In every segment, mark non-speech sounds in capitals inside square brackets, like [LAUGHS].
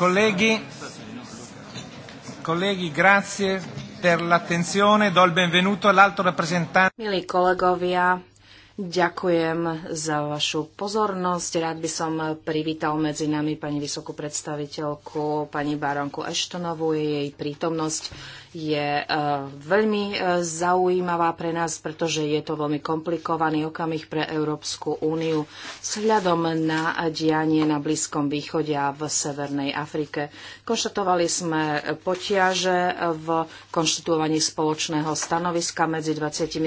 Colleghi, colleghi, grazie per l'attenzione. Do il benvenuto all'alto rappresentante. Milí kolegovia, Ďakujem za vašu pozornosť. Rád by som privítal medzi nami pani vysokú predstaviteľku, pani Baronku Eštonovú. Jej prítomnosť je e, veľmi e, zaujímavá pre nás, pretože je to veľmi komplikovaný okamih pre Európsku úniu vzhľadom na dianie na Blízkom východe a v Severnej Afrike. Konštatovali sme potiaže v konštituovaní spoločného stanoviska medzi 27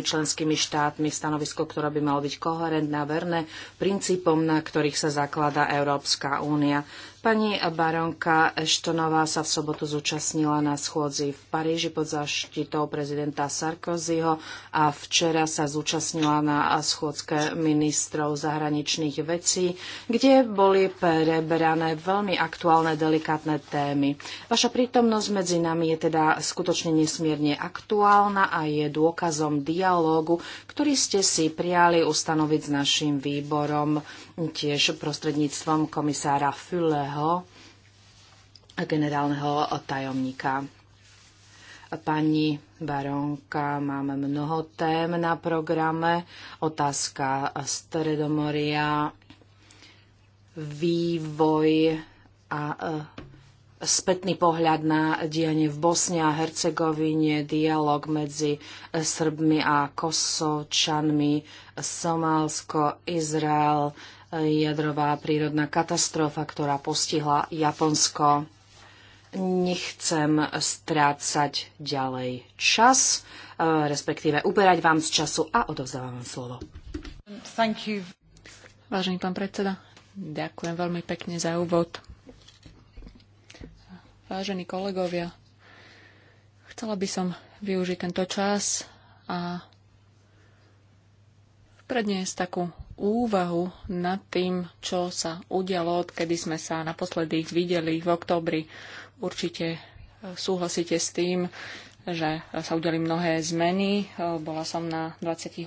členskými štátmi stanovisko Slovensko, ktorá by malo byť koherentná verné princípom, na ktorých sa zakladá Európska únia. Pani baronka Eštonová sa v sobotu zúčastnila na schôdzi v Paríži pod zaštitou prezidenta Sarkozyho a včera sa zúčastnila na schôdzke ministrov zahraničných vecí, kde boli preberané veľmi aktuálne, delikátne témy. Vaša prítomnosť medzi nami je teda skutočne nesmierne aktuálna a je dôkazom dialógu, ktorý ste si prijali ustanoviť s našim výborom tiež prostredníctvom komisára Fülleho, generálneho tajomníka. Pani Baronka, máme mnoho tém na programe. Otázka Stredomoria, vývoj a e, spätný pohľad na dianie v Bosne a Hercegovine, dialog medzi Srbmi a Kosovčanmi, Somálsko, Izrael, jadrová prírodná katastrofa, ktorá postihla Japonsko. Nechcem strácať ďalej čas, eh, respektíve uberať vám z času a odovzdávam vám slovo. Thank you. Vážený pán predseda, ďakujem veľmi pekne za úvod. Vážení kolegovia, chcela by som využiť tento čas a predniesť takú úvahu nad tým, čo sa udialo, odkedy sme sa naposledy videli v oktobri. Určite e, súhlasíte s tým, že sa udeli mnohé zmeny. E, bola som na 28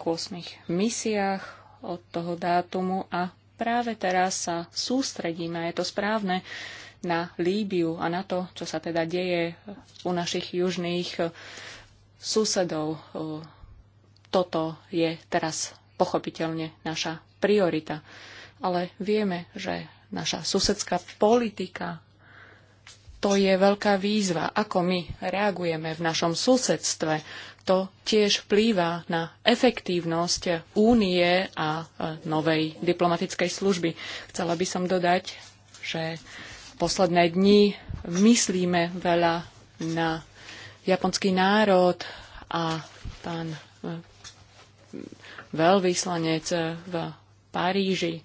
misiách od toho dátumu a práve teraz sa sústredíme, a je to správne, na Líbiu a na to, čo sa teda deje u našich južných e, susedov. Toto je teraz pochopiteľne naša priorita. Ale vieme, že naša susedská politika to je veľká výzva, ako my reagujeme v našom susedstve. To tiež vplýva na efektívnosť únie a e, novej diplomatickej služby. Chcela by som dodať, že posledné dni myslíme veľa na japonský národ a pán e, veľvyslanec v Paríži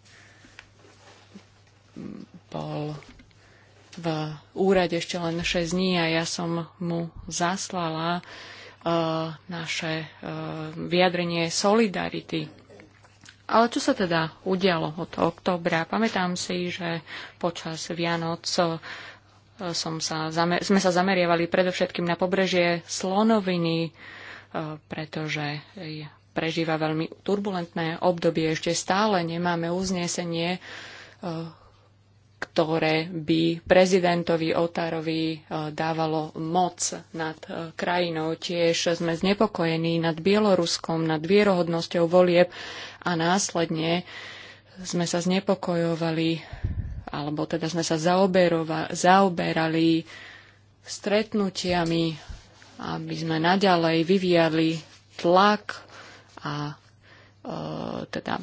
bol v úrade ešte len 6 dní a ja som mu zaslala uh, naše uh, vyjadrenie solidarity. Ale čo sa teda udialo od oktobra? Pamätám si, že počas Vianoc e, som sa zamer- sme sa zameriavali predovšetkým na pobrežie Slonoviny, pretože prežíva veľmi turbulentné obdobie. Ešte stále nemáme uznesenie, e, ktoré by prezidentovi Otárovi e, dávalo moc nad e, krajinou. Tiež sme znepokojení nad Bieloruskom, nad vierohodnosťou volieb a následne sme sa znepokojovali, alebo teda sme sa zaoberali stretnutiami, aby sme naďalej vyvíjali tlak a e, teda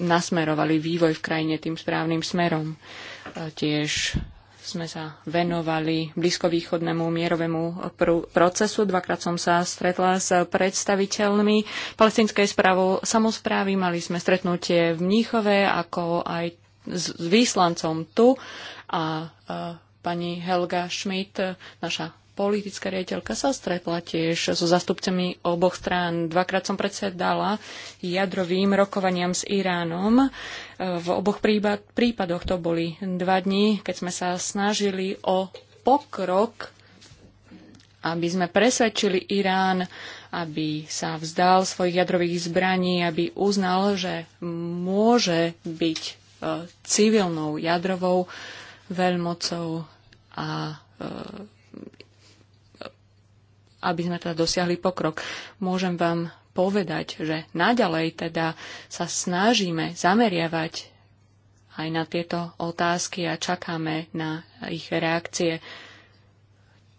nasmerovali vývoj v krajine tým správnym smerom. E, tiež sme sa venovali blízkovýchodnému mierovému pr- procesu. Dvakrát som sa stretla s predstaviteľmi palestinskej správy samozprávy. Mali sme stretnutie v Mníchove, ako aj s, s výslancom tu a, a e, pani Helga Schmidt, naša politická riaditeľka sa stretla tiež so zastupcami oboch strán. Dvakrát som predsedala jadrovým rokovaniam s Iránom. E, v oboch prípadoch to boli dva dní, keď sme sa snažili o pokrok, aby sme presvedčili Irán, aby sa vzdal svojich jadrových zbraní, aby uznal, že môže byť e, civilnou jadrovou veľmocou a e, aby sme teda dosiahli pokrok. Môžem vám povedať, že naďalej teda sa snažíme zameriavať aj na tieto otázky a čakáme na ich reakcie.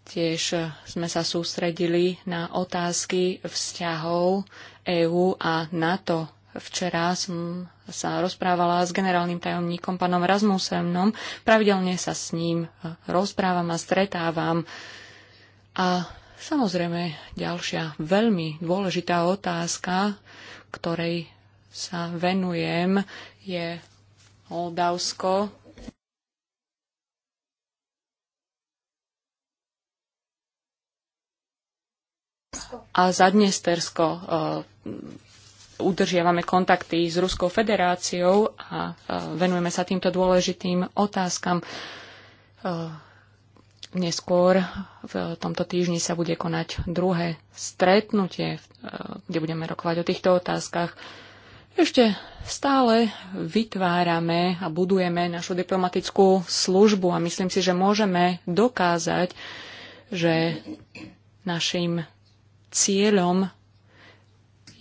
Tiež sme sa sústredili na otázky vzťahov EÚ a NATO. Včera som sa rozprávala s generálnym tajomníkom pánom Rasmusenom. Pravidelne sa s ním rozprávam a stretávam. A Samozrejme, ďalšia veľmi dôležitá otázka, ktorej sa venujem, je Moldavsko. A za Dnestersko uh, udržiavame kontakty s Ruskou federáciou a uh, venujeme sa týmto dôležitým otázkam. Uh, Neskôr v tomto týždni sa bude konať druhé stretnutie, e, kde budeme rokovať o týchto otázkach. Ešte stále vytvárame a budujeme našu diplomatickú službu a myslím si, že môžeme dokázať, že našim cieľom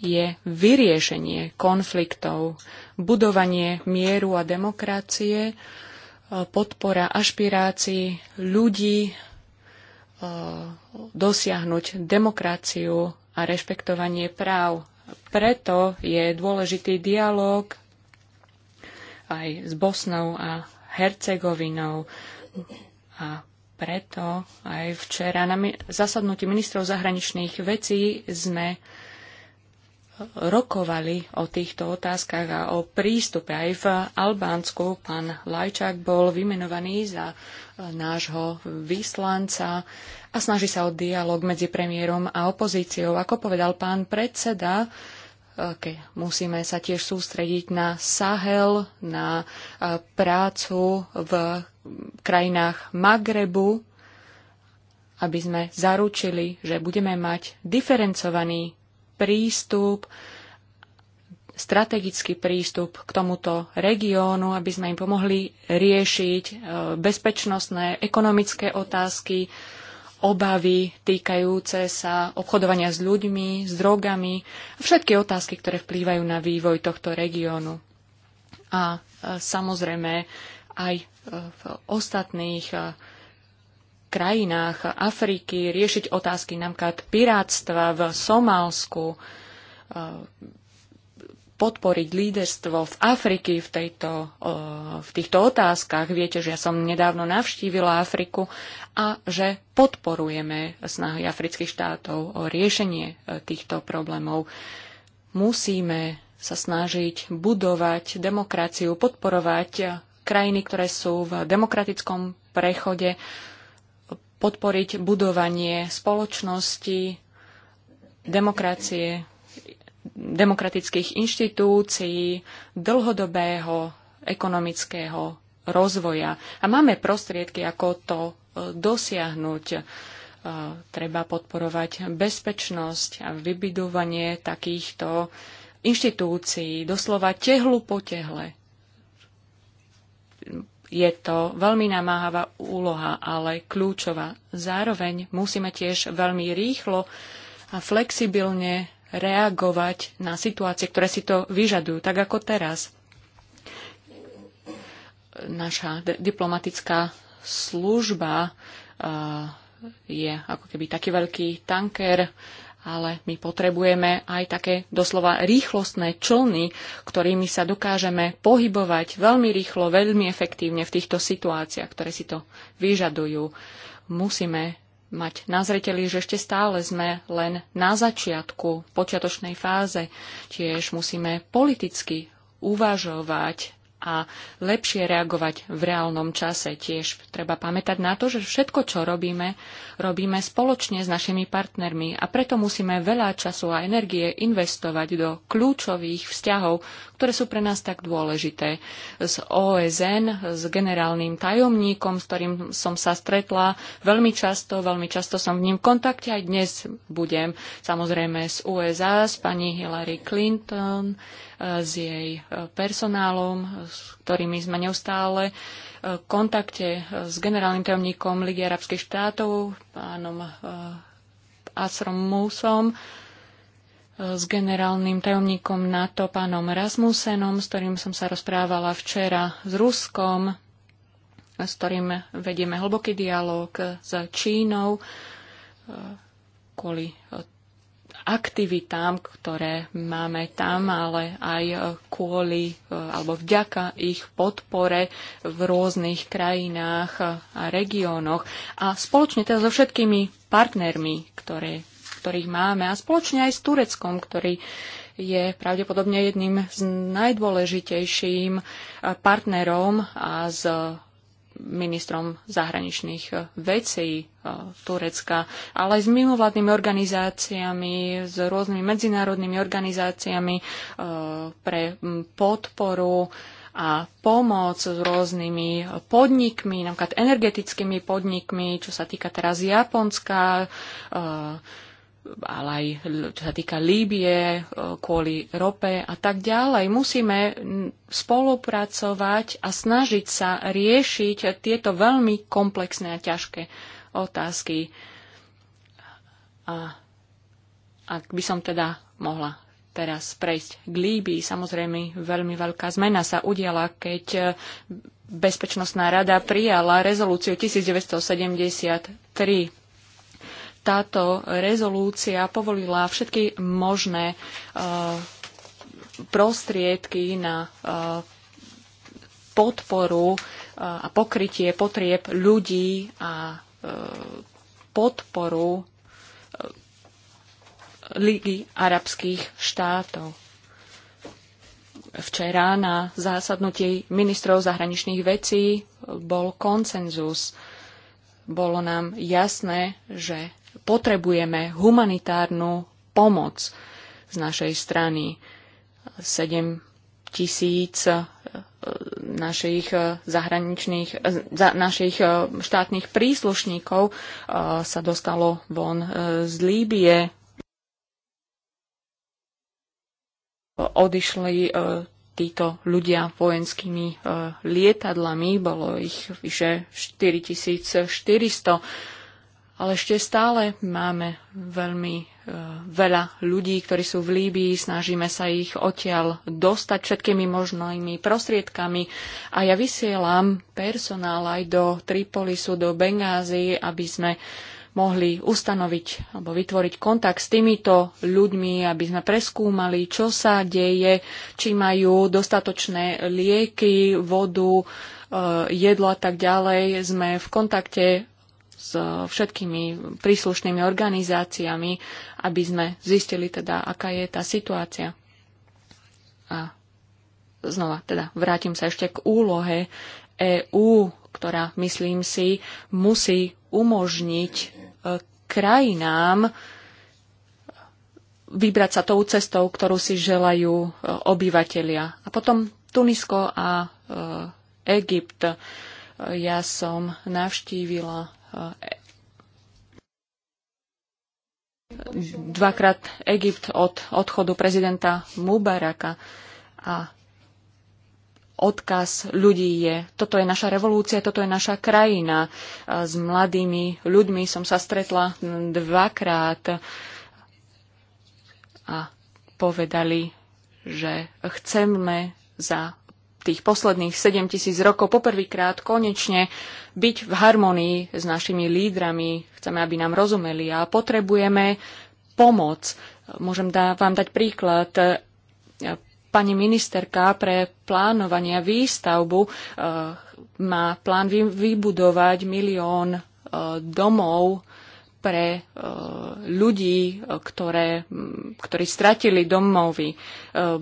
je vyriešenie konfliktov, budovanie mieru a demokracie podpora ašpirácií ľudí e, dosiahnuť demokraciu a rešpektovanie práv. Preto je dôležitý dialog aj s Bosnou a Hercegovinou. A preto aj včera na zasadnutí ministrov zahraničných vecí sme rokovali o týchto otázkach a o prístupe. Aj v Albánsku pán Lajčák bol vymenovaný za eh, nášho vyslanca a snaží sa o dialog medzi premiérom a opozíciou. Ako povedal pán predseda, Okay. Eh, musíme sa tiež sústrediť na Sahel, na eh, prácu v krajinách Magrebu, aby sme zaručili, že budeme mať diferencovaný prístup, strategický prístup k tomuto regiónu, aby sme im pomohli riešiť e, bezpečnostné, ekonomické otázky, obavy týkajúce sa obchodovania s ľuďmi, s drogami a všetky otázky, ktoré vplývajú na vývoj tohto regiónu. A e, samozrejme aj e, v ostatných krajinách Afriky, riešiť otázky napríklad pirátstva v Somálsku, eh, podporiť líderstvo v Afriky v, tejto, eh, v týchto otázkach. Viete, že ja som nedávno navštívila Afriku a že podporujeme snahy afrických štátov o riešenie eh, týchto problémov. Musíme sa snažiť budovať demokraciu, podporovať krajiny, ktoré sú v demokratickom prechode, podporiť budovanie spoločnosti, demokracie, demokratických inštitúcií, dlhodobého ekonomického rozvoja. A máme prostriedky, ako to e, dosiahnuť. E, treba podporovať bezpečnosť a vybudovanie takýchto inštitúcií, doslova tehlu po tehle. Je to veľmi namáhavá úloha, ale kľúčová. Zároveň musíme tiež veľmi rýchlo a flexibilne reagovať na situácie, ktoré si to vyžadujú, tak ako teraz. Naša diplomatická služba je ako keby taký veľký tanker, ale my potrebujeme aj také doslova rýchlostné člny, ktorými sa dokážeme pohybovať veľmi rýchlo, veľmi efektívne v týchto situáciách, ktoré si to vyžadujú. Musíme mať na zreteli, že ešte stále sme len na začiatku, počiatočnej fáze. Tiež musíme politicky uvažovať a lepšie reagovať v reálnom čase. Tiež treba pamätať na to, že všetko, čo robíme, robíme spoločne s našimi partnermi a preto musíme veľa času a energie investovať do kľúčových vzťahov, ktoré sú pre nás tak dôležité. S OSN, s generálnym tajomníkom, s ktorým som sa stretla veľmi často, veľmi často som v ním v kontakte, aj dnes budem samozrejme s USA, s pani Hillary Clinton, s jej e, personálom, s ktorými sme neustále e, v kontakte e, s generálnym tajomníkom Ligy arabských štátov, pánom Asrom Musom, s generálnym tajomníkom NATO, pánom Rasmusenom, s ktorým som sa rozprávala včera s Ruskom, s ktorým vedieme hlboký dialog s Čínou kvôli aktivitám, ktoré máme tam, ale aj kvôli alebo vďaka ich podpore v rôznych krajinách a regiónoch. A spoločne teda so všetkými partnermi, ktoré, ktorých máme a spoločne aj s Tureckom, ktorý je pravdepodobne jedným z najdôležitejším partnerom a z ministrom zahraničných eh, vecí eh, Turecka, ale aj s mimovládnymi organizáciami, s rôznymi medzinárodnými organizáciami eh, pre mm, podporu a pomoc s rôznymi podnikmi, napríklad energetickými podnikmi, čo sa týka teraz Japonska, ale aj čo sa týka Líbie, eh, kvôli rope a tak ďalej. Musíme spolupracovať a snažiť sa riešiť tieto veľmi komplexné a ťažké otázky. A ak by som teda mohla teraz prejsť k Líbii, samozrejme veľmi veľká zmena sa udiala, keď eh, Bezpečnostná rada prijala rezolúciu 1973 táto rezolúcia povolila všetky možné eh, prostriedky na eh, podporu eh, a pokrytie potrieb ľudí a podporu Ligy arabských štátov. Včera na zásadnutí ministrov zahraničných vecí bol koncenzus. Bolo nám jasné, že potrebujeme humanitárnu pomoc z našej strany. 7 tisíc eh, našich eh, zahraničných, eh, našich štátnych príslušníkov sa dostalo von z Líbie. Odišli títo ľudia vojenskými lietadlami, bolo ich vyše 4400 ale ešte stále máme veľmi e, veľa ľudí, ktorí sú v Líbii, snažíme sa ich odtiaľ dostať všetkými možnými prostriedkami a ja vysielam personál aj do Tripolisu, do Bengázy, aby sme mohli ustanoviť alebo vytvoriť kontakt s týmito ľuďmi, aby sme preskúmali, čo sa deje, či majú dostatočné lieky, vodu, e, jedlo a tak ďalej. Sme v kontakte s všetkými príslušnými organizáciami, aby sme zistili teda, aká je tá situácia. A znova, teda vrátim sa ešte k úlohe EÚ, ktorá, myslím si, musí umožniť e, krajinám vybrať sa tou cestou, ktorú si želajú e, obyvatelia. A potom Tunisko a e, Egypt. Ja som navštívila dvakrát Egypt od odchodu prezidenta Mubaraka a odkaz ľudí je, toto je naša revolúcia, toto je naša krajina. S mladými ľuďmi som sa stretla dvakrát a povedali, že chceme za tých posledných 7 tisíc rokov poprvýkrát konečne byť v harmonii s našimi lídrami. Chceme, aby nám rozumeli a potrebujeme pomoc. Môžem dá, vám dať príklad. Pani ministerka pre plánovanie a výstavbu eh, má plán vybudovať milión eh, domov pre e, ľudí, e, ktoré, ktorí stratili domovy. E,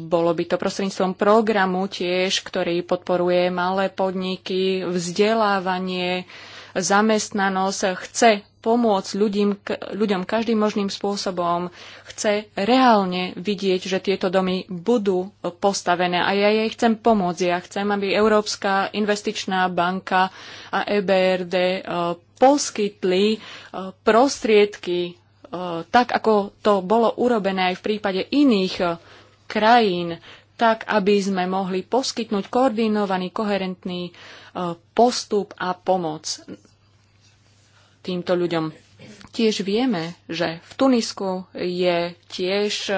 bolo by to prostredníctvom programu tiež, ktorý podporuje malé podniky, vzdelávanie, zamestnanosť, chce pomôcť ľudím, ľuďom každým možným spôsobom, chce reálne vidieť, že tieto domy budú postavené. A ja jej chcem pomôcť. Ja chcem, aby Európska investičná banka a EBRD poskytli e, prostriedky e, tak, ako to bolo urobené aj v prípade iných e, krajín, tak, aby sme mohli poskytnúť koordinovaný, koherentný postup a pomoc týmto ľuďom. Tiež vieme, že v Tunisku je tiež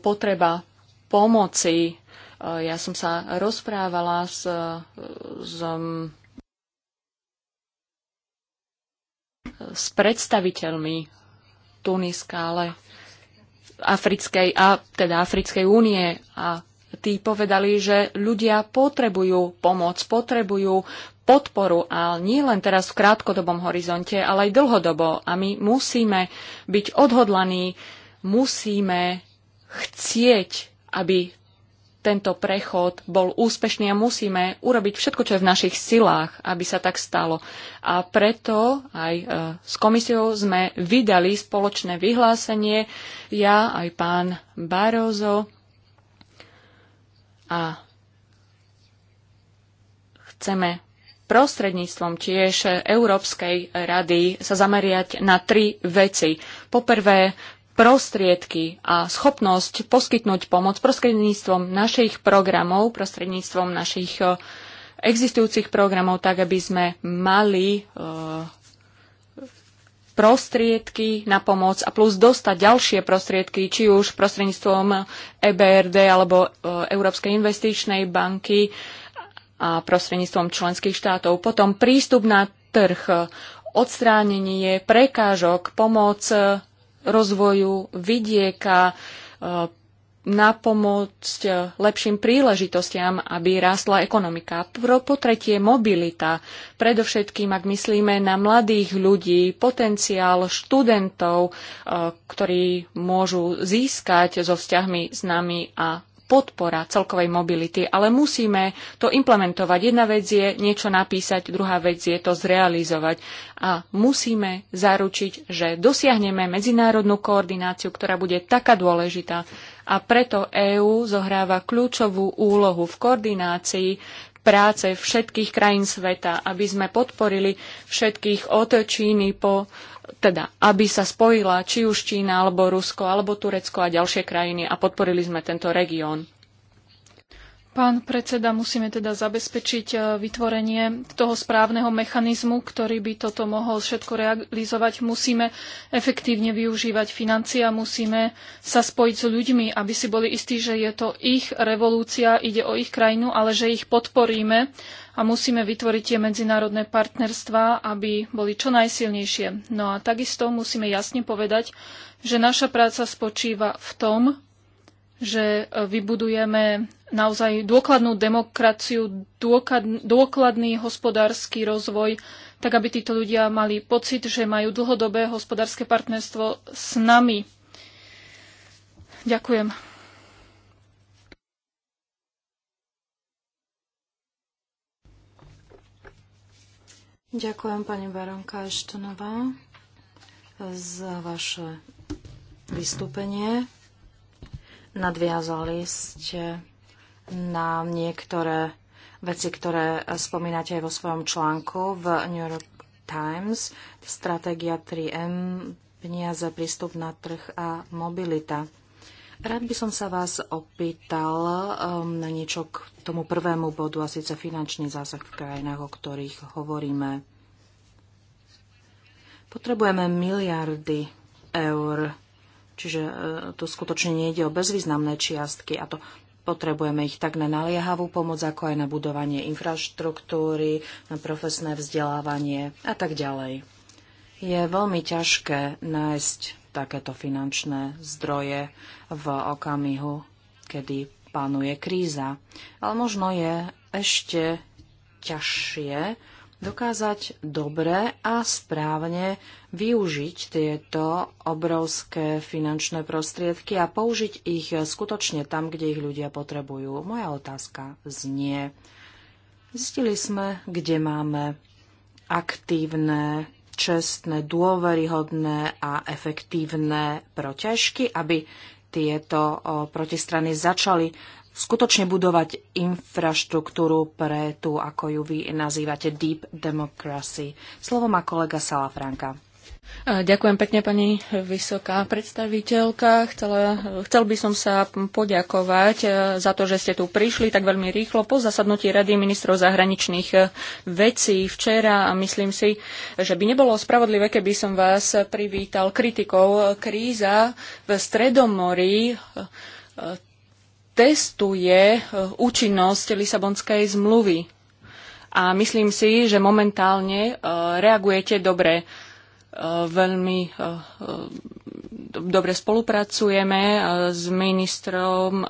potreba pomoci. Ja som sa rozprávala s, s s predstaviteľmi Tuniska, ale Africkej, a, teda Africkej únie a tí povedali, že ľudia potrebujú pomoc, potrebujú podporu a nie len teraz v krátkodobom horizonte, ale aj dlhodobo. A my musíme byť odhodlaní, musíme chcieť, aby tento prechod bol úspešný a musíme urobiť všetko, čo je v našich silách, aby sa tak stalo. A preto aj e, s komisiou sme vydali spoločné vyhlásenie, ja aj pán Barozo. A chceme prostredníctvom tiež Európskej rady sa zameriať na tri veci. Poprvé, prostriedky a schopnosť poskytnúť pomoc prostredníctvom našich programov, prostredníctvom našich eh, existujúcich programov, tak aby sme mali eh, prostriedky na pomoc a plus dostať ďalšie prostriedky, či už prostredníctvom EBRD alebo eh, Európskej investičnej banky a prostredníctvom členských štátov. Potom prístup na trh, odstránenie prekážok, pomoc rozvoju vidieka, e, na pomoc e, lepším príležitostiam, aby rástla ekonomika. Po tretie, mobilita. Predovšetkým, ak myslíme na mladých ľudí, potenciál študentov, e, ktorí môžu získať so vzťahmi s nami a podpora celkovej mobility, ale musíme to implementovať. Jedna vec je niečo napísať, druhá vec je to zrealizovať. A musíme zaručiť, že dosiahneme medzinárodnú koordináciu, ktorá bude taká dôležitá. A preto EÚ zohráva kľúčovú úlohu v koordinácii práce všetkých krajín sveta, aby sme podporili všetkých od Číny po teda, aby sa spojila či už Čína, alebo Rusko, alebo Turecko a ďalšie krajiny a podporili sme tento región. Pán predseda, musíme teda zabezpečiť e, vytvorenie toho správneho mechanizmu, ktorý by toto mohol všetko realizovať. Musíme efektívne využívať financie a musíme sa spojiť s ľuďmi, aby si boli istí, že je to ich revolúcia, ide o ich krajinu, ale že ich podporíme a musíme vytvoriť tie medzinárodné partnerstvá, aby boli čo najsilnejšie. No a takisto musíme jasne povedať, že naša práca spočíva v tom, že vybudujeme naozaj dôkladnú demokraciu, dôkladný hospodársky rozvoj, tak aby títo ľudia mali pocit, že majú dlhodobé hospodárske partnerstvo s nami. Ďakujem. Ďakujem pani Baronka Eštonová za vaše vystúpenie. Nadviazali ste na niektoré veci, ktoré spomínate aj vo svojom článku v New York Times, stratégia 3M, peniaze, prístup na trh a mobilita. Rád by som sa vás opýtal um, na niečo k tomu prvému bodu, a síce finančný zásah v krajinách, o ktorých hovoríme. Potrebujeme miliardy eur, čiže uh, tu skutočne nejde o bezvýznamné čiastky a to Potrebujeme ich tak na naliehavú pomoc, ako aj na budovanie infraštruktúry, na profesné vzdelávanie a tak ďalej. Je veľmi ťažké nájsť takéto finančné zdroje v okamihu, kedy panuje kríza. Ale možno je ešte ťažšie dokázať dobre a správne využiť tieto obrovské finančné prostriedky a použiť ich skutočne tam, kde ich ľudia potrebujú. Moja otázka znie. Zistili sme, kde máme aktívne čestné, dôveryhodné a efektívne protiažky, aby tieto protistrany začali skutočne budovať infraštruktúru pre tú, ako ju vy nazývate, deep democracy. Slovo má kolega Sala Franka. Ďakujem pekne, pani vysoká predstaviteľka. Chcela, chcel by som sa poďakovať e, za to, že ste tu prišli tak veľmi rýchlo po zasadnutí Rady ministrov zahraničných e, vecí včera a myslím si, že by nebolo spravodlivé, keby som vás privítal kritikou. Kríza v Stredomorí e, testuje účinnosť Lisabonskej zmluvy. A myslím si, že momentálne reagujete dobre E, veľmi e, e, dobre spolupracujeme s ministrom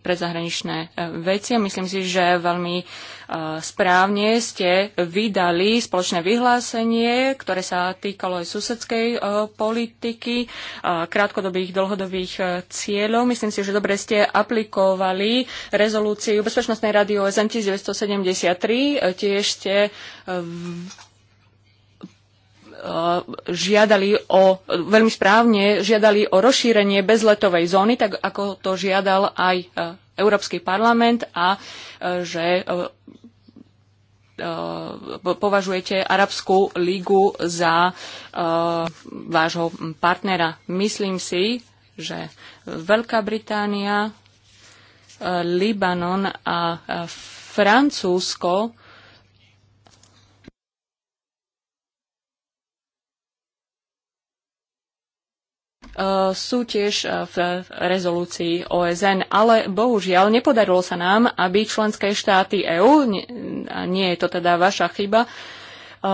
pre zahraničné veci a myslím si, že veľmi správne ste vydali spoločné vyhlásenie, ktoré sa týkalo aj susedskej politiky, krátkodobých, dlhodobých cieľov. Myslím si, že dobre ste aplikovali rezolúciu Bezpečnostnej rady OSN 1973, tiež ste Eh, žiadali o, veľmi správne, žiadali o rozšírenie bezletovej zóny, tak ako to žiadal aj eh, Európsky parlament a eh, že považujete Arabskú lígu za vášho partnera. Myslím si, že Veľká Británia, Libanon a Francúzsko Eh, sú tiež eh, v rezolúcii OSN, ale bohužiaľ nepodarilo sa nám, aby členské štáty EÚ, nie je to teda vaša chyba, eh,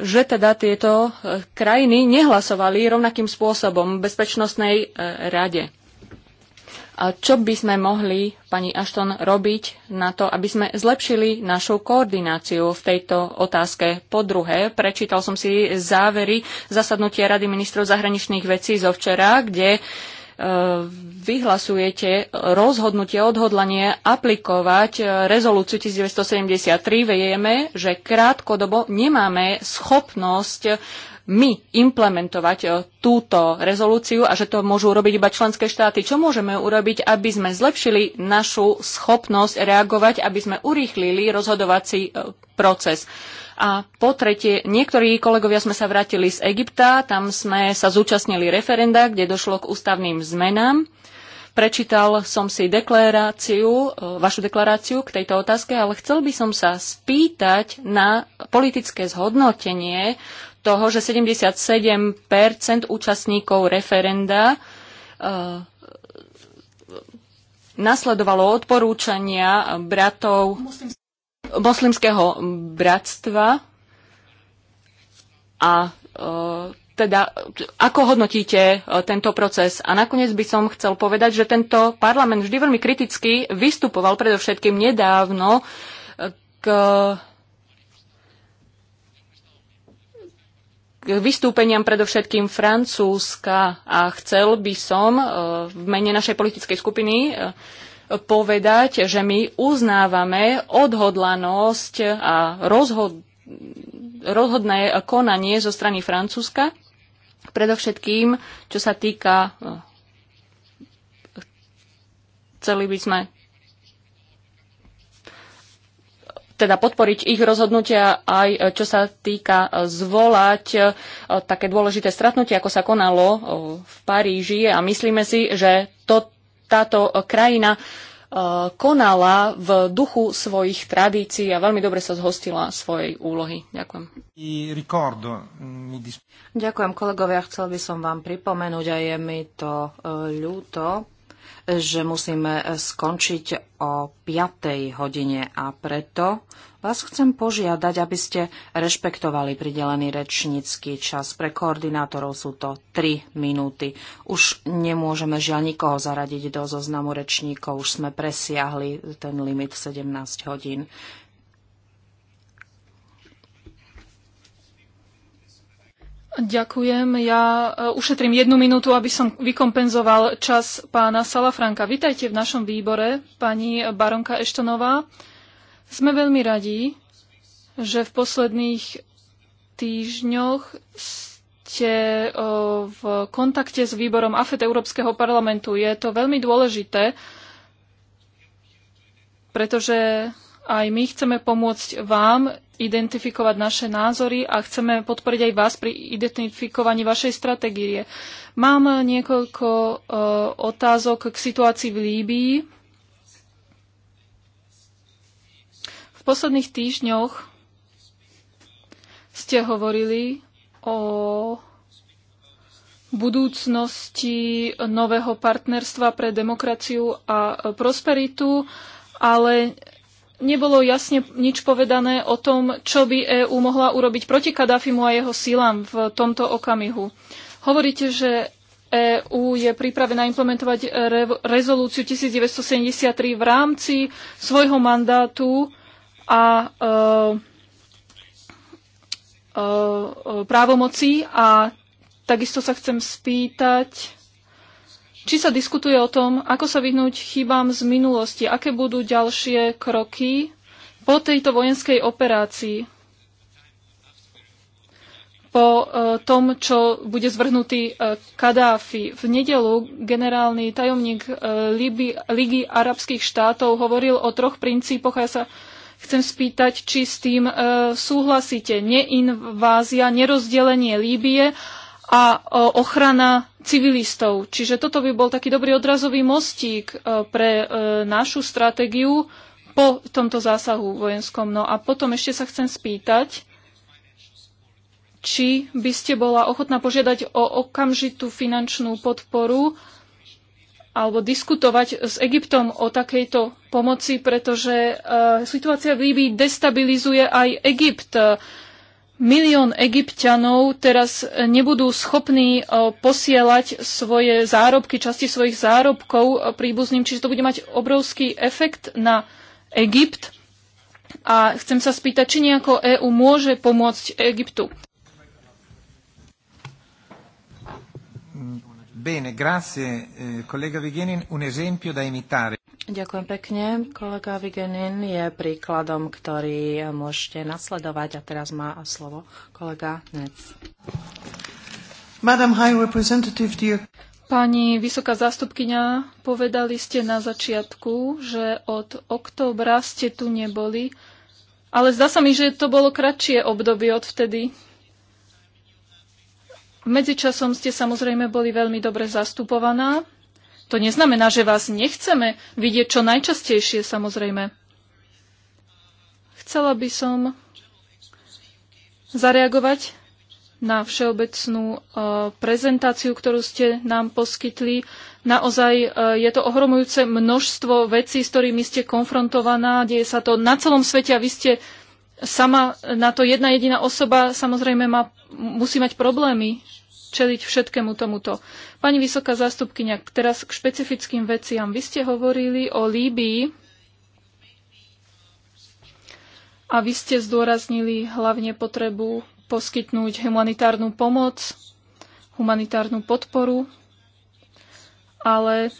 že teda tieto krajiny nehlasovali rovnakým spôsobom v Bezpečnostnej rade čo by sme mohli, pani Ashton, robiť na to, aby sme zlepšili našu koordináciu v tejto otázke. Po druhé, prečítal som si závery zasadnutia Rady ministrov zahraničných vecí zo včera, kde e, vyhlasujete rozhodnutie odhodlanie aplikovať e, rezolúciu 1973. Vieme, že krátkodobo nemáme schopnosť my implementovať e, túto rezolúciu a že to môžu urobiť iba členské štáty. Čo môžeme urobiť, aby sme zlepšili našu schopnosť reagovať, aby sme urýchlili rozhodovací e, proces? A po tretie, niektorí kolegovia sme sa vrátili z Egypta, tam sme sa zúčastnili referenda, kde došlo k ústavným zmenám. Prečítal som si deklaráciu, e, vašu deklaráciu k tejto otázke, ale chcel by som sa spýtať na politické zhodnotenie toho, že 77 účastníkov referenda e, nasledovalo odporúčania bratov moslimského bratstva a e, teda, ako hodnotíte e, tento proces? A nakoniec by som chcel povedať, že tento parlament vždy veľmi kriticky vystupoval predovšetkým nedávno k k vystúpeniam predovšetkým Francúzska a chcel by som e, v mene našej politickej skupiny e, povedať, že my uznávame odhodlanosť a rozhod- rozhodné konanie zo strany Francúzska, predovšetkým čo sa týka e, chceli by sme teda podporiť ich rozhodnutia aj e, čo sa týka e, zvolať e, také dôležité stratnutie, ako sa konalo v Paríži a myslíme si, že to, táto krajina konala v duchu svojich tradícií a veľmi dobre sa zhostila svojej úlohy. Ďakujem. Mm, Ďakujem kolegovia, chcel by som vám pripomenúť a je mi to ľúto, že musíme skončiť o 5. hodine a preto vás chcem požiadať, aby ste rešpektovali pridelený rečnícky čas. Pre koordinátorov sú to 3 minúty. Už nemôžeme žiaľ nikoho zaradiť do zoznamu rečníkov, už sme presiahli ten limit 17 hodín. Ďakujem. Ja e, ušetrím jednu minútu, aby som vykompenzoval čas pána Salafranka. Vítajte v našom výbore, pani baronka Eštonová. Sme veľmi radi, že v posledných týždňoch ste e, v kontakte s výborom AFET Európskeho parlamentu. Je to veľmi dôležité, pretože aj my chceme pomôcť vám identifikovať naše názory a chceme podporiť aj vás pri identifikovaní vašej stratégie. Mám niekoľko uh, otázok k situácii v Líbii. V posledných týždňoch ste hovorili o budúcnosti nového partnerstva pre demokraciu a prosperitu, ale nebolo jasne nič povedané o tom, čo by EÚ mohla urobiť proti Kadáfimu a jeho sílam v tomto okamihu. Hovoríte, že EÚ je pripravená implementovať rezolúciu 1973 v rámci svojho mandátu a e, e, e, právomocí a takisto sa chcem spýtať, či sa diskutuje o tom, ako sa vyhnúť chybám z minulosti, aké budú ďalšie kroky po tejto vojenskej operácii, po e, tom, čo bude zvrhnutý e, Kadáfi. V nedelu generálny tajomník uh, Ligy arabských štátov hovoril o troch princípoch a ja sa chcem spýtať, či s tým súhlasíte. Neinvázia, nerozdelenie Líbie a e, ochrana civilistov. Čiže toto by bol taký dobrý odrazový mostík e, pre e, našu stratégiu po tomto zásahu vojenskom. No a potom ešte sa chcem spýtať, či by ste bola ochotná požiadať o okamžitú finančnú podporu alebo diskutovať s Egyptom o takejto pomoci, pretože situácia v Líbii destabilizuje aj Egypt milión egyptianov teraz nebudú schopní e, posielať svoje zárobky, časti svojich zárobkov e, príbuzným, čiže to bude mať obrovský efekt na Egypt. A chcem sa spýtať, či nejako EÚ môže pomôcť Egyptu. Bene, grazie, eh, collega Vigenin. Un esempio da imitare. Ďakujem pekne. Kolega Vigenin je príkladom, ktorý môžete nasledovať. A teraz má slovo kolega Nec. Madam High Representative, dear... Pani vysoká zástupkyňa, povedali ste na začiatku, že od októbra ste tu neboli, ale zdá sa mi, že to bolo kratšie obdobie odvtedy. Medzičasom ste samozrejme boli veľmi dobre zastupovaná. To neznamená, že vás nechceme vidieť čo najčastejšie, samozrejme. Chcela by som zareagovať na všeobecnú e, prezentáciu, ktorú ste nám poskytli. Naozaj e, je to ohromujúce množstvo vecí, s ktorými ste konfrontovaná. Deje sa to na celom svete a vy ste sama na to jedna jediná osoba. Samozrejme má musí mať problémy čeliť všetkému tomuto. Pani vysoká zástupkynia, teraz k špecifickým veciam. Vy ste hovorili o Líbii a vy ste zdôraznili hlavne potrebu poskytnúť humanitárnu pomoc, humanitárnu podporu, ale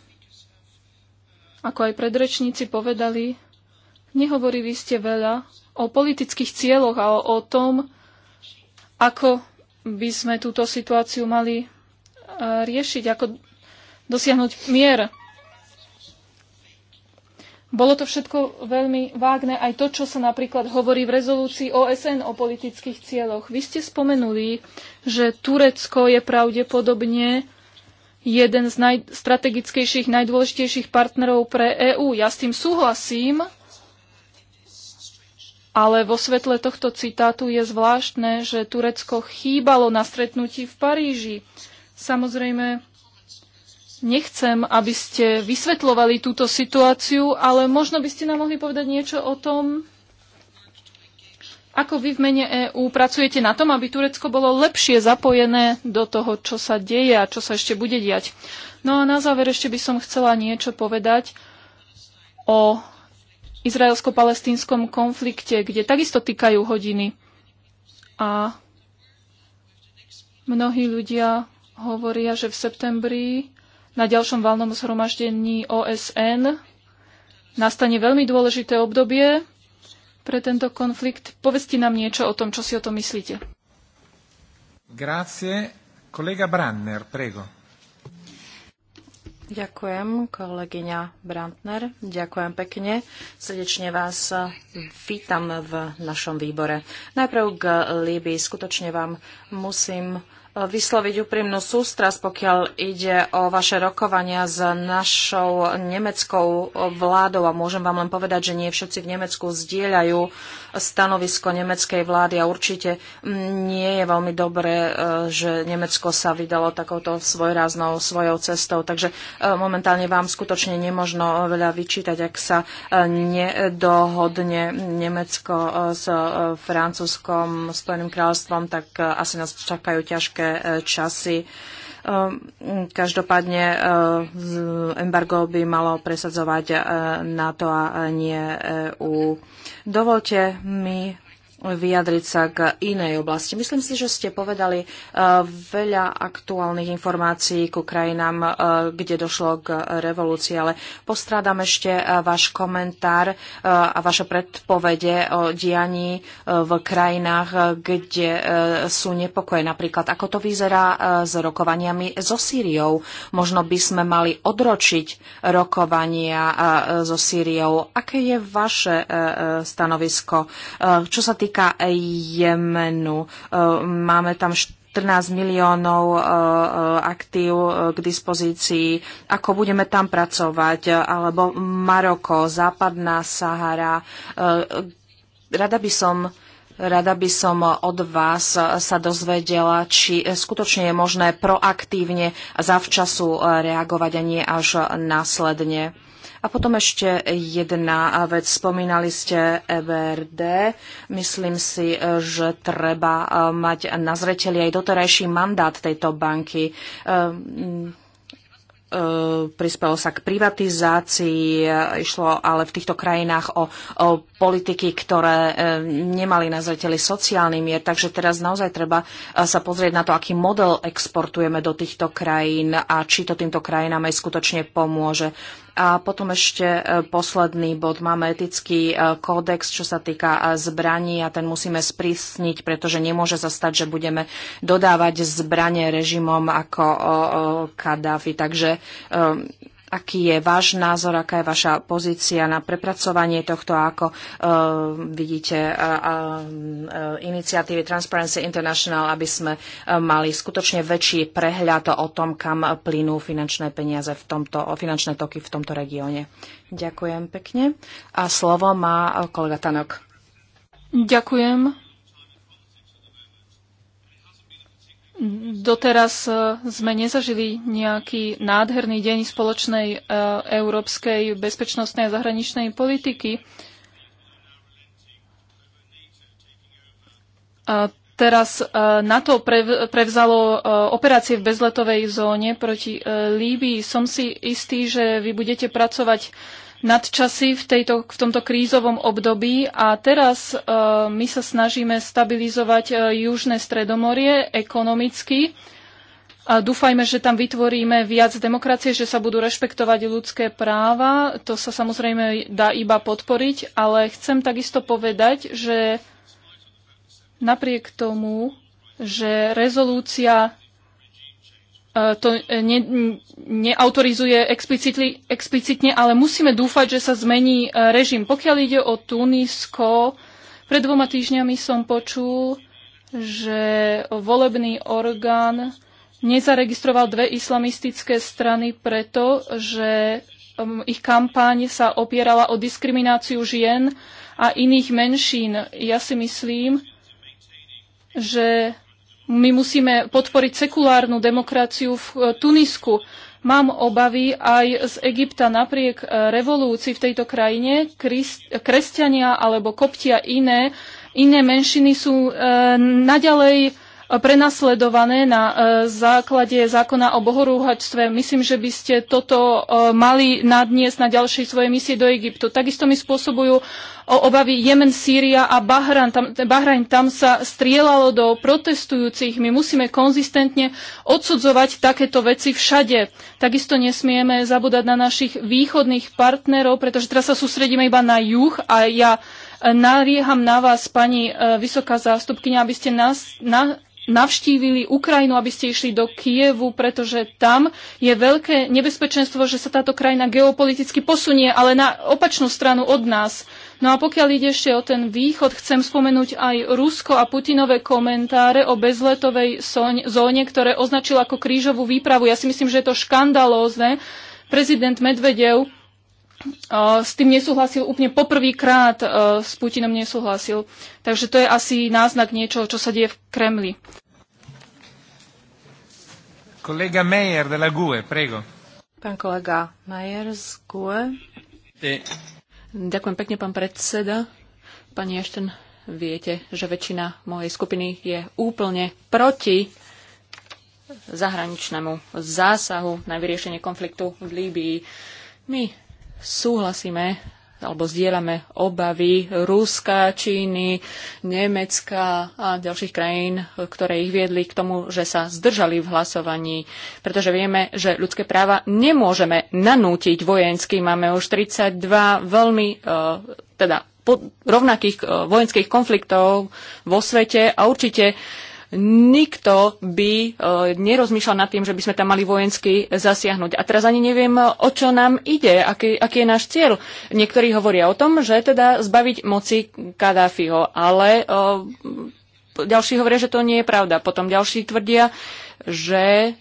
ako aj predrečníci povedali, nehovorili ste veľa o politických cieľoch a o, o tom, ako by sme túto situáciu mali e, riešiť, ako dosiahnuť mier. Bolo to všetko veľmi vágne, aj to, čo sa napríklad hovorí v rezolúcii OSN o politických cieľoch. Vy ste spomenuli, že Turecko je pravdepodobne jeden z najstrategickejších, najdôležitejších partnerov pre EÚ. Ja s tým súhlasím, ale vo svetle tohto citátu je zvláštne, že Turecko chýbalo na stretnutí v Paríži. Samozrejme, nechcem, aby ste vysvetlovali túto situáciu, ale možno by ste nám mohli povedať niečo o tom, ako vy v mene EÚ pracujete na tom, aby Turecko bolo lepšie zapojené do toho, čo sa deje a čo sa ešte bude diať. No a na záver ešte by som chcela niečo povedať o izraelsko-palestínskom konflikte, kde takisto týkajú hodiny. A mnohí ľudia hovoria, že v septembri na ďalšom valnom zhromaždení OSN nastane veľmi dôležité obdobie pre tento konflikt. Povedzte nám niečo o tom, čo si o tom myslíte. Grazie. Kolega Branner, prego. Ďakujem, kolegyňa Brantner. Ďakujem pekne. Srdečne vás vítam v našom výbore. Najprv k Líbii. Skutočne vám musím vysloviť úprimnú sústrasť, pokiaľ ide o vaše rokovania s našou nemeckou vládou. A môžem vám len povedať, že nie všetci v Nemecku zdieľajú stanovisko nemeckej vlády a určite nie je veľmi dobré, e, že Nemecko sa vydalo takouto svojráznou svojou cestou. Takže e, momentálne vám skutočne nemožno veľa vyčítať, ak sa e, nedohodne Nemecko s Francúzskom, Spojeným kráľovstvom, tak asi nás čakajú ťažké časy. Ehm, každopádne ehm, embargo by malo presadzovať eh, NATO a eh, nie EU. Dovolte mi vyjadriť sa k inej oblasti. Myslím si, že ste povedali e, veľa aktuálnych informácií ku krajinám, e, kde došlo k revolúcii, ale postrádam ešte e, váš komentár a vaše predpovede o dianí v krajinách, kde sú nepokoje. Napríklad, ako to vyzerá s rokovaniami so Sýriou. Možno by sme mali odročiť rokovania so Sýriou. Aké je vaše stanovisko? Čo sa týka týka Jemenu, e, máme tam 14 miliónov e, e, aktív k dispozícii, ako budeme tam pracovať, alebo Maroko, Západná Sahara. Rada by som Rada by som od vás sa dozvedela, či skutočne je možné proaktívne a zavčasu reagovať a nie až následne. A potom ešte jedna vec. Spomínali ste EBRD. Myslím si, že treba e, mať na zreteli aj doterajší mandát tejto banky e, e, prispelo sa k privatizácii, išlo ale v týchto krajinách o, o politiky, ktoré nemali na zreteli sociálny mier, takže teraz naozaj treba sa pozrieť na to, aký model exportujeme do týchto krajín a či to týmto krajinám aj skutočne pomôže. A potom ešte e, posledný bod. Máme etický e, kódex, čo sa týka e, zbraní a ten musíme sprísniť, pretože nemôže sa stať, že budeme dodávať zbranie režimom ako Kadáfi. Takže aký je váš názor, aká je vaša pozícia na prepracovanie tohto, ako uh, vidíte uh, uh, iniciatívy Transparency International, aby sme uh, mali skutočne väčší prehľad o tom, kam plynú finančné peniaze v tomto, finančné toky v tomto regióne. Ďakujem pekne. A slovo má kolega Tanok. Ďakujem. Doteraz e, sme nezažili nejaký nádherný deň spoločnej e, európskej bezpečnostnej a zahraničnej politiky. A teraz e, NATO prevzalo operácie v bezletovej zóne proti Líbii. Som si istý, že vy budete pracovať nadčasy v, tejto, v tomto krízovom období a teraz e, my sa snažíme stabilizovať e, južné stredomorie ekonomicky. A dúfajme, že tam vytvoríme viac demokracie, že sa budú rešpektovať ľudské práva. To sa samozrejme dá iba podporiť, ale chcem takisto povedať, že napriek tomu, že rezolúcia E, to e, ne, neautorizuje explicitne, ale musíme dúfať, že sa zmení e, režim. Pokiaľ ide o Tunisko, pred dvoma týždňami som počul, že volebný orgán nezaregistroval dve islamistické strany preto, že ich kampaň sa opierala o diskrimináciu žien a iných menšín. Ja si myslím, že my musíme podporiť sekulárnu demokraciu v e, Tunisku. Mám obavy aj z Egypta. Napriek e, revolúcii v tejto krajine kresťania alebo koptia iné, iné menšiny sú e, naďalej prenasledované na e, základe zákona o bohorúhačstve. Myslím, že by ste toto e, mali nadniesť na ďalšej svojej misie do Egyptu. Takisto mi spôsobujú e, obavy Jemen, Sýria a Bahrajn. Tam, tam sa strieľalo do protestujúcich. My musíme konzistentne odsudzovať takéto veci všade. Takisto nesmieme zabúdať na našich východných partnerov, pretože teraz sa sústredíme iba na juh a ja narieham na vás, pani vysoká zástupkynia, aby ste nás, na, navštívili Ukrajinu, aby ste išli do Kievu, pretože tam je veľké nebezpečenstvo, že sa táto krajina geopoliticky posunie, ale na opačnú stranu od nás. No a pokiaľ ide ešte o ten východ, chcem spomenúť aj Rusko a Putinové komentáre o bezletovej zóne, ktoré označil ako krížovú výpravu. Ja si myslím, že je to škandalózne. Prezident Medvedev s tým nesúhlasil úplne poprvýkrát, e, s Putinom nesúhlasil. Takže to je asi náznak niečoho, čo sa deje v Kremli. Kolega Meyer de la GUE, prego. Pán kolega Meyer z GUE. Ty. Ďakujem pekne, pán predseda. Pani Ešten, viete, že väčšina mojej skupiny je úplne proti zahraničnému zásahu na vyriešenie konfliktu v Líbii. My súhlasíme alebo zdieľame obavy Ruska, Číny, Nemecka a ďalších krajín, ktoré ich viedli k tomu, že sa zdržali v hlasovaní, pretože vieme, že ľudské práva nemôžeme nanútiť vojensky. Máme už 32 veľmi e, teda rovnakých e, vojenských konfliktov vo svete a určite nikto by e, nerozmýšľal nad tým, že by sme tam mali vojensky zasiahnuť. A teraz ani neviem, o čo nám ide, aký, aký je náš cieľ. Niektorí hovoria o tom, že teda zbaviť moci Kadáfiho, ale e, ďalší hovoria, že to nie je pravda. Potom ďalší tvrdia, že e,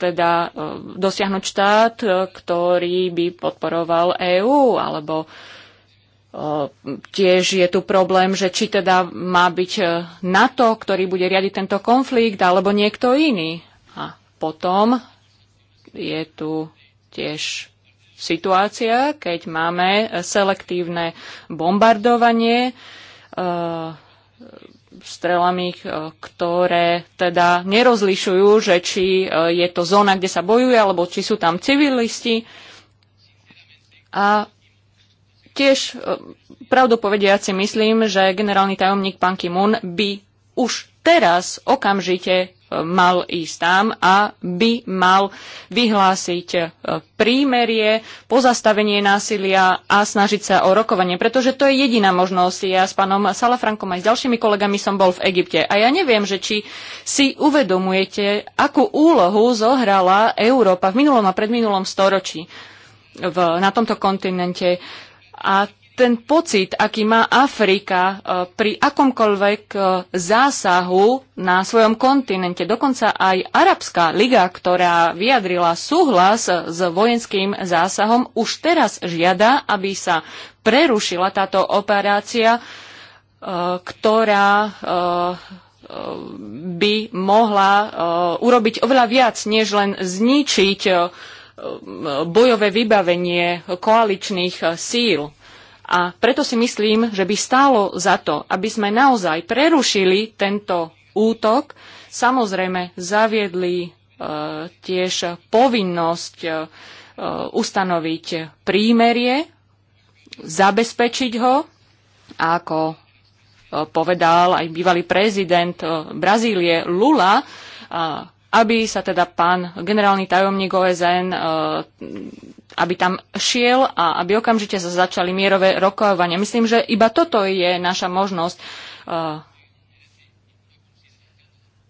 teda dosiahnuť štát, ktorý by podporoval EÚ alebo Tiež je tu problém, že či teda má byť e, NATO, ktorý bude riadiť tento konflikt, alebo niekto iný. A potom je tu tiež situácia, keď máme selektívne bombardovanie e, strelami, e, ktoré teda nerozlišujú, že či je to zóna, kde sa bojuje, alebo či sú tam civilisti. A Tiež e, pravdu povediaci myslím, že generálny tajomník pán Kimun by už teraz okamžite e, mal ísť tam a by mal vyhlásiť e, prímerie, pozastavenie násilia a snažiť sa o rokovanie, pretože to je jediná možnosť. Ja s pánom Salafrankom aj s ďalšími kolegami som bol v Egypte a ja neviem, že či si uvedomujete, akú úlohu zohrala Európa v minulom a predminulom storočí v, na tomto kontinente. A ten pocit, aký má Afrika e, pri akomkoľvek e, zásahu na svojom kontinente, dokonca aj Arabská liga, ktorá vyjadrila súhlas s vojenským zásahom, už teraz žiada, aby sa prerušila táto operácia, e, ktorá by mohla urobiť oveľa viac, než len zničiť Um, bojové vybavenie koaličných uh, síl. A preto si myslím, že by stálo za to, aby sme naozaj prerušili tento útok, samozrejme zaviedli e, tiež povinnosť e, ustanoviť prímerie, zabezpečiť ho ako povedal aj bývalý prezident Brazílie Lula, aby sa teda pán generálny tajomník OSN, e, aby tam šiel a aby okamžite sa začali mierové rokovania. Myslím, že iba toto je naša možnosť. E,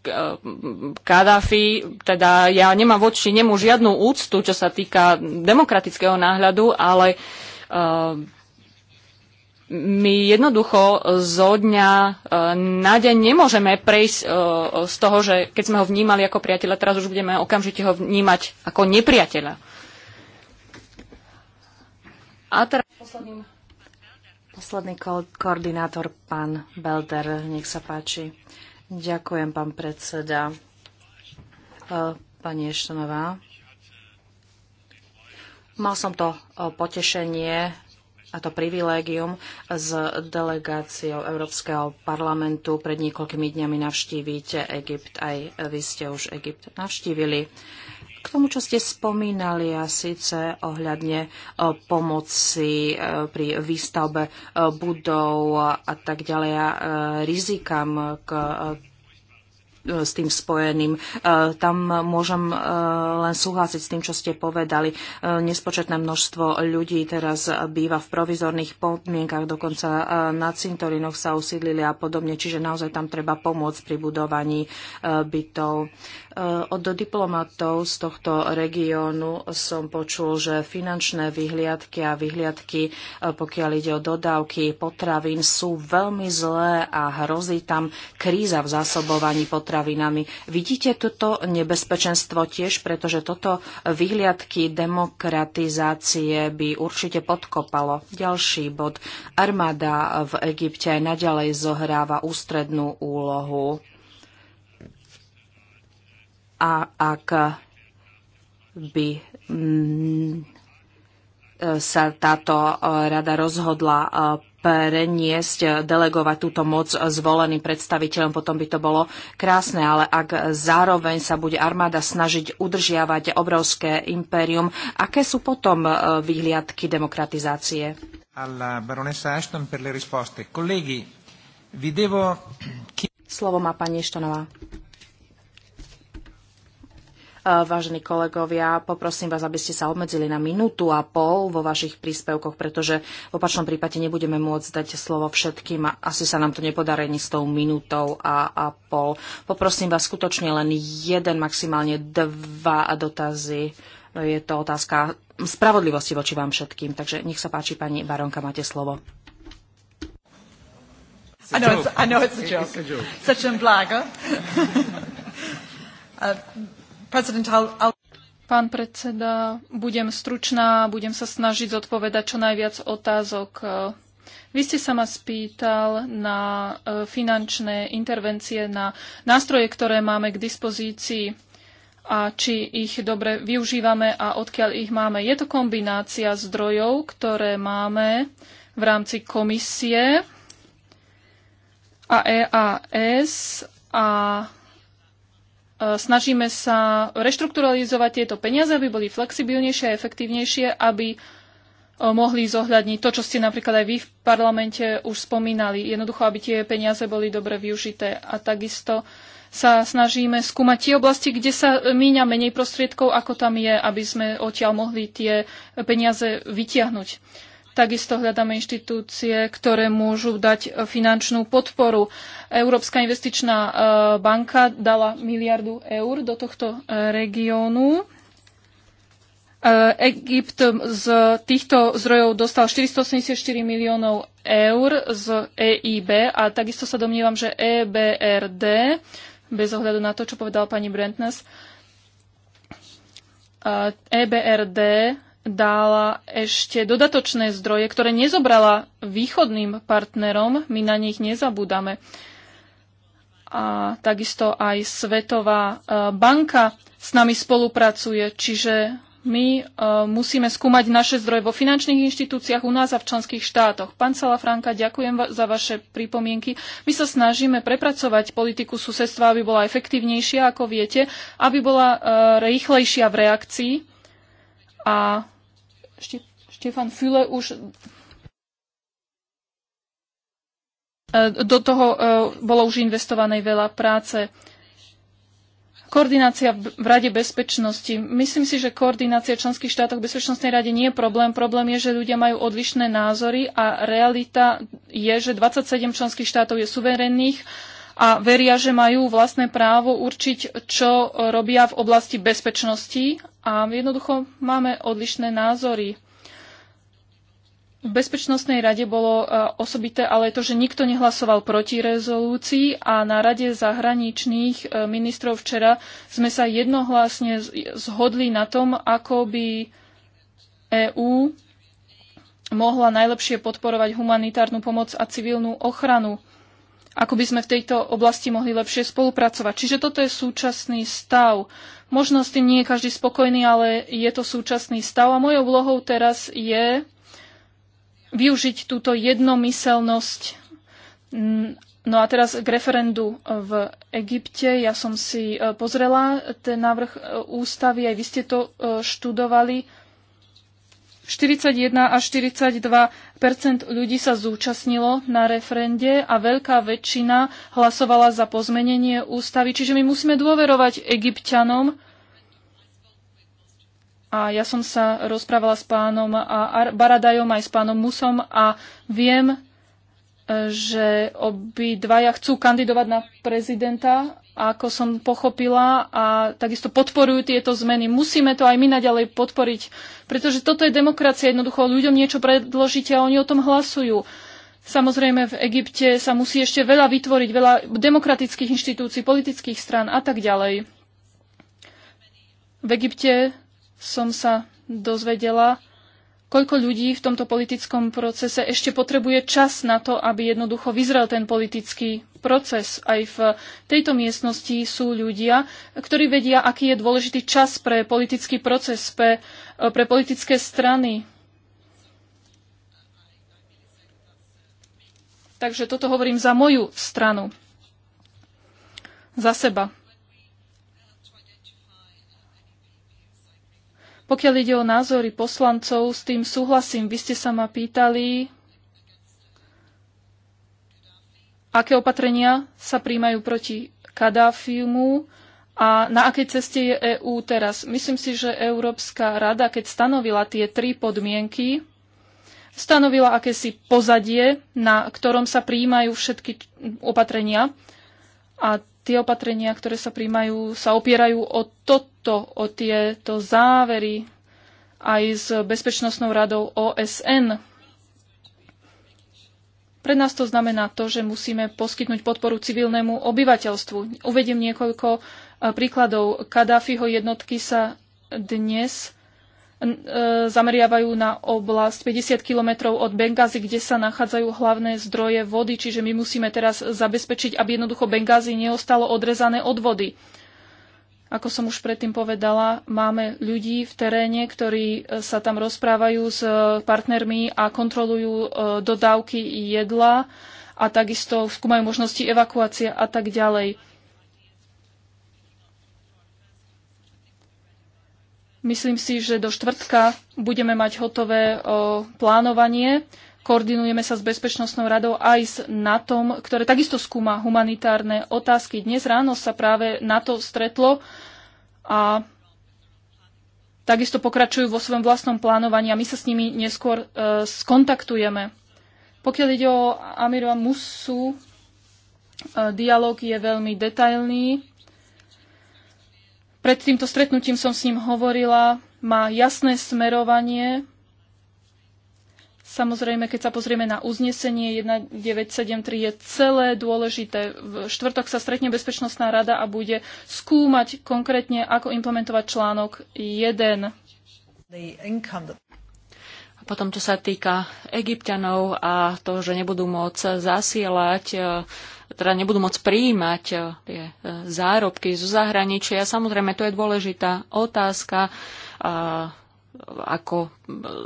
e, Kadáfi, teda ja nemám voči nemu žiadnu úctu, čo sa týka demokratického náhľadu, ale my jednoducho zo dňa e, na deň nemôžeme prejsť e, z toho, že keď sme ho vnímali ako priateľa, teraz už budeme okamžite ho vnímať ako nepriateľa. A teraz posledným... Posledný ko- koordinátor, pán Belder, nech sa páči. Ďakujem, pán predseda. E, pani Eštonová. Mal som to potešenie a to privilégium s delegáciou Európskeho parlamentu pred niekoľkými dňami navštívite Egypt. Aj vy ste už Egypt navštívili. K tomu, čo ste spomínali a síce ohľadne e, pomoci e, pri výstavbe e, budov a tak ďalej a rizikám, k E, s tým spojeným. E, tam môžem e, len súhlasiť s tým, čo ste povedali. Nespočetné množstvo ľudí teraz býva v provizorných podmienkach, dokonca na cintorinoch sa usídlili a podobne, čiže naozaj tam treba pomôcť pri budovaní bytov. Od diplomatov z tohto regiónu som počul, že finančné vyhliadky a vyhliadky, pokiaľ ide o dodávky potravín, sú veľmi zlé a hrozí tam kríza v zásobovaní potravín potravinami. Vidíte toto nebezpečenstvo tiež, pretože toto vyhliadky demokratizácie by určite podkopalo. Ďalší bod. Armáda v Egypte aj naďalej zohráva ústrednú úlohu. A ak by mm, e, sa táto rada rozhodla e, preniesť, eh, delegovať túto moc zvoleným predstaviteľom, potom by to bolo krásne, ale ak zároveň sa bude armáda snažiť udržiavať obrovské impérium, aké sú potom eh, vyhliadky demokratizácie? Slovo má pani Eštonová. Vážení kolegovia, poprosím vás, aby ste sa obmedzili na minútu a pol vo vašich príspevkoch, pretože v opačnom prípade nebudeme môcť dať slovo všetkým a asi sa nám to nepodarí ani s tou minútou a, a pol. Poprosím vás skutočne len jeden, maximálne dva dotazy. Je to otázka spravodlivosti voči vám všetkým. Takže nech sa páči, pani Baronka, máte slovo. I know, it's, I know it's a joke. It's a joke. Such a blagger. [LAUGHS] uh, Pán predseda, budem stručná, budem sa snažiť zodpovedať čo najviac otázok. Vy ste sa ma spýtal na e, finančné intervencie, na nástroje, ktoré máme k dispozícii a či ich dobre využívame a odkiaľ ich máme. Je to kombinácia zdrojov, ktoré máme v rámci komisie a EAS a E, snažíme sa reštrukturalizovať tieto peniaze, aby boli flexibilnejšie a efektívnejšie, aby e, mohli zohľadniť to, čo ste napríklad aj vy v parlamente už spomínali. Jednoducho, aby tie peniaze boli dobre využité. A takisto sa snažíme skúmať tie oblasti, kde sa míňa menej prostriedkov, ako tam je, aby sme odtiaľ mohli tie peniaze vytiahnuť. Takisto hľadáme inštitúcie, ktoré môžu dať e, finančnú podporu. Európska investičná e, banka dala miliardu eur do tohto e, regiónu. Egypt z týchto zdrojov dostal 484 miliónov eur z EIB a takisto sa domnívam, že EBRD, bez ohľadu na to, čo povedal pani Brentness, EBRD dala ešte dodatočné zdroje, ktoré nezobrala východným partnerom, my na nich nezabúdame. A takisto aj Svetová e, banka s nami spolupracuje, čiže my e, musíme skúmať naše zdroje vo finančných inštitúciách u nás a v členských štátoch. Pán Salafranka, ďakujem za vaše pripomienky. My sa snažíme prepracovať politiku susedstva, aby bola efektívnejšia, ako viete, aby bola e, rýchlejšia v reakcii a Štefan Füle už e, do toho e, bolo už investované veľa práce. Koordinácia v Rade bezpečnosti. Myslím si, že koordinácia členských štátov v Bezpečnostnej rade nie je problém. Problém je, že ľudia majú odlišné názory a realita je, že 27 členských štátov je suverénnych a veria, že majú vlastné právo určiť, čo robia v oblasti bezpečnosti a jednoducho máme odlišné názory. V Bezpečnostnej rade bolo e, osobité ale to, že nikto nehlasoval proti rezolúcii a na rade zahraničných e, ministrov včera sme sa jednohlasne zhodli na tom, ako by EÚ mohla najlepšie podporovať humanitárnu pomoc a civilnú ochranu ako by sme v tejto oblasti mohli lepšie spolupracovať. Čiže toto je súčasný stav. Možno s tým nie je každý spokojný, ale je to súčasný stav a mojou úlohou teraz je využiť túto jednomyselnosť. Mm, no a teraz k referendu v Egypte. Ja som si e, pozrela ten návrh e, ústavy, aj vy ste to e, študovali. 41 až 42 ľudí sa zúčastnilo na referende a veľká väčšina hlasovala za pozmenenie ústavy. Čiže my musíme dôverovať egyptianom. A ja som sa rozprávala s pánom Baradajom aj s pánom Musom a viem, že obi dvaja chcú kandidovať na prezidenta, ako som pochopila, a takisto podporujú tieto zmeny. Musíme to aj my naďalej podporiť, pretože toto je demokracia. Jednoducho ľuďom niečo predložíte a oni o tom hlasujú. Samozrejme, v Egypte sa musí ešte veľa vytvoriť, veľa demokratických inštitúcií, politických strán a tak ďalej. V Egypte som sa dozvedela, koľko ľudí v tomto politickom procese ešte potrebuje čas na to, aby jednoducho vyzrel ten politický proces. Aj v tejto miestnosti sú ľudia, ktorí vedia, aký je dôležitý čas pre politický proces, pre, e, pre politické strany. Takže toto hovorím za moju stranu. Za seba. Pokiaľ ide o názory poslancov, s tým súhlasím. Vy ste sa ma pýtali, aké opatrenia sa príjmajú proti Kadáfiumu a na akej ceste je EÚ teraz. Myslím si, že Európska rada, keď stanovila tie tri podmienky, stanovila akési pozadie, na ktorom sa príjmajú všetky opatrenia. A tie opatrenia, ktoré sa príjmajú, sa opierajú o toto, o tieto závery aj s Bezpečnostnou radou OSN. Pre nás to znamená to, že musíme poskytnúť podporu civilnému obyvateľstvu. Uvediem niekoľko eh, príkladov. Kadáfiho jednotky sa dnes E, zameriavajú na oblasť 50 kilometrov od Bengázy, kde sa nachádzajú hlavné zdroje vody, čiže my musíme teraz zabezpečiť, aby jednoducho Bengázy neostalo odrezané od vody. Ako som už predtým povedala, máme ľudí v teréne, ktorí e, sa tam rozprávajú s e, partnermi a kontrolujú dodávky jedla a takisto skúmajú možnosti evakuácie a tak ďalej. Myslím si, že do štvrtka budeme mať hotové o, plánovanie. Koordinujeme sa s Bezpečnostnou radou aj s NATO, ktoré takisto skúma humanitárne otázky. Dnes ráno sa práve NATO stretlo a takisto pokračujú vo svojom vlastnom plánovaní a my sa s nimi neskôr e, skontaktujeme. Pokiaľ ide o Amirova a Musu, e, dialog je veľmi detailný. Pred týmto stretnutím som s ním hovorila, má jasné smerovanie. Samozrejme, keď sa pozrieme na uznesenie 1973 je celé dôležité. V štvrtok sa stretne Bezpečnostná rada a bude skúmať konkrétne, ako implementovať článok 1. A potom, čo sa týka egyptianov a to, že nebudú môcť zasielať eh, teda nebudú môcť prijímať eh, tie eh, zárobky zo zahraničia. Samozrejme, to je dôležitá otázka, ako eh,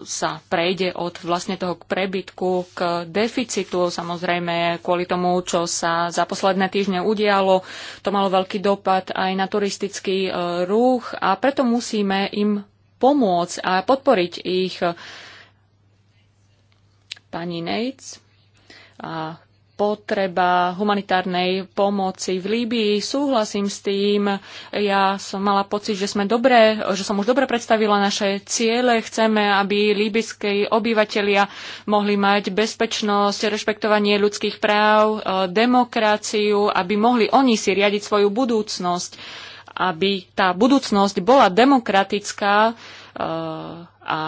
sa prejde od vlastne toho k prebytku k deficitu. Samozrejme, kvôli tomu, čo sa za posledné týždne udialo, to malo veľký dopad aj na turistický ruch a preto musíme im pomôcť a podporiť ich. Pani Nates, a potreba humanitárnej pomoci v Líbii. Súhlasím s tým. Ja som mala pocit, že sme dobre, že som už dobre predstavila naše ciele. Chceme, aby líbyskí obyvatelia mohli mať bezpečnosť, rešpektovanie ľudských práv, e, demokraciu, aby mohli oni si riadiť svoju budúcnosť, aby tá budúcnosť bola demokratická e, a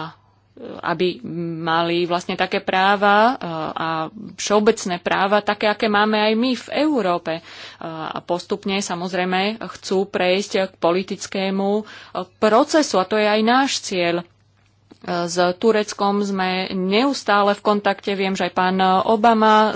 aby mali vlastne také práva e, a všeobecné práva, také, aké máme aj my v Európe. E, a postupne samozrejme chcú prejsť k politickému e, procesu a to je aj náš cieľ. S Tureckom sme neustále v kontakte. Viem, že aj pán Obama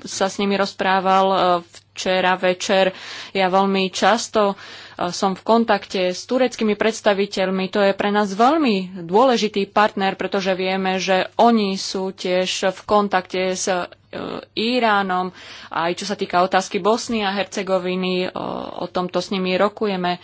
sa s nimi rozprával včera večer. Ja veľmi často uh, Eh, som v kontakte s tureckými predstaviteľmi. To je pre nás veľmi dôležitý partner, pretože vieme, že oni sú tiež v kontakte s eh, Iránom, aj čo sa týka otázky Bosny a Hercegoviny, eh, o, tomto s nimi rokujeme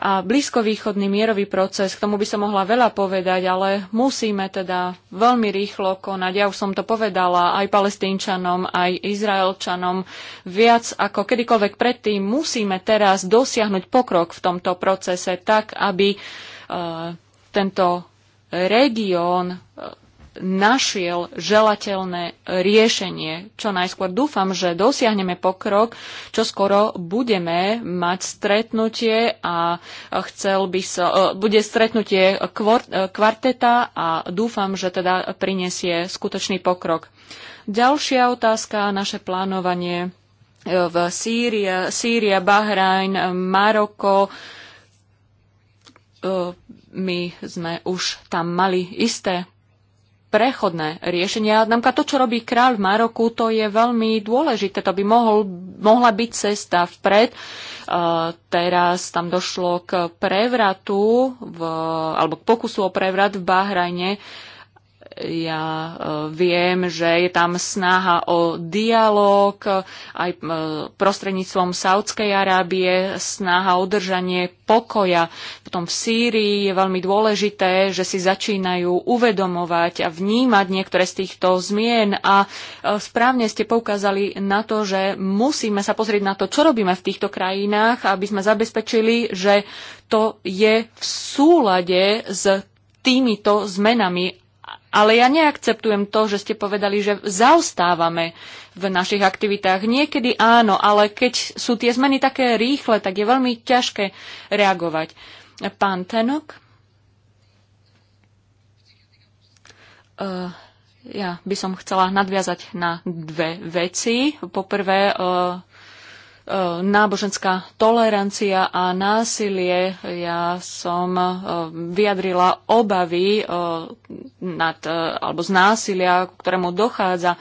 a blízkovýchodný mierový proces, k tomu by som mohla veľa povedať, ale musíme teda veľmi rýchlo konať. Ja už som to povedala aj palestínčanom, aj izraelčanom. Viac ako kedykoľvek predtým musíme teraz dosiahnuť pokrok v tomto procese tak, aby uh, tento región uh, našiel želateľné riešenie. Čo najskôr dúfam, že dosiahneme pokrok, čo skoro budeme mať stretnutie a chcel by sa, e, bude stretnutie e, kvarteta a dúfam, že teda prinesie skutočný pokrok. Ďalšia otázka, naše plánovanie e, v Sýrii, Sýria Bahrajn, Maroko, my sme už tam mali isté prechodné riešenia. Namka to, čo robí kráľ v Maroku, to je veľmi dôležité. To by mohol, mohla byť cesta vpred. Uh, teraz tam došlo k prevratu, v, alebo k pokusu o prevrat v Bahrajne. Uh, ja e, viem, že je tam snaha o dialog e, aj e, prostredníctvom Saudskej Arábie, snaha o držanie pokoja. Potom v Sýrii je veľmi dôležité, že si začínajú uvedomovať a vnímať niektoré z týchto zmien a správne ste poukázali na to, že musíme sa pozrieť na to, čo robíme v týchto krajinách, aby sme zabezpečili, že to je v súlade s týmito zmenami ale ja neakceptujem to, že ste povedali, že zaostávame v našich aktivitách. Niekedy áno, ale keď sú tie zmeny také rýchle, tak je veľmi ťažké reagovať. Pán Tenok? Uh, ja by som chcela nadviazať na dve veci. Poprvé, uh, E, náboženská tolerancia a násilie. Ja som e, vyjadrila obavy e, nad, alebo z násilia, ktorému dochádza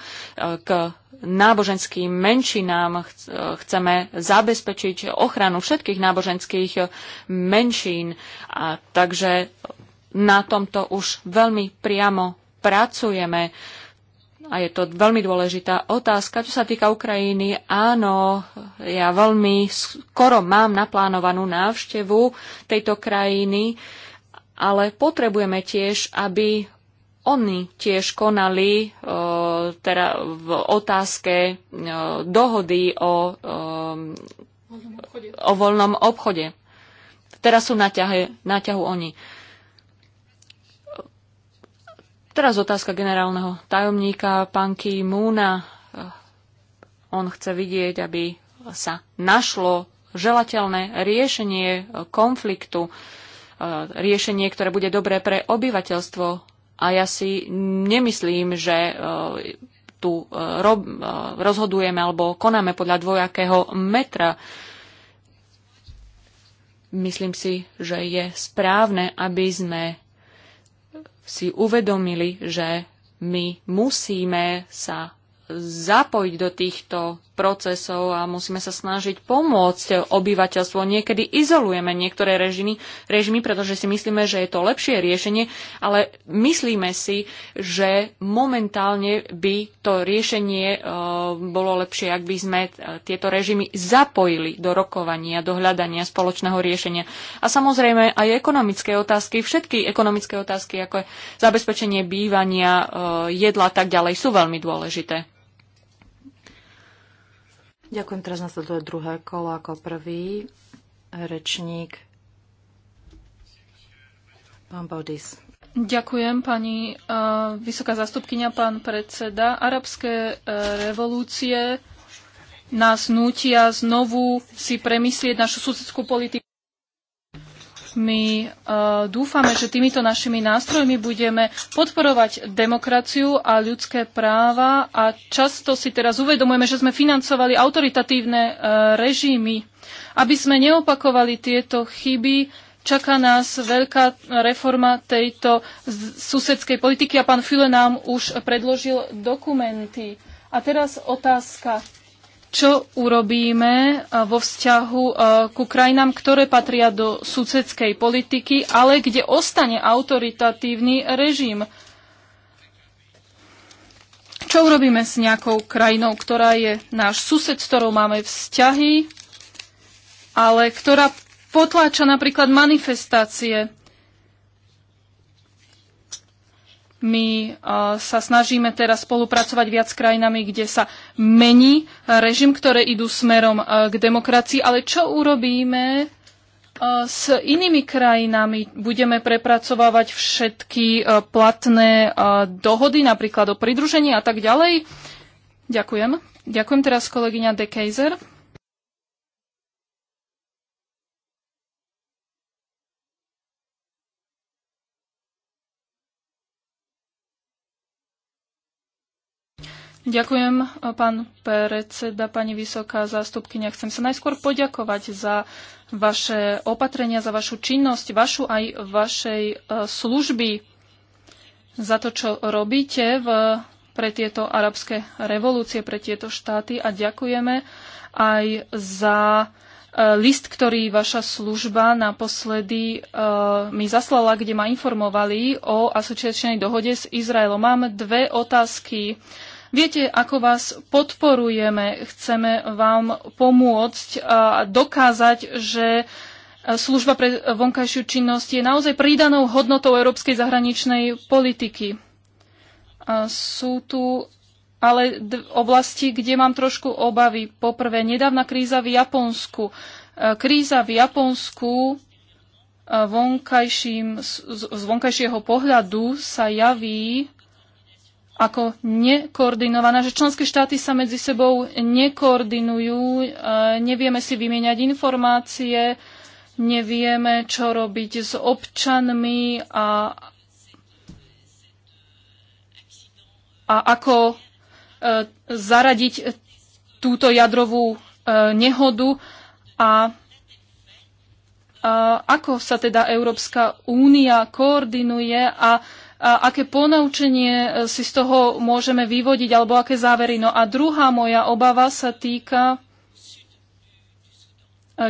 k náboženským menšinám. Chceme zabezpečiť ochranu všetkých náboženských menšín. A takže na tomto už veľmi priamo pracujeme. Uh, a je to veľmi dôležitá otázka. Čo sa týka Ukrajiny, áno, ja veľmi skoro mám naplánovanú návštevu tejto krajiny, ale potrebujeme tiež, aby oni tiež konali e, teda v otázke e, dohody o, e, o voľnom obchode. Teraz sú na, ťahu oni. Teraz otázka generálneho tajomníka pán Ký Múna. Eh, on chce vidieť, aby sa našlo želateľné riešenie konfliktu, eh, riešenie, ktoré bude dobré pre obyvateľstvo. A ja si nemyslím, že eh, tu rozhodujeme alebo konáme podľa dvojakého metra. Myslím si, že je správne, aby sme si uvedomili, že my musíme sa zapojiť do týchto procesov a musíme sa snažiť pomôcť obyvateľstvo. Niekedy izolujeme niektoré režimy, režimy, pretože si myslíme, že je to lepšie riešenie, ale myslíme si, že momentálne by to riešenie e, bolo lepšie, ak by sme e, tieto režimy zapojili do rokovania, do hľadania spoločného riešenia. A samozrejme aj ekonomické otázky, všetky ekonomické otázky, ako je zabezpečenie bývania, e, jedla a tak ďalej, sú veľmi dôležité. Ďakujem. Teraz nasleduje druhé kolo ako prvý rečník. Pán Baudis. Ďakujem, pani uh, vysoká zastupkynia, pán predseda. Arabské uh, revolúcie nás nútia znovu si premyslieť našu susedskú politiku my e, dúfame, že týmito našimi nástrojmi budeme podporovať demokraciu a ľudské práva a často si teraz uvedomujeme, že sme financovali autoritatívne e, režimy. Aby sme neopakovali tieto chyby, čaká nás veľká reforma tejto susedskej politiky a pán File nám už predložil dokumenty. A teraz otázka čo urobíme e, vo vzťahu e, ku krajinám, ktoré patria do susedskej politiky, ale kde ostane autoritatívny režim. Čo urobíme s nejakou krajinou, ktorá je náš sused, s ktorou máme vzťahy, ale ktorá potláča napríklad manifestácie My e, sa snažíme teraz spolupracovať viac s krajinami, kde sa mení e, režim, ktoré idú smerom e, k demokracii, ale čo urobíme s inými krajinami? Budeme prepracovávať všetky platné dohody, napríklad o pridružení a tak ďalej? Ďakujem. Ďakujem teraz kolegyňa De Kejzer. Ďakujem, pán predseda, pani vysoká zástupkynia. Chcem sa najskôr poďakovať za vaše opatrenia, za vašu činnosť, vašu aj vašej e, služby, za to, čo robíte v, pre tieto arabské revolúcie, pre tieto štáty a ďakujeme aj za e, list, ktorý vaša služba naposledy uh, mi zaslala, kde ma informovali o asociačnej dohode s Izraelom. Mám dve otázky. Uh, Viete, ako vás podporujeme, chceme vám pomôcť a dokázať, že e, služba pre vonkajšiu činnosť je naozaj pridanou hodnotou európskej zahraničnej politiky. A sú tu ale oblasti, kde mám trošku obavy. Poprvé, nedávna kríza v Japonsku. E, kríza v Japonsku e, vonkajším, z vonkajšieho pohľadu sa javí ako nekoordinovaná, že členské štáty sa medzi sebou nekoordinujú, e, nevieme si vymieňať informácie, nevieme, čo robiť s občanmi a, a ako e, zaradiť túto jadrovú e, nehodu a a ako sa teda Európska únia koordinuje a aké ponaučenie e, si z toho môžeme vyvodiť alebo aké závery. No a druhá moja obava sa týka e,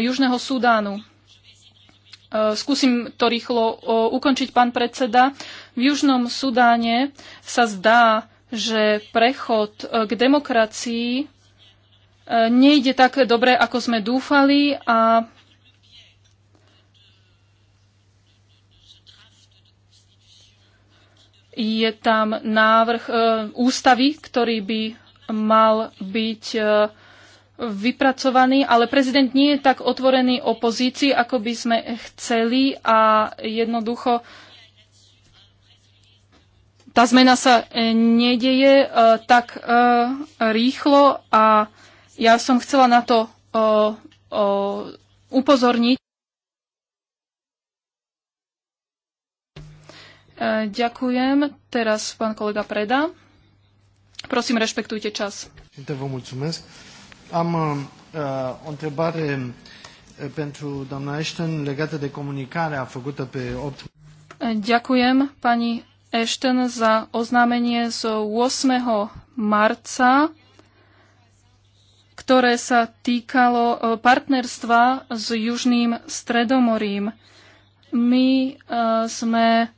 Južného Sudánu. E, skúsim to rýchlo ukončiť, pán predseda. V Južnom Sudáne sa zdá, že prechod k demokracii nejde tak dobre, ako sme dúfali a je tam návrh e, ústavy, ktorý by mal byť e, vypracovaný, ale prezident nie je tak otvorený opozícii, ako by sme chceli a jednoducho tá zmena sa e, nedeje e, tak e, rýchlo a ja som chcela na to e, upozorniť. E, ďakujem. Teraz pán kolega Preda. Prosím, rešpektujte čas. Vă mulțumesc. Am uh, o întrebare e, pentru doamna Ashton legată de comunicarea făcută pe 8... Ďakujem pani Ashton za oznámenie z 8. marca, ktoré sa týkalo partnerstva s Južným Stredomorím. My uh, sme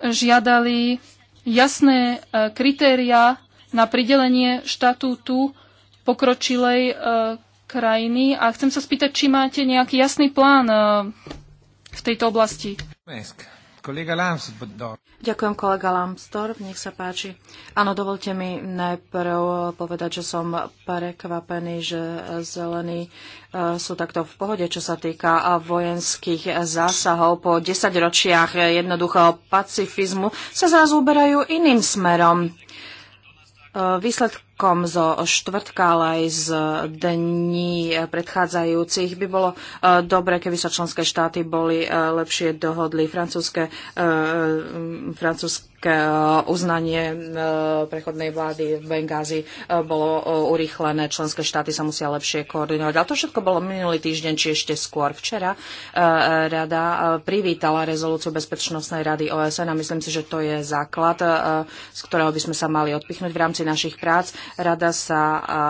žiadali jasné e, kritéria na pridelenie štatútu pokročilej e, krajiny a chcem sa spýtať, či máte nejaký jasný plán e, v tejto oblasti. Mesk. Kolega Lambsdorff. Ďakujem, kolega Lambsdorff, nech sa páči. Áno, dovolte mi najprv povedať, že som prekvapený, že zelení e, sú takto v pohode, čo sa týka vojenských zásahov. Po desaťročiach jednoduchého pacifizmu sa zrazu uberajú iným smerom. E, Výsledky výsledkom zo štvrtka, ale aj z dní predchádzajúcich by bolo e, dobre, keby sa členské štáty boli e, lepšie dohodli. Francúzske, e, francúzske uznanie prechodnej vlády v Bengázi bolo urýchlené. Členské štáty sa musia lepšie koordinovať. Ale to všetko bolo minulý týždeň, či ešte skôr. Včera rada privítala rezolúciu Bezpečnostnej rady OSN a myslím si, že to je základ, z ktorého by sme sa mali odpichnúť v rámci našich prác. Rada sa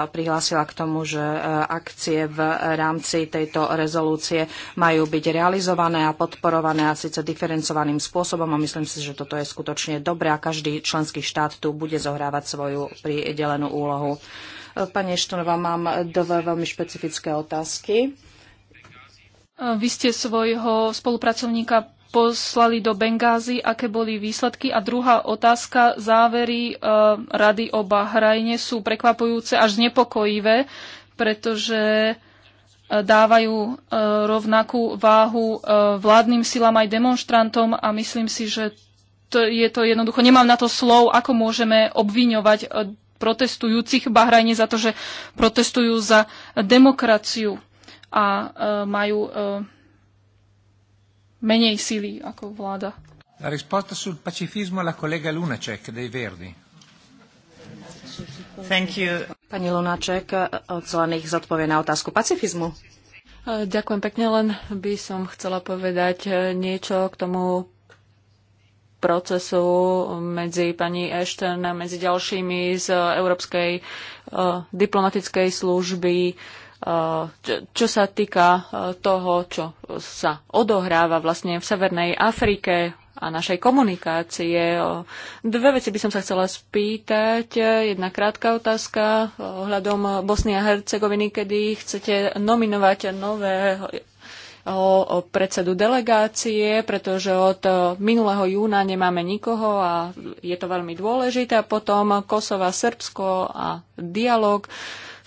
prihlásila k tomu, že e, akcie v rámci tejto rezolúcie majú byť realizované a podporované a síce diferencovaným spôsobom a myslím si, že toto je skutočne dobré a každý členský štát tu bude zohrávať svoju pridelenú úlohu. E, pani Štonová, mám dve veľmi špecifické otázky. E, vy ste svojho spolupracovníka poslali do Bengázy, aké boli výsledky. A druhá otázka, závery e, rady o Bahrajne sú prekvapujúce až nepokojivé, pretože e, dávajú e, rovnakú váhu e, vládnym silám aj demonstrantom a myslím si, že to je to jednoducho, nemám na to slov, ako môžeme obviňovať protestujúcich v Bahrajne za to, že protestujú za demokraciu a majú menej sily ako vláda. La risposta sul pacifismo alla collega Lunacek dei Verdi. Thank you. Pani Lunaček chcela nech zodpovie na otázku pacifizmu. E, ďakujem pekne, len by som chcela povedať e, niečo k tomu procesu medzi pani Ashton a medzi ďalšími z Európskej e, diplomatickej služby čo, čo sa týka e, toho, čo sa odohráva vlastne v Severnej Afrike a našej komunikácie. Dve veci by som sa chcela spýtať. Jedna krátka otázka e, ohľadom Bosny a Hercegoviny, kedy chcete nominovať nového o predsedu delegácie, pretože od minulého júna nemáme nikoho a je to veľmi dôležité. A potom Kosova, Srbsko a dialog. Uh,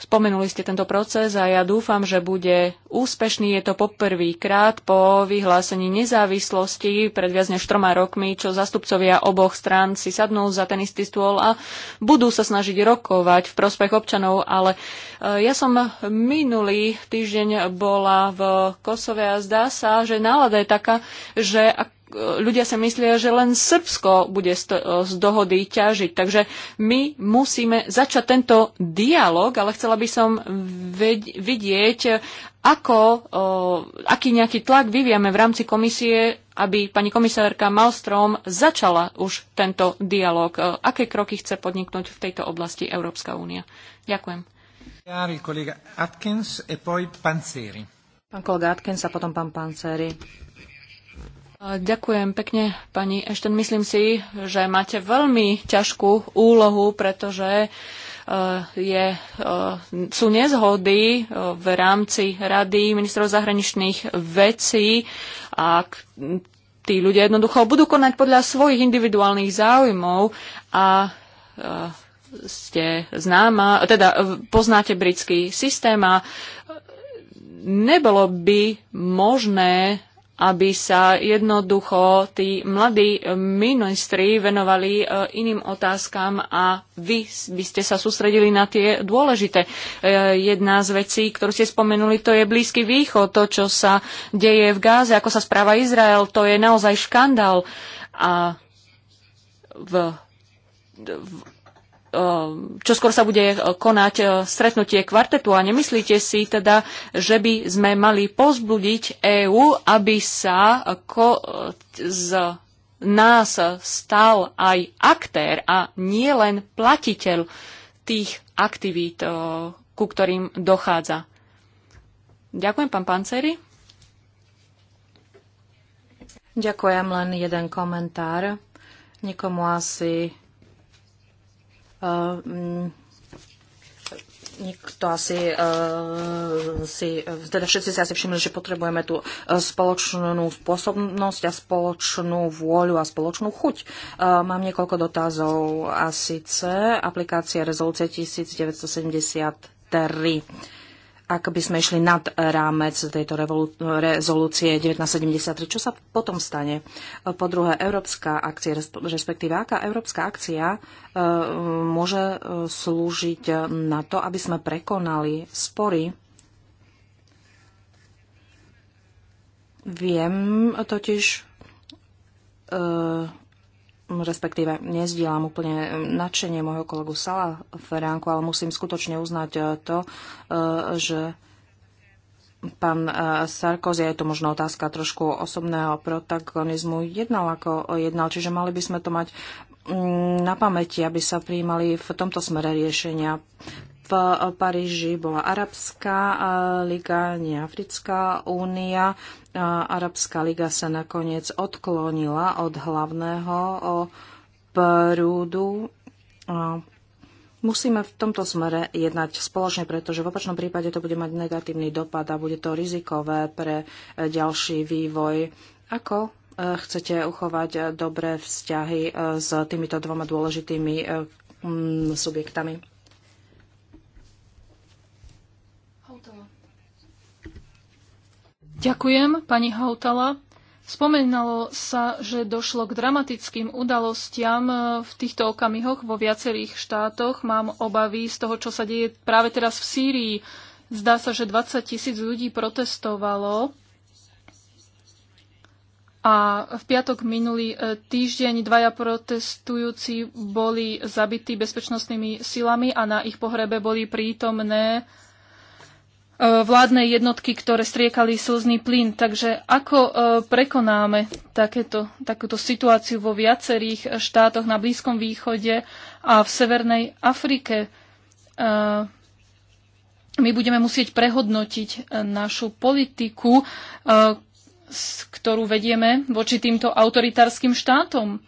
Spomenuli ste tento proces a ja dúfam, že bude úspešný. Je to poprvýkrát po vyhlásení nezávislosti pred viac než troma rokmi, čo zastupcovia oboch strán si sadnú za ten istý stôl a budú sa snažiť rokovať v prospech občanov, ale e, ja som minulý týždeň bola v Kosove a zdá sa, že nálada je taká, že ľudia sa myslia, že len Srbsko bude z, dohody ťažiť. Takže my musíme začať tento dialog, ale chcela by som vidieť, ako, aký nejaký tlak vyvieme v rámci komisie, aby pani komisárka Malstrom začala už tento dialog. Aké kroky chce podniknúť v tejto oblasti Európska únia? Ďakujem. E pán kolega Atkins a potom pán Panceri. Ďakujem pekne, pani Ešten. Myslím si, že máte veľmi ťažkú úlohu, pretože e, je, e, sú nezhody e, v rámci Rady ministrov zahraničných vecí a tí ľudia jednoducho budú konať podľa svojich individuálnych záujmov a ste známa, teda poznáte britský systém a nebolo by možné aby sa jednoducho tí mladí eh, ministri venovali eh, iným otázkam a vy by ste sa sústredili na tie dôležité. Eh, jedna z vecí, ktorú ste spomenuli, to je Blízky východ, to, čo sa deje v Gáze, ako sa správa Izrael, to je naozaj škandál. A v, v Eh, čo skôr sa bude eh, konať eh, stretnutie kvartetu a nemyslíte si teda, že by sme mali pozbudiť EÚ, aby sa z nás stal aj aktér a nie len platiteľ tých aktivít, ku ktorým dochádza. Ďakujem, pán Panceri. Ďakujem, len jeden komentár. Nikomu asi Ehm, nikto asi, uh, si, teda všetci si asi všimli, že potrebujeme tú e, spoločnú spôsobnosť a spoločnú vôľu a spoločnú chuť. Uh, mám niekoľko dotazov a síce aplikácia rezolúcie 1973 ak by sme išli nad rámec tejto rezolúcie 1973. Čo sa potom stane? Po druhé, európska akcia, respektíve aká európska akcia e, môže e, slúžiť na to, aby sme prekonali spory Viem totiž, e, respektíve nezdielam úplne um, nadšenie môjho kolegu Sala Feránku, ale musím skutočne uznať uh, to, uh, že pán uh, Sarkozy, je to možno otázka trošku osobného protagonizmu, jednal ako jednal, čiže mali by sme to mať mm, na pamäti, aby sa prijímali v tomto smere riešenia. Paríži bola Arabská liga, nie Africká únia. Arabská liga sa nakoniec odklonila od hlavného prúdu. Musíme v tomto smere jednať spoločne, pretože v opačnom prípade to bude mať negatívny dopad a bude to rizikové pre e, ďalší vývoj. Ako e, chcete uchovať e, dobré vzťahy s týmito dvoma dôležitými subjektami? Ďakujem, pani Hautala. Spomenalo sa, že došlo k dramatickým udalostiam e, v týchto okamihoch vo viacerých štátoch. Mám obavy z toho, čo sa deje práve teraz v Sýrii. Zdá sa, že 20 tisíc ľudí protestovalo a v piatok minulý e, týždeň dvaja protestujúci boli zabití bezpečnostnými silami a na ich pohrebe boli prítomné E, vládne jednotky, ktoré striekali slzný plyn. Takže ako e, prekonáme takéto, takúto situáciu vo viacerých štátoch na Blízkom východe a v Severnej Afrike? E, my budeme musieť prehodnotiť našu politiku, ktorú vedieme voči týmto autoritárskym štátom.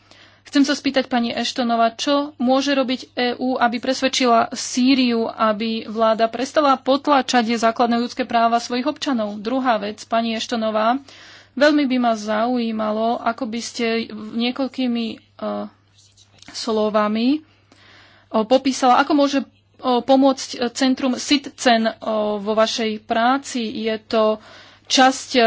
Chcem sa spýtať pani Eštonova, čo môže robiť EÚ, aby presvedčila Sýriu, aby vláda prestala potláčať základné ľudské práva svojich občanov. Druhá vec, pani Eštonová, veľmi by ma zaujímalo, ako by ste niekoľkými uh, slovami uh, popísala, ako môže uh, pomôcť Centrum SITCEN uh, vo vašej práci. Je to časť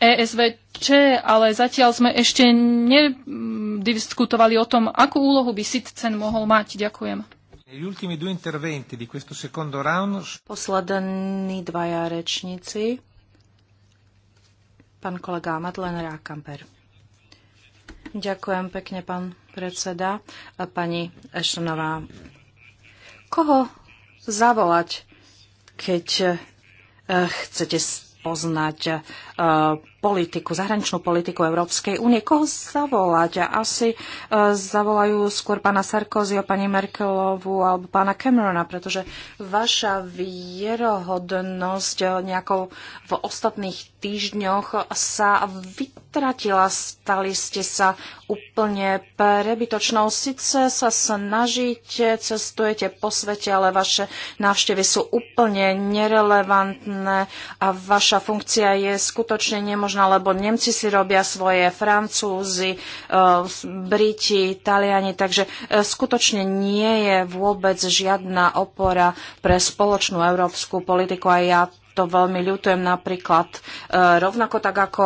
ESVČ, ale zatiaľ sme ešte nediskutovali o tom, akú úlohu by SITCEN mohol mať. Ďakujem. Poslední dvaja rečníci. Pán kolega Madlen Rákamper. Ďakujem pekne, pán predseda. A pani Eštonová, koho zavolať, keď eh, chcete poznať eh, E, politiku, zahraničnú politiku Európskej únie. Koho zavolať? A asi e, zavolajú skôr pána a pani Merkelovu alebo pána Camerona, pretože vaša vierohodnosť nejakou v ostatných týždňoch sa vytratila. Stali ste sa úplne prebytočnou. Sice sa snažíte, cestujete po svete, ale vaše návštevy sú úplne nerelevantné a vaša funkcia je skutočná skutočne nemožná, lebo Nemci si robia svoje, Francúzi, e, Briti, Taliani, takže e, skutočne nie je vôbec žiadna opora pre spoločnú európsku politiku a ja to veľmi ľutujem napríklad e, rovnako tak ako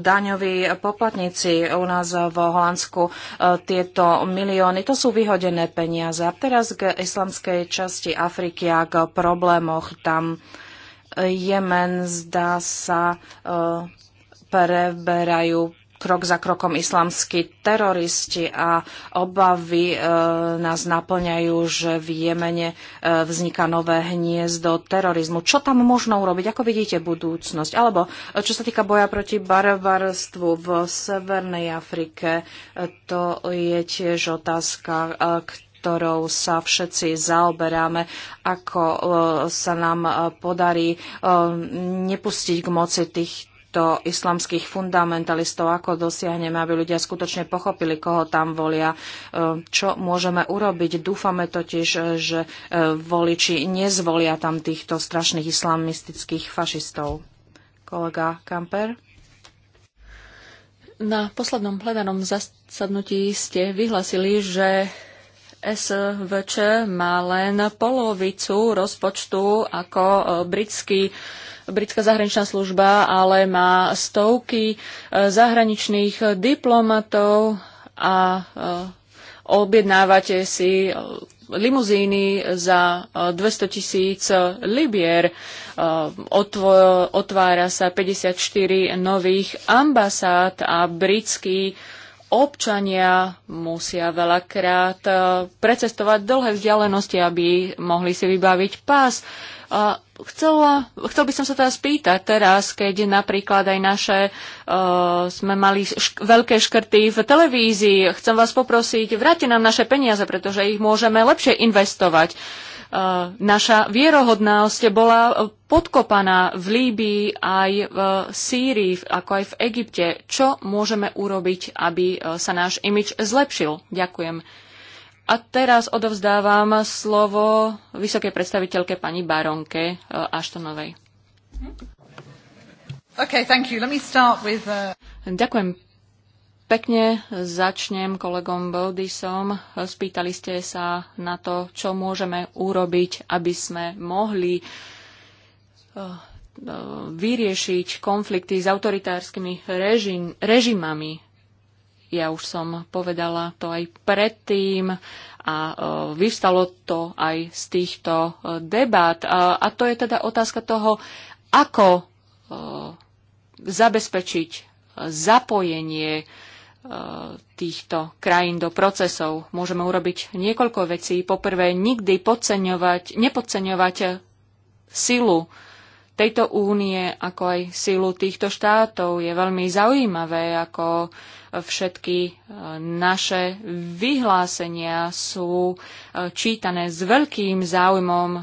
daňoví poplatníci u nás v Holandsku tieto milióny. To sú vyhodené peniaze. A teraz k islamskej časti Afriky a k problémoch tam Jemen zdá sa e, preberajú krok za krokom islamskí teroristi a obavy e, nás naplňajú, že v Jemene e, vzniká nové hniezdo terorizmu. Čo tam možno urobiť? Ako vidíte budúcnosť? Alebo e, čo sa týka boja proti barbarstvu v Severnej Afrike, e, to je tiež otázka, e, ktorou sa všetci zaoberáme, ako e, sa nám e, podarí e, nepustiť k moci tých týchto islamských fundamentalistov, ako dosiahneme, aby ľudia skutočne pochopili, koho tam volia, čo môžeme urobiť. Dúfame totiž, že voliči nezvolia tam týchto strašných islamistických fašistov. Kolega Kamper? Na poslednom plenárnom zasadnutí ste vyhlasili, že SVČ má len polovicu rozpočtu ako e, britský britská zahraničná služba, ale má stovky e, zahraničných diplomatov a e, objednávate si limuzíny za 200 tisíc libier. Otvára sa 54 nových ambasád a britský občania musia veľakrát e, precestovať dlhé vzdialenosti, aby mohli si vybaviť pás. Chcela, chcel by som sa teraz spýtať teraz, keď napríklad aj naše uh, sme mali šk- veľké škrty v televízii, chcem vás poprosiť, vráte nám naše peniaze, pretože ich môžeme lepšie investovať. Uh, Eh, naša vierohodnosť bola eh, podkopaná v Líbii, aj v Sýrii, ako aj v Egypte. Čo môžeme urobiť, aby eh, sa náš imič zlepšil? Ďakujem. A teraz odovzdávam slovo vysokej predstaviteľke pani Baronke Aštonovej. Okay, thank you. Let me start with, uh... Ďakujem pekne. Začnem kolegom Boldisom. Spýtali ste sa na to, čo môžeme urobiť, aby sme mohli eh, eh, vyriešiť konflikty s autoritárskymi režim, režimami. Ja už som povedala to aj predtým a eh, vyvstalo to aj z týchto debát. A to je teda otázka toho, ako zabezpečiť zapojenie týchto krajín do procesov. Môžeme urobiť niekoľko vecí. Poprvé, nikdy podceňovať, nepodceňovať silu tejto únie, ako aj silu týchto štátov. Je veľmi zaujímavé, ako všetky e, naše vyhlásenia sú e, čítané s veľkým záujmom e,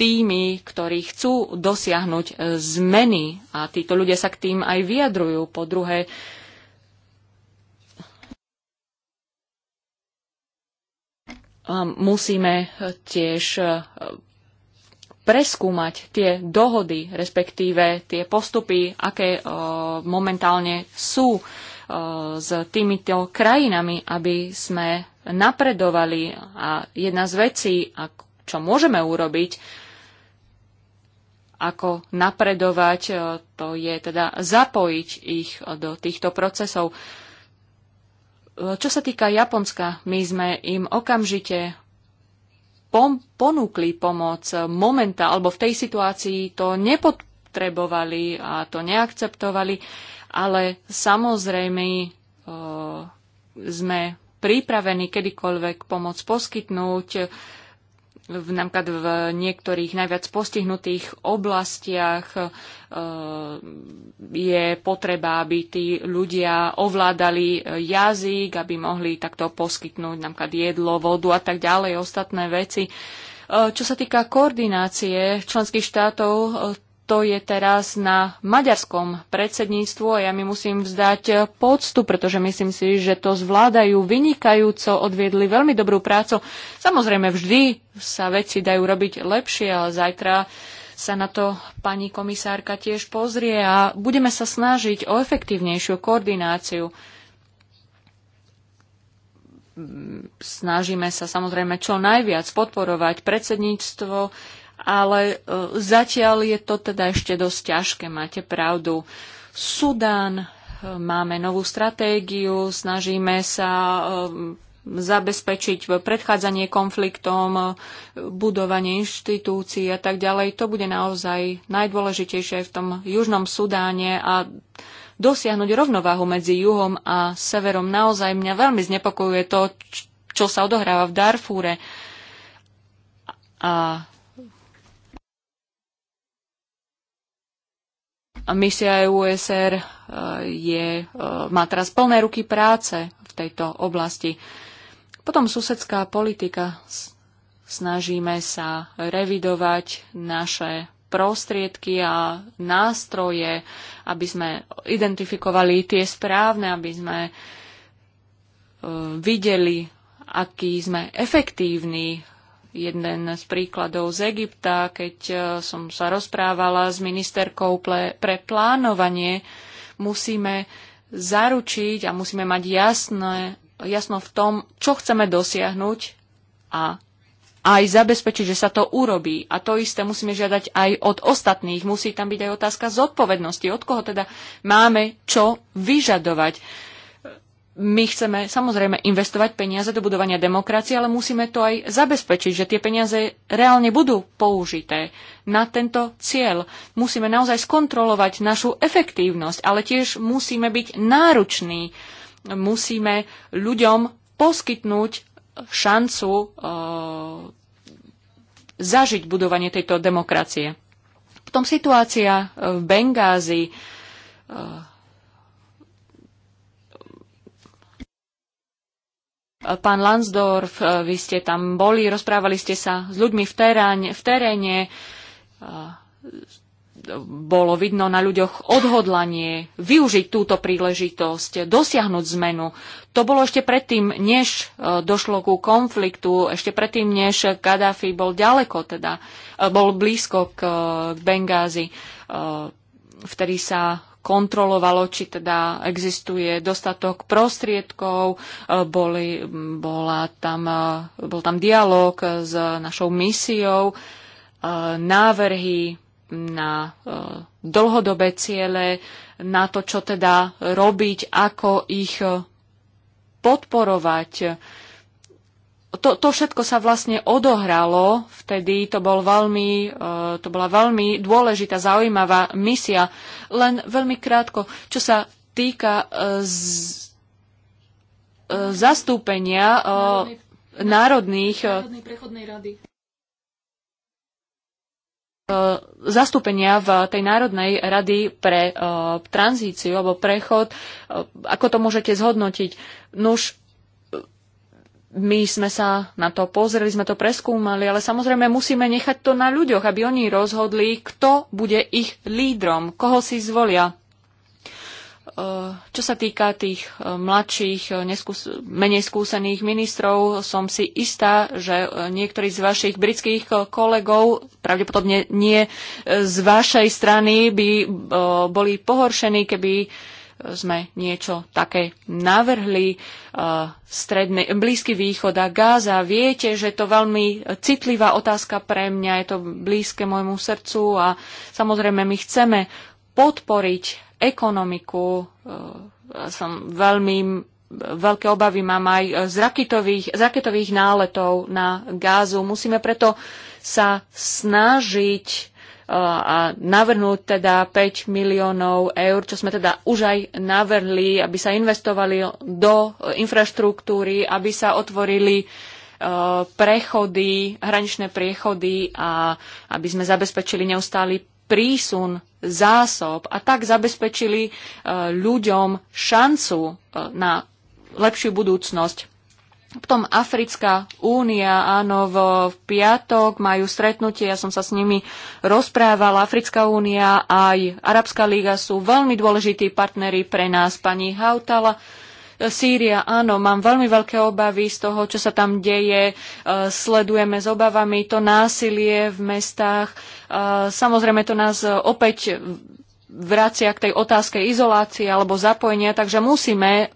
tými, ktorí chcú dosiahnuť e, zmeny a títo ľudia sa k tým aj vyjadrujú. Po druhé, musíme e, tiež e, preskúmať tie dohody, respektíve tie postupy, aké momentálne sú s týmito krajinami, aby sme napredovali. A jedna z vecí, čo môžeme urobiť, ako napredovať, e, to je teda zapojiť ich e, do týchto procesov. E, čo sa týka Japonska, my sme im okamžite pom- ponúkli pomoc momenta, alebo v tej situácii to nepotrebovali a to neakceptovali, ale samozrejme e, sme pripravení kedykoľvek pomoc poskytnúť. E, v, napríklad v niektorých najviac postihnutých oblastiach e, je potreba, aby tí ľudia ovládali e, jazyk, aby mohli takto poskytnúť napríklad jedlo, vodu a tak ďalej, ostatné veci. E, čo sa týka koordinácie členských štátov, e, to je teraz na maďarskom predsedníctvu a ja mi musím vzdať poctu, pretože myslím si, že to zvládajú vynikajúco, odviedli veľmi dobrú prácu. Samozrejme, vždy sa veci dajú robiť lepšie, ale zajtra sa na to pani komisárka tiež pozrie a budeme sa snažiť o efektívnejšiu koordináciu. Snažíme sa samozrejme čo najviac podporovať predsedníctvo, ale e, zatiaľ je to teda ešte dosť ťažké, máte pravdu. Sudán, e, máme novú stratégiu, snažíme sa e, zabezpečiť predchádzanie konfliktom, budovanie inštitúcií a tak ďalej. To bude naozaj najdôležitejšie v tom Južnom Sudáne a dosiahnuť rovnováhu medzi juhom a severom. Naozaj mňa veľmi znepokojuje to, čo sa odohráva v Darfúre. A Misia e USR e, je, e, má teraz plné ruky práce v tejto oblasti. Potom susedská politika. Snažíme sa revidovať naše prostriedky a nástroje, aby sme identifikovali tie správne, aby sme videli, aký sme efektívni jeden z príkladov z Egypta, keď e, som sa rozprávala s ministerkou pre, plánovanie, musíme zaručiť a musíme mať jasné, jasno v tom, čo chceme dosiahnuť a aj zabezpečiť, že sa to urobí. A to isté musíme žiadať aj od ostatných. Musí tam byť aj otázka zodpovednosti, od koho teda máme čo vyžadovať my chceme samozrejme investovať peniaze do budovania demokracie, ale musíme to aj zabezpečiť, že tie peniaze reálne budú použité na tento cieľ. Musíme naozaj skontrolovať našu efektívnosť, ale tiež musíme byť náruční. Musíme ľuďom poskytnúť šancu e, zažiť budovanie tejto demokracie. Potom situácia v Bengázi. E, Pán Lansdorf, e, vy ste tam boli, rozprávali ste sa s ľuďmi v teréne, v teréne e, bolo vidno na ľuďoch odhodlanie využiť túto príležitosť, dosiahnuť zmenu. To bolo ešte predtým, než e, došlo ku konfliktu, ešte predtým, než Gaddafi bol ďaleko, teda bol blízko k Bengázi. Vtedy sa kontrolovalo, či teda existuje dostatok prostriedkov, e, boli, bola tam, e, bol tam dialog s našou misiou, e, návrhy na dlhodobé ciele, na to, čo teda robiť, ako ich podporovať to, to všetko sa vlastne odohralo vtedy, to, bol veľmi, eh, to bola veľmi dôležitá, zaujímavá misia. Len veľmi krátko, čo sa týka eh, z, eh, zastúpenia Národný, národných... Národnej prechodnej rady zastúpenia v tej Národnej rady pre uh, tranzíciu alebo prechod. Uh, ako to môžete zhodnotiť? Nuž, my sme sa na to pozreli, sme to preskúmali, ale samozrejme musíme nechať to na ľuďoch, aby oni rozhodli, kto bude ich lídrom, koho si zvolia. Čo sa týka tých e, mladších, e, neskús- menej skúsených ministrov, som si istá, že e, niektorí z vašich britských kolegov, pravdepodobne nie z vašej strany, by boli pohoršení, keby sme niečo také navrhli. E, Stredný, Blízky východ a Gáza. Viete, že je to veľmi citlivá otázka pre mňa, je to blízke môjmu srdcu a samozrejme my chceme podporiť ekonomiku. E, som veľmi veľké obavy mám aj z raketových, z raketových náletov na Gázu. Musíme preto sa snažiť a navrhnúť teda 5 miliónov eur, čo sme teda už aj navrhli, aby sa investovali do e, infraštruktúry, aby sa otvorili e, prechody, hraničné priechody a aby sme zabezpečili neustály prísun zásob a tak zabezpečili e, ľuďom šancu na lepšiu budúcnosť. Potom Africká únia, áno, v piatok majú stretnutie, ja som sa s nimi rozprávala. Africká únia aj Arabská liga sú veľmi dôležití partnery pre nás. Pani Hautala, Sýria, áno, mám veľmi veľké obavy z toho, čo sa tam deje. E, sledujeme s obavami to násilie v mestách. E, samozrejme, to nás opäť vracia k tej otázke izolácie alebo zapojenia, takže musíme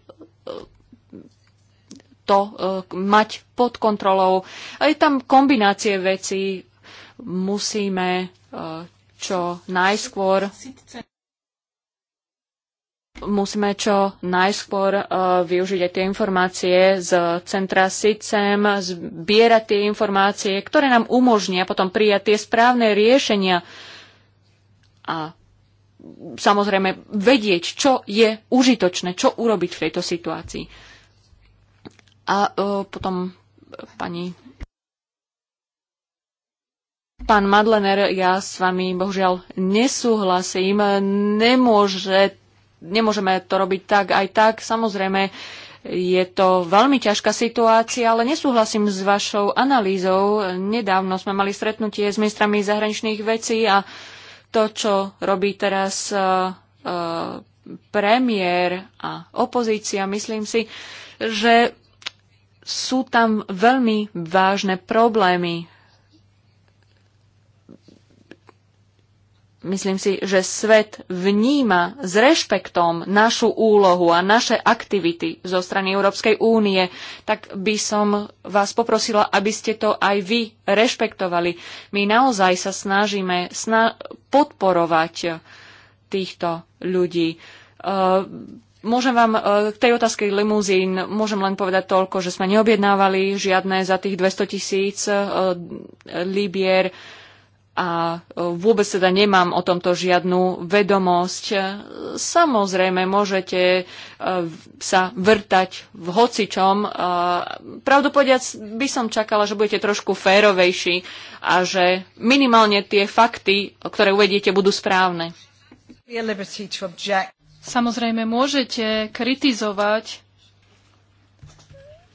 to e, mať pod kontrolou. A je tam kombinácie vecí. Musíme e, čo najskôr musíme čo najskôr e, využiť aj tie informácie z centra SICEM, zbierať tie informácie, ktoré nám umožnia potom prijať tie správne riešenia a samozrejme vedieť, čo je užitočné, čo urobiť v tejto situácii. A e, potom pani Pán Madlener, ja s vami bohužiaľ nesúhlasím. Nemôže, nemôžeme to robiť tak aj tak. Samozrejme, je to veľmi ťažká situácia, ale nesúhlasím s vašou analýzou. Nedávno sme mali stretnutie s ministrami zahraničných vecí a to, čo robí teraz uh, uh, premiér a opozícia, myslím si, že sú tam veľmi vážne problémy. Myslím si, že svet vníma s rešpektom našu úlohu a naše aktivity zo strany Európskej únie, tak by som vás poprosila, aby ste to aj vy rešpektovali. My naozaj sa snažíme podporovať týchto ľudí ehm, Môžem vám e, k tej otázke limuzín, môžem len povedať toľko, že sme neobjednávali žiadne za tých 200 tisíc e, libier a e, vôbec teda nemám o tomto žiadnu vedomosť. Samozrejme, môžete sa vrtať v hocičom. Pravdopodiac by som čakala, že budete trošku férovejší a že minimálne tie fakty, ktoré uvediete, budú správne. Samozrejme, môžete kritizovať.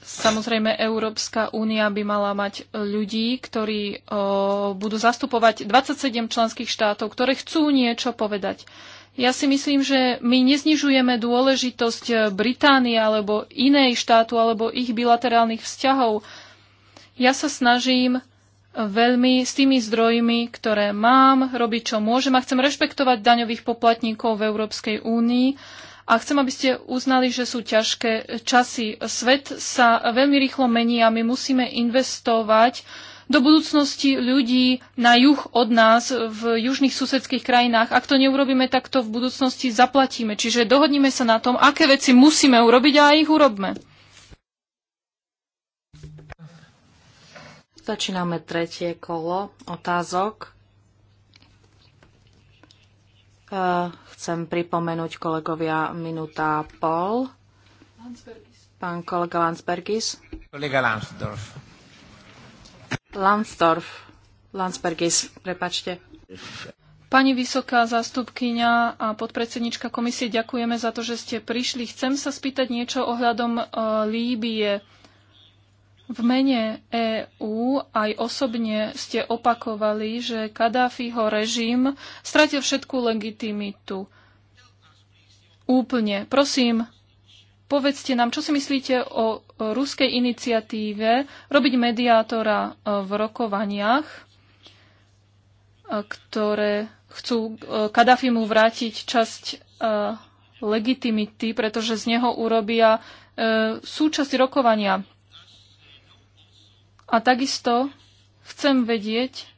Samozrejme, Európska únia by mala mať ľudí, ktorí o, budú zastupovať 27 členských štátov, ktoré chcú niečo povedať. Ja si myslím, že my neznižujeme dôležitosť Británie alebo inej štátu alebo ich bilaterálnych vzťahov. Ja sa snažím veľmi s tými zdrojmi, ktoré mám, robiť, čo môžem a chcem rešpektovať daňových poplatníkov v Európskej únii a chcem, aby ste uznali, že sú ťažké časy. Svet sa veľmi rýchlo mení a my musíme investovať do budúcnosti ľudí na juh od nás v južných susedských krajinách. Ak to neurobíme, tak to v budúcnosti zaplatíme. Čiže dohodnime sa na tom, aké veci musíme urobiť a ich urobme. Začíname tretie kolo otázok. E, chcem pripomenúť kolegovia minúta a pol. Pán kolega Landsbergis. Kolega Landsdorf. Landsdorf. Landsbergis, prepačte. Pani vysoká zástupkyňa a podpredsednička komisie, ďakujeme za to, že ste prišli. Chcem sa spýtať niečo ohľadom e, Líbie. V mene EÚ aj osobne ste opakovali, že Kadáfiho režim stratil všetku legitimitu. Úplne. Prosím, povedzte nám, čo si myslíte o ruskej iniciatíve robiť mediátora e, v rokovaniach, e, ktoré chcú e, Kadáfimu vrátiť časť legitimity, pretože z neho urobia súčasť rokovania a takisto chcem vedieť,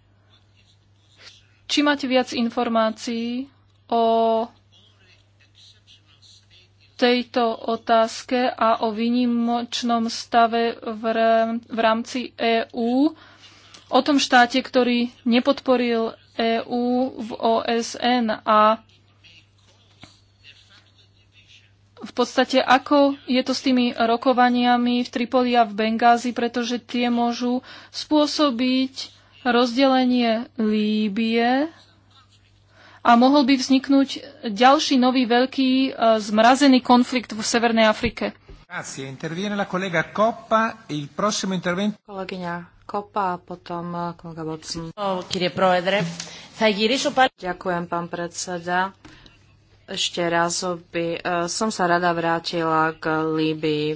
či máte viac informácií o tejto otázke a o výnimočnom stave v rámci EÚ, o tom štáte, ktorý nepodporil EÚ v OSN a v podstate, ako je to s tými rokovaniami v Tripoli a v Bengázi, pretože tie môžu spôsobiť rozdelenie Líbie a mohol by vzniknúť ďalší nový veľký e, zmrazený konflikt v Severnej Afrike. Kolegyňa a potom e, kolega Ďakujem, pán predseda. Ešte raz by eh, som sa rada vrátila k Líbii.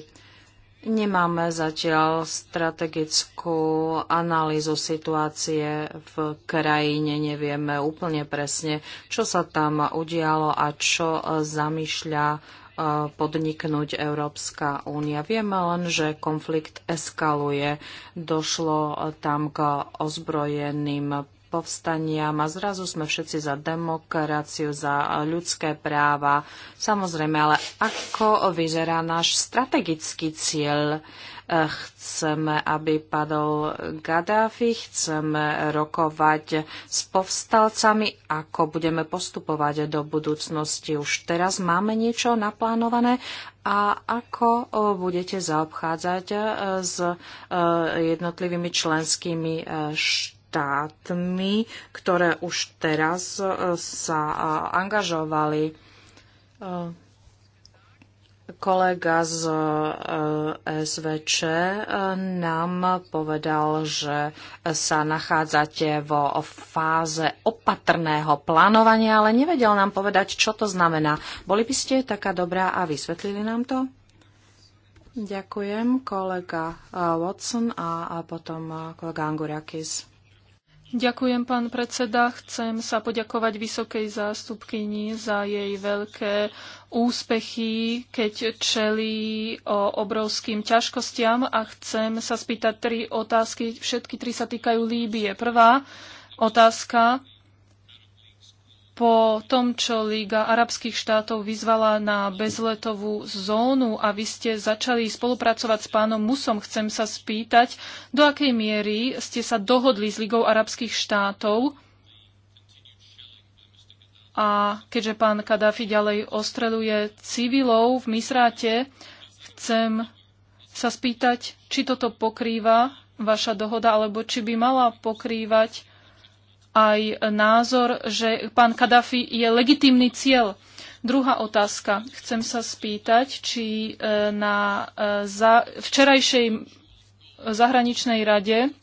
Nemáme zatiaľ strategickú analýzu situácie v krajine. Nevieme úplne presne, čo sa tam udialo a čo eh, zamýšľa eh, podniknúť Európska únia. Vieme len, že konflikt eskaluje. Došlo tam k ozbrojeným povstaniam a zrazu sme všetci za demokraciu, za ľudské práva. Samozrejme, ale ako vyzerá náš strategický cieľ? E, chceme, aby padol Gaddafi, chceme rokovať s povstalcami, ako budeme postupovať do budúcnosti. Už teraz máme niečo naplánované a ako e, budete zaobchádzať e, s jednotlivými členskými štátmi štátmi, ktoré už teraz e, sa e, angažovali. E, kolega z SVČ nám povedal, že sa nachádzate vo fáze opatrného plánovania, ale nevedel nám povedať, čo to znamená. Boli by ste taká dobrá a vysvetlili nám to? Ďakujem, kolega Watson a, a potom kolega Anguriakis. Ďakujem, pán predseda. Chcem sa poďakovať vysokej zástupkyni za jej veľké úspechy, keď čelí obrovským ťažkostiam a chcem sa spýtať tri otázky. Všetky tri sa týkajú Líbie. Prvá otázka po tom, čo Liga arabských štátov vyzvala na bezletovú zónu a vy ste začali spolupracovať s pánom Musom, chcem sa spýtať, do akej miery ste sa dohodli s Ligou arabských štátov a keďže pán Kadáfi ďalej ostreluje civilov v Misráte, chcem sa spýtať, či toto pokrýva vaša dohoda, alebo či by mala pokrývať aj názor, že pán Kadafi je legitímny cieľ. Druhá otázka. Chcem sa spýtať, či e, na e, včerajšej zahraničnej rade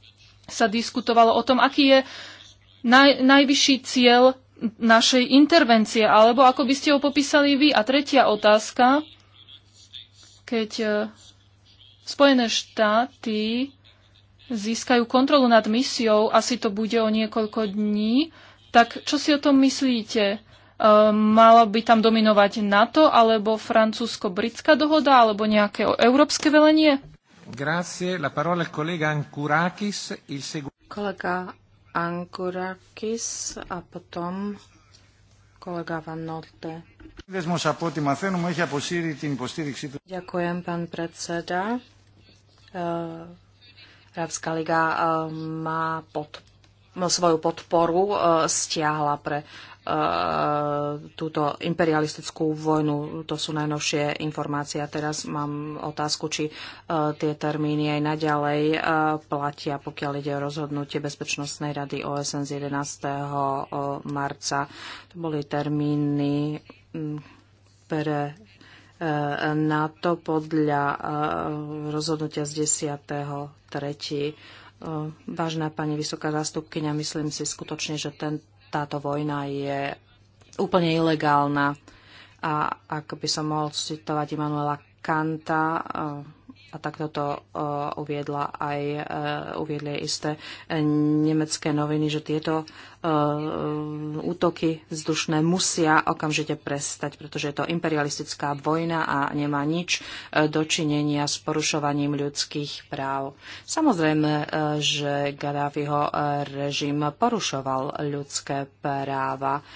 sa diskutovalo o tom, aký je naj, najvyšší cieľ našej intervencie, alebo ako by ste ho popísali vy. A tretia otázka, keď e, Spojené štáty získajú kontrolu nad misiou, asi to bude o niekoľko dní, tak čo si o tom myslíte? E, malo by tam dominovať NATO alebo francúzsko-britská dohoda alebo nejaké európske velenie? Grazie. La parola kolega Ankurakis. Il segu... Kolega Ankurakis a potom kolega Van Norte. Ďakujem, pán predseda. Arabská liga eh, má pod, svoju podporu eh, stiahla pre eh, túto imperialistickú vojnu. To sú najnovšie informácie. A teraz mám otázku, či tie termíny aj naďalej platia, pokiaľ ide o rozhodnutie Bezpečnostnej rady OSN z 11. marca. To boli termíny mm, pre na to podľa eh, rozhodnutia z 10. tretí, eh, Vážna pani vysoká zástupkynia, myslím si skutočne, že ten, táto vojna je úplne ilegálna. A ak by som mohol citovať Immanuela Kanta, eh, a takto to uviedla aj, uviedli isté nemecké noviny, že tieto Ehm, útoky vzdušné musia okamžite prestať, pretože je to imperialistická vojna a nemá nič eh, dočinenia s porušovaním ľudských práv. Samozrejme, eh, že Gaddafiho eh, režim porušoval ľudské práva.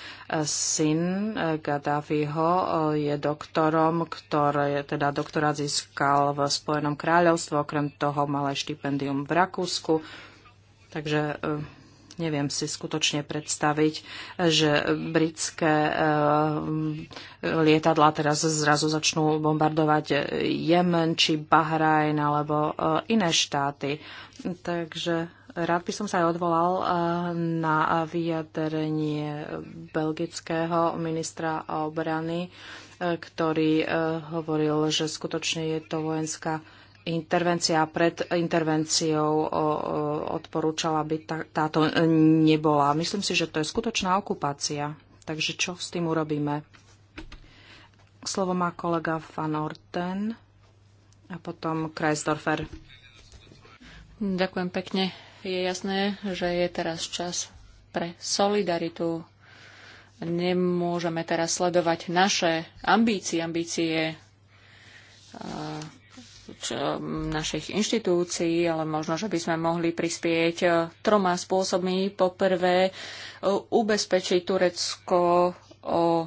Syn Gaddafiho je doktorom, ktorý teda doktora získal v Spojenom kráľovstve, okrem toho malé štipendium v Rakúsku. Takže Neviem si skutočne predstaviť, že britské eh, lietadla teraz zrazu začnú bombardovať Jemen či Bahrajn alebo eh, iné štáty. Takže rád by som sa aj odvolal eh, na vyjadrenie belgického ministra obrany, ktorý hovoril, že skutočne je to vojenská intervencia pred intervenciou odporúčala, aby táto nebola. Myslím si, že to je skutočná okupácia. Takže čo s tým urobíme? Slovo má kolega Van Orten a potom Kreisdorfer. Ďakujem pekne. Je jasné, že je teraz čas pre solidaritu. Nemôžeme teraz sledovať naše ambície, ambície čo, našich inštitúcií, ale možno, že by sme mohli prispieť e, troma spôsobmi. Poprvé, e, ubezpečiť Turecko o e,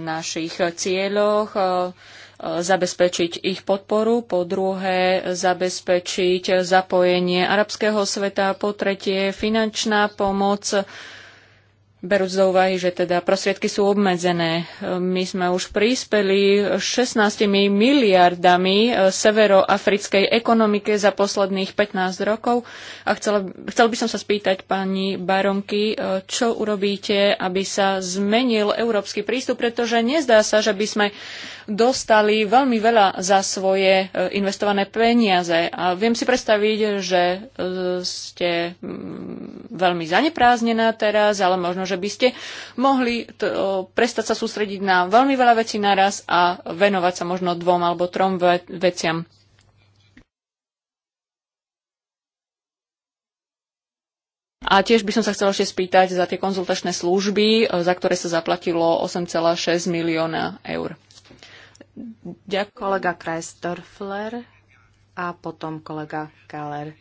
našich cieľoch, zabezpečiť ich podporu, po druhé zabezpečiť zapojenie arabského sveta, po tretie finančná pomoc berúc do úvahy, že teda prostriedky sú obmedzené. My sme už prispeli 16 miliardami e, severoafrickej ekonomike za posledných 15 rokov a chcel, chcel by som sa spýtať pani Baronky, e, čo urobíte, aby sa zmenil európsky prístup, pretože nezdá sa, že by sme dostali veľmi veľa za svoje e, investované peniaze. A viem si predstaviť, že ste mm, veľmi zanepráznená teraz, ale možno, že by ste mohli to, prestať sa sústrediť na veľmi veľa vecí naraz a venovať sa možno dvom alebo trom ve veciam. A tiež by som sa chcela ešte spýtať za tie konzultačné služby, e, za ktoré sa zaplatilo 8,6 milióna eur. Ďakujem. Kolega Kreisdorfler a potom kolega Keller.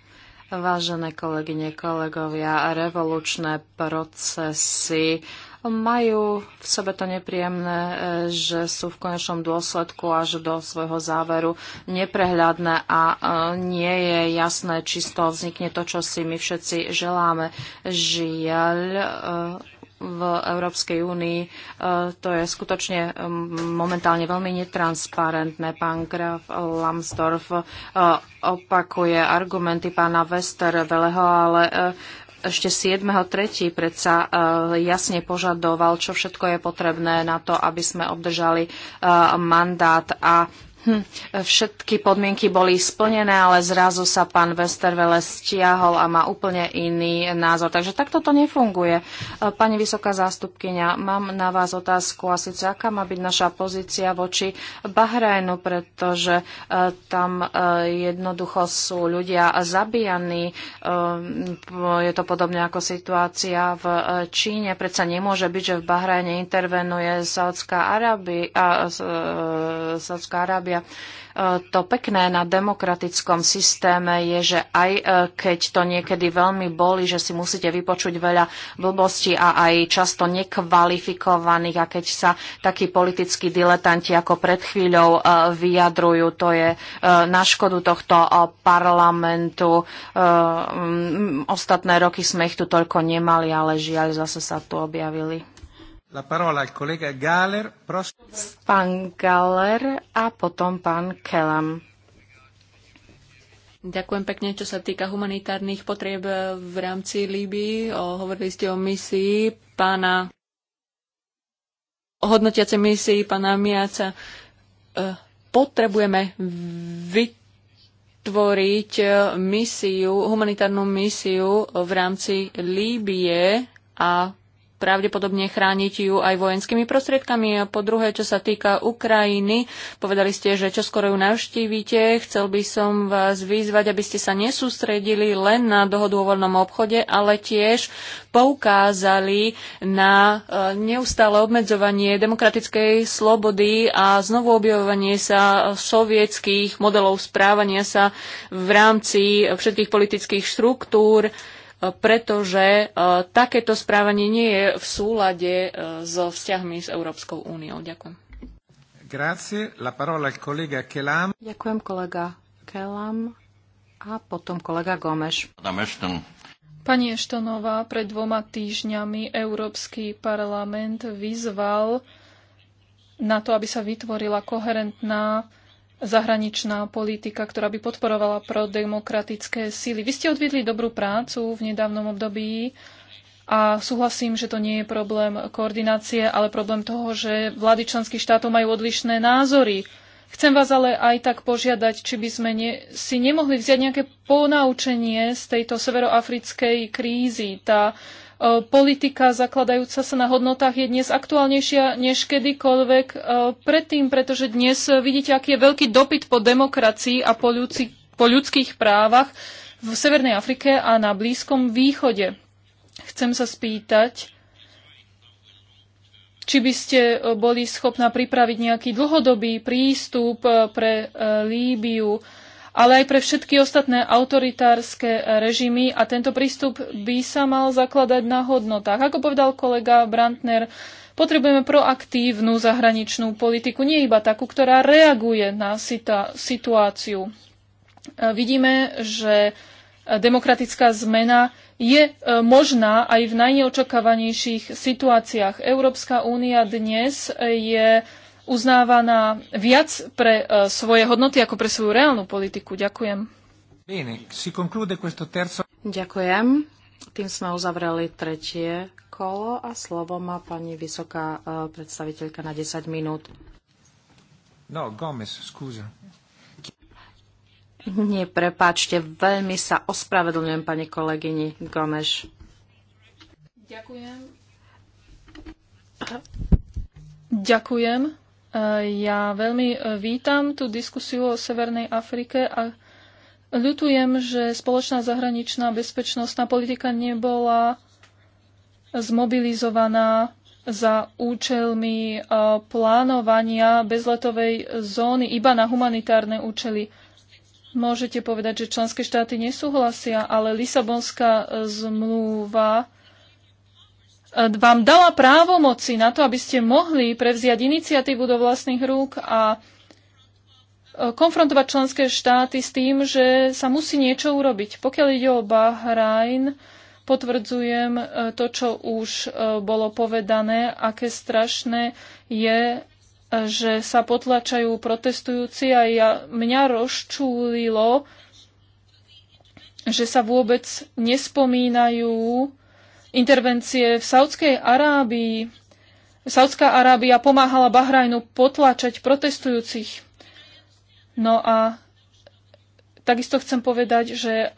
Vážené kolegyne, kolegovia, revolučné procesy majú v sebe to nepríjemné, e, že sú v konečnom dôsledku až do svojho záveru neprehľadné a e, nie je jasné, či z toho vznikne to, čo si my všetci želáme. Žiaľ, e, v Európskej únii. E, to je skutočne momentálne veľmi netransparentné. Pán Graf Lambsdorff e, opakuje argumenty pána Veleho, ale e, ešte 7.3. predsa jasne požadoval, čo všetko je potrebné na to, aby sme obdržali mandát a Hm, všetky podmienky boli splnené, ale zrazu sa pán Westervele stiahol a má úplne iný názor. Takže takto to nefunguje. E, pani vysoká zástupkynia, mám na vás otázku a síce aká má byť naša pozícia voči Bahrajnu, pretože e, tam e, jednoducho sú ľudia zabíjani. Je to podobne ako situácia v Číne. Predsa nemôže byť, že v Bahrajne intervenuje Saudská Arábia. Arábia robia. E, to pekné na demokratickom systéme je, že aj e, keď to niekedy veľmi boli, že si musíte vypočuť veľa blbostí a aj často nekvalifikovaných a keď sa takí politickí diletanti ako pred chvíľou e, vyjadrujú, to je na škodu tohto parlamentu. Ostatné roky sme ich tu toľko nemali, ale žiaľ zase sa tu objavili. La parola al pán Galer a potom pán Kelam. Ďakujem pekne, čo sa týka humanitárnych potrieb v rámci Líbii. O, hovorili ste o misii pána o hodnotiacej misii pána Miaca. E, potrebujeme vytvoriť misiu, humanitárnu misiu v rámci Líbie a pravdepodobne chrániť ju aj vojenskými prostriedkami. A po druhé, čo sa týka Ukrajiny, povedali ste, že čo skoro ju navštívite. Chcel by som vás vyzvať, aby ste sa nesústredili len na dohodu o voľnom obchode, ale tiež poukázali na e, neustále obmedzovanie demokratickej slobody a znovu objavovanie sa sovietských modelov správania sa v rámci všetkých politických štruktúr pretože e, takéto správanie nie je v súlade e, so vzťahmi s Európskou úniou. Ďakujem. Grazie. La parola al collega Kelam. Ďakujem kolega Kelam a potom kolega Gomeš. Pani Eštonová, pred dvoma týždňami Európsky parlament vyzval na to, aby sa vytvorila koherentná zahraničná politika, ktorá by podporovala prodemokratické síly. Vy ste odviedli dobrú prácu v nedávnom období a súhlasím, že to nie je problém koordinácie, ale problém toho, že vlády členských štátov majú odlišné názory. Chcem vás ale aj tak požiadať, či by sme ne, si nemohli vziať nejaké ponaučenie z tejto severoafrickej krízy. Tá E, politika zakladajúca sa na hodnotách je dnes aktuálnejšia než kedykoľvek e, predtým, pretože dnes vidíte, aký je veľký dopyt po demokracii a po, ľudci, po ľudských právach v Severnej Afrike a na Blízkom východe. Chcem sa spýtať, či by ste e, boli schopná pripraviť nejaký dlhodobý prístup pre Líbiu ale aj pre všetky ostatné autoritárske režimy a tento prístup by sa mal zakladať na hodnotách. Ako povedal kolega Brantner, potrebujeme proaktívnu zahraničnú politiku, nie iba takú, ktorá reaguje na situáciu. Vidíme, že demokratická zmena je e, možná aj v najneočakávanejších situáciách. Európska únia dnes je uznávaná viac pre e, svoje hodnoty ako pre svoju reálnu politiku. Ďakujem. Ďakujem. Tým sme uzavreli tretie kolo a slovo má pani vysoká e, predstaviteľka na 10 minút. No, Gomez, skúza. Nie, prepáčte, veľmi sa ospravedlňujem pani kolegyni Gomeš. Ďakujem. Ďakujem. Ja veľmi e, vítam tú diskusiu o Severnej Afrike a ľutujem, že spoločná zahraničná bezpečnostná politika nebola zmobilizovaná za účelmi e, plánovania bezletovej zóny iba na humanitárne účely. Môžete povedať, že členské štáty nesúhlasia, ale Lisabonská zmluva E, vám dala právomoci na to, aby ste mohli prevziať iniciatívu do vlastných rúk a e, konfrontovať členské štáty s tým, že sa musí niečo urobiť. Pokiaľ ide o Bahrajn, potvrdzujem e, to, čo už bolo povedané, aké strašné je, že sa potlačajú protestujúci a ja, mňa rozčúlilo, že sa vôbec nespomínajú intervencie v Saudskej Arábii. Saudská Arábia pomáhala Bahrajnu potlačať protestujúcich. No a takisto chcem povedať, že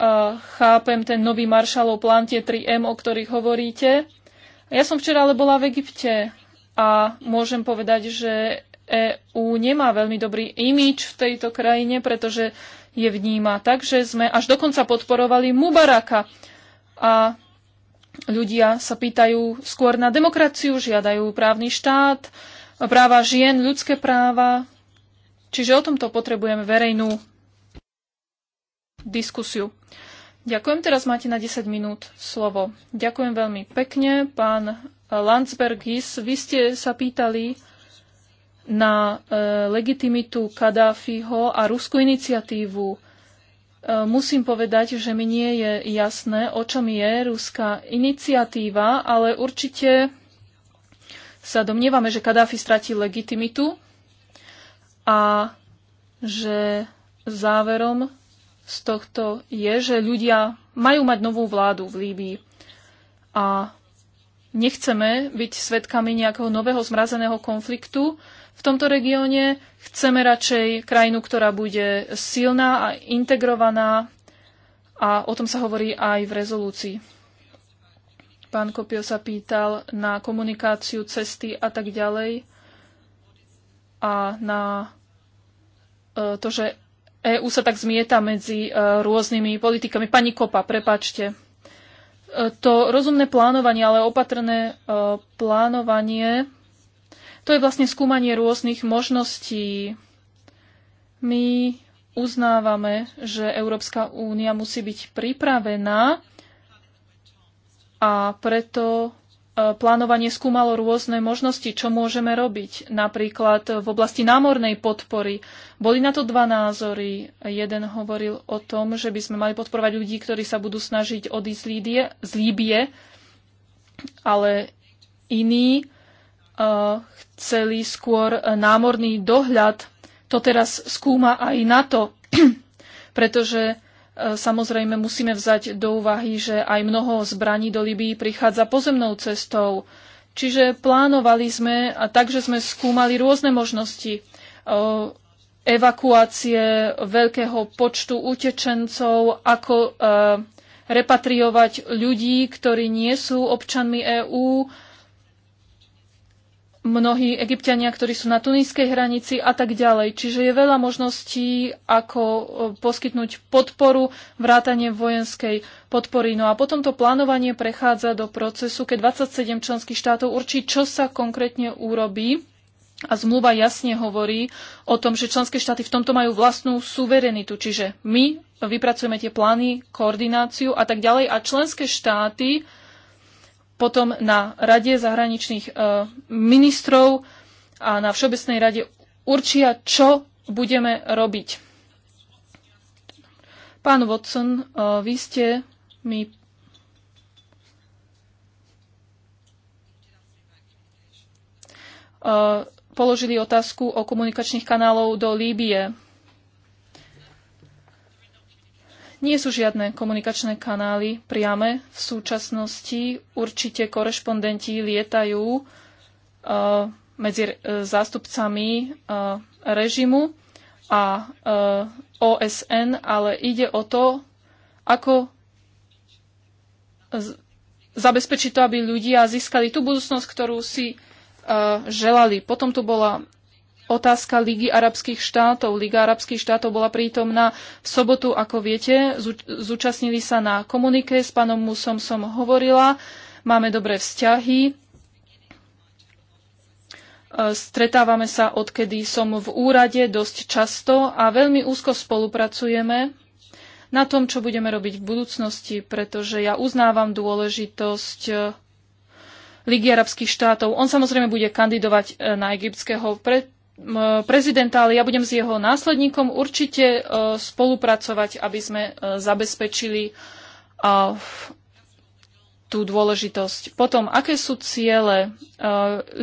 chápem ten nový maršalov plán, tie 3M, o ktorých hovoríte. Ja som včera ale bola v Egypte a môžem povedať, že EÚ nemá veľmi dobrý imič v tejto krajine, pretože je vníma tak, že sme až dokonca podporovali Mubaraka. A Ľudia sa pýtajú skôr na demokraciu, žiadajú právny štát, práva žien, ľudské práva. Čiže o tomto potrebujeme verejnú diskusiu. Ďakujem, teraz máte na 10 minút slovo. Ďakujem veľmi pekne. Pán Landsbergis, vy ste sa pýtali na e, legitimitu Kadáfiho a ruskú iniciatívu. E, musím povedať, že mi nie je jasné, o čom je ruská iniciatíva, ale určite sa domnievame, že Kadáfi stratí legitimitu a že záverom z tohto je, že ľudia majú mať novú vládu v Líbii. A nechceme byť svetkami nejakého nového zmrazeného konfliktu, v tomto regióne. Chceme radšej krajinu, ktorá bude silná a integrovaná a o tom sa hovorí aj v rezolúcii. Pán Kopio sa pýtal na komunikáciu, cesty a tak ďalej a na e, to, že EÚ sa tak zmieta medzi e, rôznymi politikami. Pani Kopa, prepačte. E, to rozumné plánovanie, ale opatrné plánovanie to je vlastne skúmanie rôznych možností. My uznávame, že Európska únia musí byť pripravená a preto e, plánovanie skúmalo rôzne možnosti, čo môžeme robiť. Napríklad v oblasti námornej podpory. Boli na to dva názory. Jeden hovoril o tom, že by sme mali podporovať ľudí, ktorí sa budú snažiť odísť z Líbie, ale iný E, chceli skôr e, námorný dohľad. To teraz skúma aj NATO, [CLEARS THROAT] pretože e, samozrejme musíme vzať do úvahy, že aj mnoho zbraní do Libii prichádza pozemnou cestou. Čiže plánovali sme a takže sme skúmali rôzne možnosti evakuácie veľkého počtu utečencov, ako repatriovať ľudí, ktorí nie sú občanmi EÚ, mnohí egyptiania, ktorí sú na tunískej hranici a tak ďalej. Čiže je veľa možností, ako e, poskytnúť podporu, vrátanie vojenskej podpory. No a potom to plánovanie prechádza do procesu, keď 27 členských štátov určí, čo sa konkrétne urobí. A zmluva jasne hovorí o tom, že členské štáty v tomto majú vlastnú suverenitu, čiže my vypracujeme tie plány, koordináciu a tak ďalej a členské štáty potom na Rade zahraničných e, ministrov a na Všeobecnej rade určia, čo budeme robiť. Pán Watson, e, vy ste mi e, položili otázku o komunikačných kanálov do Líbie. Nie sú žiadne komunikačné kanály priame v súčasnosti. Určite korešpondenti lietajú uh, medzi uh, zástupcami uh, režimu a OSN, ale ide o to, ako zabezpečiť to, aby ľudia získali tú budúcnosť, ktorú si želali. Potom tu bola otázka Ligy arabských štátov. Liga arabských štátov bola prítomná v sobotu, ako viete. Zúčastnili sa na komunike, s pánom Musom som hovorila. Máme dobré vzťahy. E, stretávame sa, odkedy som v úrade, dosť často a veľmi úzko spolupracujeme na tom, čo budeme robiť v budúcnosti, pretože ja uznávam dôležitosť e, Ligy arabských štátov. On samozrejme bude kandidovať e, na egyptského pre- prezidenta, ale ja budem s jeho následníkom určite e, spolupracovať, aby sme e, zabezpečili e, tú dôležitosť. Potom, aké sú ciele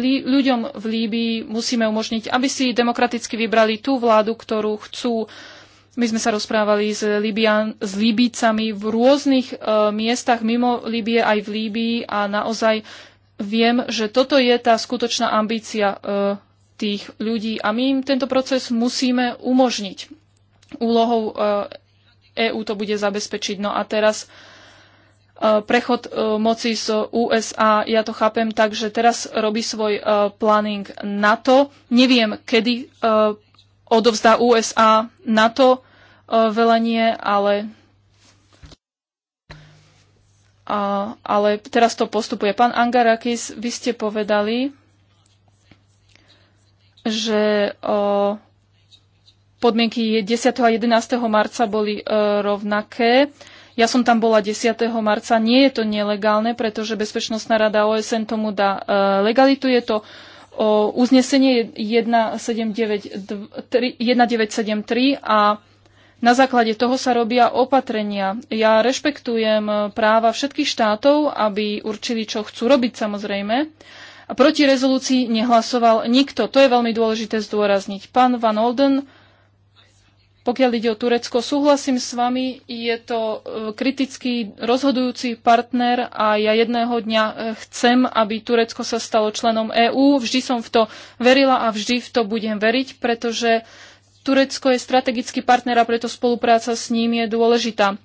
ľuďom v Líbii musíme umožniť, aby si demokraticky vybrali tú vládu, ktorú chcú. My sme sa rozprávali s, Libian, s Líbícami v rôznych miestach mimo Líbie aj v Líbii a naozaj viem, že toto je tá skutočná ambícia tých ľudí a my im tento proces musíme umožniť. Úlohou EÚ e to bude zabezpečiť. No a teraz e, prechod e, moci z USA, ja to chápem tak, že teraz robí svoj planning NATO. Neviem, kedy odovzdá USA NATO velenie, ale ale teraz to postupuje. Pán Angarakis, vy ste povedali, že podmienky 10. a 11. marca boli e, rovnaké. Ja som tam bola 10. marca. Nie je to nelegálne, pretože Bezpečnostná rada OSN tomu dá e, legalitu. Je to uznesenie 1973 a na základe toho sa robia opatrenia. Ja rešpektujem práva všetkých štátov, aby určili, čo chcú robiť samozrejme, Proti rezolúcii nehlasoval nikto. To je veľmi dôležité zdôrazniť. Pán Van Olden, pokiaľ ide o Turecko, súhlasím s vami, je to e, kritický rozhodujúci partner a ja jedného dňa e, chcem, aby Turecko sa stalo členom EÚ. Vždy som v to verila a vždy v to budem veriť, pretože Turecko je strategický partner a preto spolupráca s ním je dôležitá.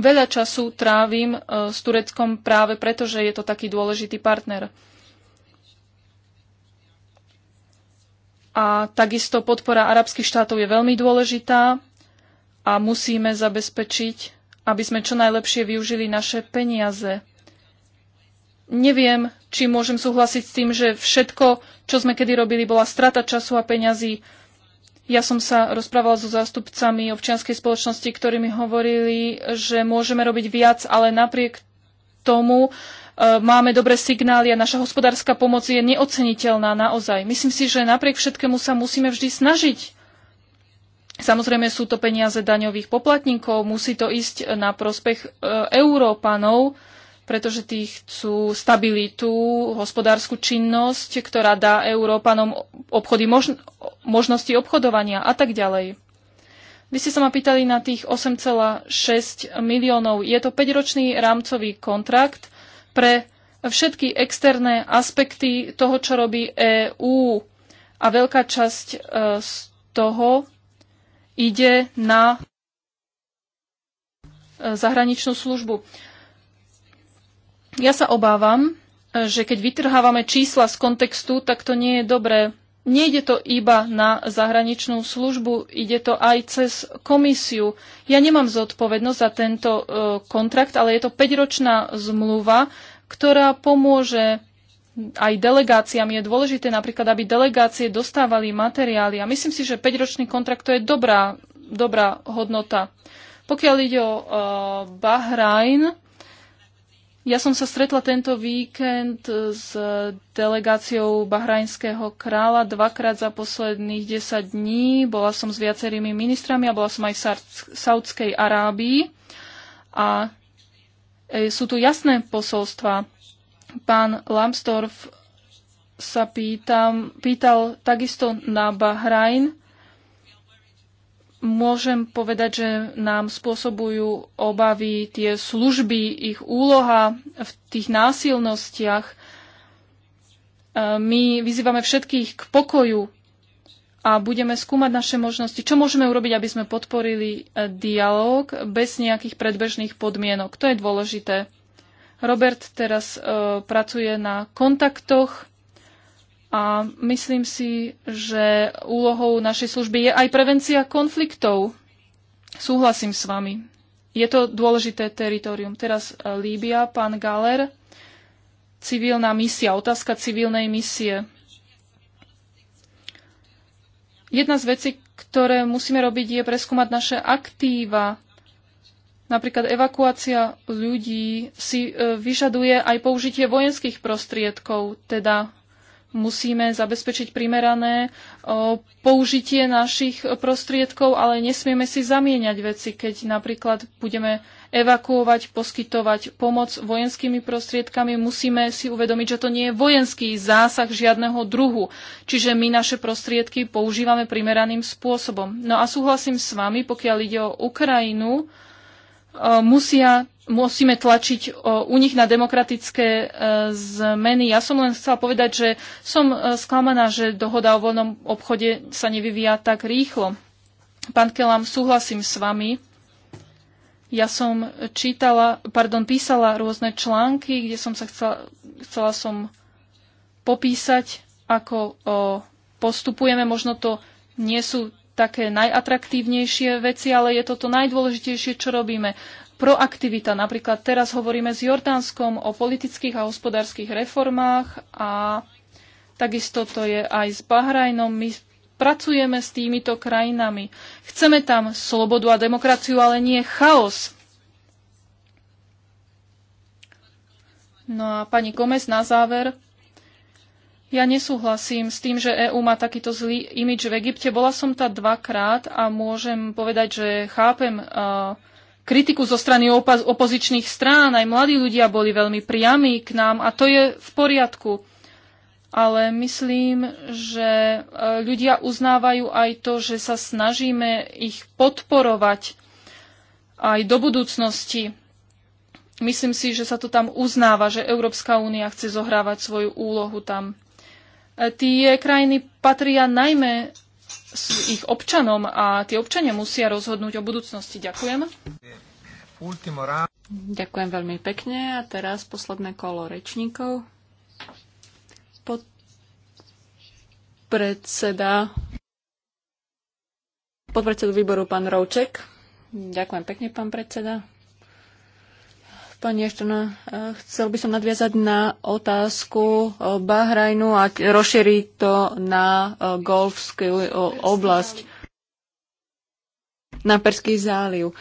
Veľa času trávim e, s Tureckom práve preto, že je to taký dôležitý partner. a takisto podpora arabských štátov je veľmi dôležitá a musíme zabezpečiť, aby sme čo najlepšie využili naše peniaze. Neviem, či môžem súhlasiť s tým, že všetko, čo sme kedy robili, bola strata času a peňazí. Ja som sa rozprávala so zástupcami občianskej spoločnosti, ktorí mi hovorili, že môžeme robiť viac, ale napriek tomu E, máme dobré signály a naša hospodárska pomoc je neoceniteľná naozaj. Myslím si, že napriek všetkému sa musíme vždy snažiť. Samozrejme sú to peniaze daňových poplatníkov, musí to ísť na prospech e, Európanov, pretože tí chcú stabilitu, hospodárskú činnosť, ktorá dá Európanom obchody, možnosti obchodovania a tak ďalej. Vy ste sa ma pýtali na tých 8,6 miliónov. Je to 5-ročný rámcový kontrakt pre všetky externé aspekty toho, čo robí EÚ. A veľká časť e, z toho ide na e, zahraničnú službu. Ja sa obávam, e, že keď vytrhávame čísla z kontextu, tak to nie je dobré. Nejde to iba na zahraničnú službu, ide to aj cez komisiu. Ja nemám zodpovednosť za tento e, kontrakt, ale je to 5-ročná zmluva, ktorá pomôže aj delegáciám. Je dôležité napríklad, aby delegácie dostávali materiály. A myslím si, že 5-ročný kontrakt to je dobrá, dobrá hodnota. Pokiaľ ide o e, Bahrajn, ja som sa stretla tento víkend e, s delegáciou Bahrajnského kráľa dvakrát za posledných 10 dní. Bola som s viacerými ministrami a bola som aj v Saudskej Arábii. A e, sú tu jasné posolstva. Pán Lambsdorff sa pýtam, pýtal takisto na Bahrajn môžem povedať, že nám spôsobujú obavy tie služby, ich úloha v tých násilnostiach. E, my vyzývame všetkých k pokoju a budeme skúmať naše možnosti, čo môžeme urobiť, aby sme podporili e, dialog bez nejakých predbežných podmienok. To je dôležité. Robert teraz e, pracuje na kontaktoch a myslím si, že úlohou našej služby je aj prevencia konfliktov. Súhlasím s vami. Je to dôležité teritorium. Teraz e, Líbia, pán Galer, civilná misia, otázka civilnej misie. Jedna z vecí, ktoré musíme robiť, je preskúmať naše aktíva. Napríklad evakuácia ľudí si e, vyžaduje aj použitie vojenských prostriedkov, teda musíme zabezpečiť primerané použitie našich prostriedkov, ale nesmieme si zamieňať veci, keď napríklad budeme evakuovať, poskytovať pomoc vojenskými prostriedkami, musíme si uvedomiť, že to nie je vojenský zásah žiadneho druhu, čiže my naše prostriedky používame primeraným spôsobom. No a súhlasím s vami, pokiaľ ide o Ukrajinu, musia musíme tlačiť u nich na demokratické e, zmeny. Ja som len chcela povedať, že som e, sklamaná, že dohoda o voľnom obchode sa nevyvíja tak rýchlo. Pán Kelam, súhlasím s vami. Ja som čítala, pardon, písala rôzne články, kde som sa chcela, chcela som popísať, ako o, postupujeme. Možno to nie sú také najatraktívnejšie veci, ale je to to najdôležitejšie, čo robíme proaktivita. Napríklad teraz hovoríme s Jordánskom o politických a hospodárskych reformách a takisto to je aj s Bahrajnom. My pracujeme s týmito krajinami. Chceme tam slobodu a demokraciu, ale nie chaos. No a pani Gomez na záver. Ja nesúhlasím s tým, že EÚ má takýto zlý imič v Egypte. Bola som tá dvakrát a môžem povedať, že chápem uh, kritiku zo strany opozičných strán. Aj mladí ľudia boli veľmi priamí k nám a to je v poriadku. Ale myslím, že e, ľudia uznávajú aj to, že sa snažíme ich podporovať aj do budúcnosti. Myslím si, že sa to tam uznáva, že Európska únia chce zohrávať svoju úlohu tam. E, tie krajiny patria najmä sú ich občanom a tie občania musia rozhodnúť o budúcnosti. Ďakujem. Ďakujem veľmi pekne a teraz posledné kolo rečníkov. Pod predseda podpredsedu výboru pán Rouček. Ďakujem pekne, pán predseda. Pani Eštona, eh, chcel by som nadviazať na otázku eh, Bahrajnu a rozšíriť to na eh, golfskú oblasť, na Perský záliv.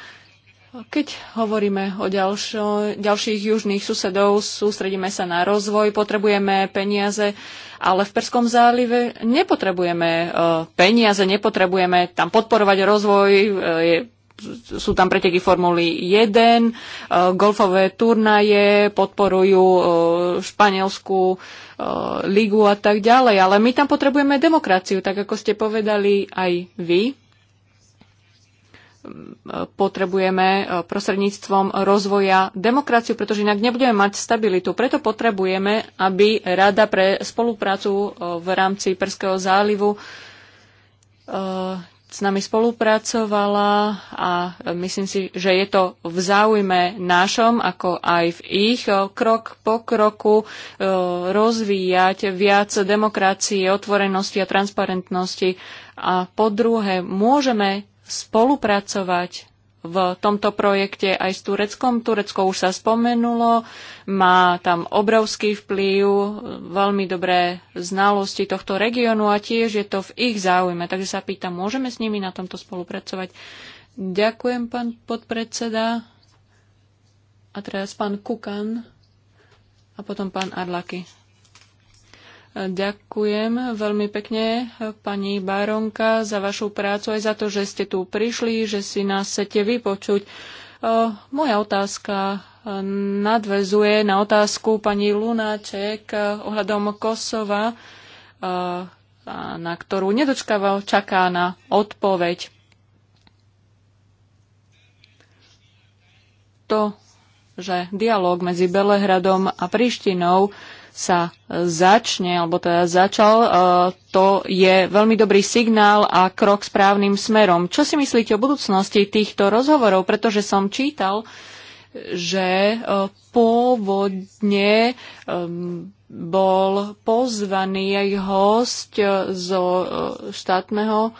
Keď hovoríme o ďalšo, ďalších južných susedov, sústredíme sa na rozvoj, potrebujeme peniaze, ale v Perskom zálive nepotrebujeme peniaze, nepotrebujeme tam podporovať rozvoj, sú tam preteky Formuly 1, e, golfové turnaje podporujú e, španielskú e, ligu a tak ďalej. Ale my tam potrebujeme demokraciu, tak ako ste povedali aj vy. Potrebujeme prostredníctvom rozvoja demokraciu, pretože inak nebudeme mať stabilitu. Preto potrebujeme, aby Rada pre spoluprácu v rámci Perského zálivu s nami spolupracovala a myslím si, že je to v záujme našom, ako aj v ich krok po kroku rozvíjať viac demokracie, otvorenosti a transparentnosti. A po druhé, môžeme spolupracovať v tomto projekte aj s Tureckom. Turecko už sa spomenulo, má tam obrovský vplyv, veľmi dobré znalosti tohto regiónu a tiež je to v ich záujme. Takže sa pýtam, môžeme s nimi na tomto spolupracovať? Ďakujem, pán podpredseda. A teraz pán Kukan a potom pán Arlaky. Ďakujem veľmi pekne, pani Baronka, za vašu prácu aj za to, že ste tu prišli, že si nás chcete vypočuť. Moja otázka nadvezuje na otázku pani Lunáček ohľadom Kosova, na ktorú nedočkával čaká na odpoveď. To, že dialog medzi Belehradom a Prištinou sa začne, alebo teda začal, e, to je veľmi dobrý signál a krok správnym smerom. Čo si myslíte o budúcnosti týchto rozhovorov? Pretože som čítal, že e, pôvodne bol pozvaný aj host e, zo štátneho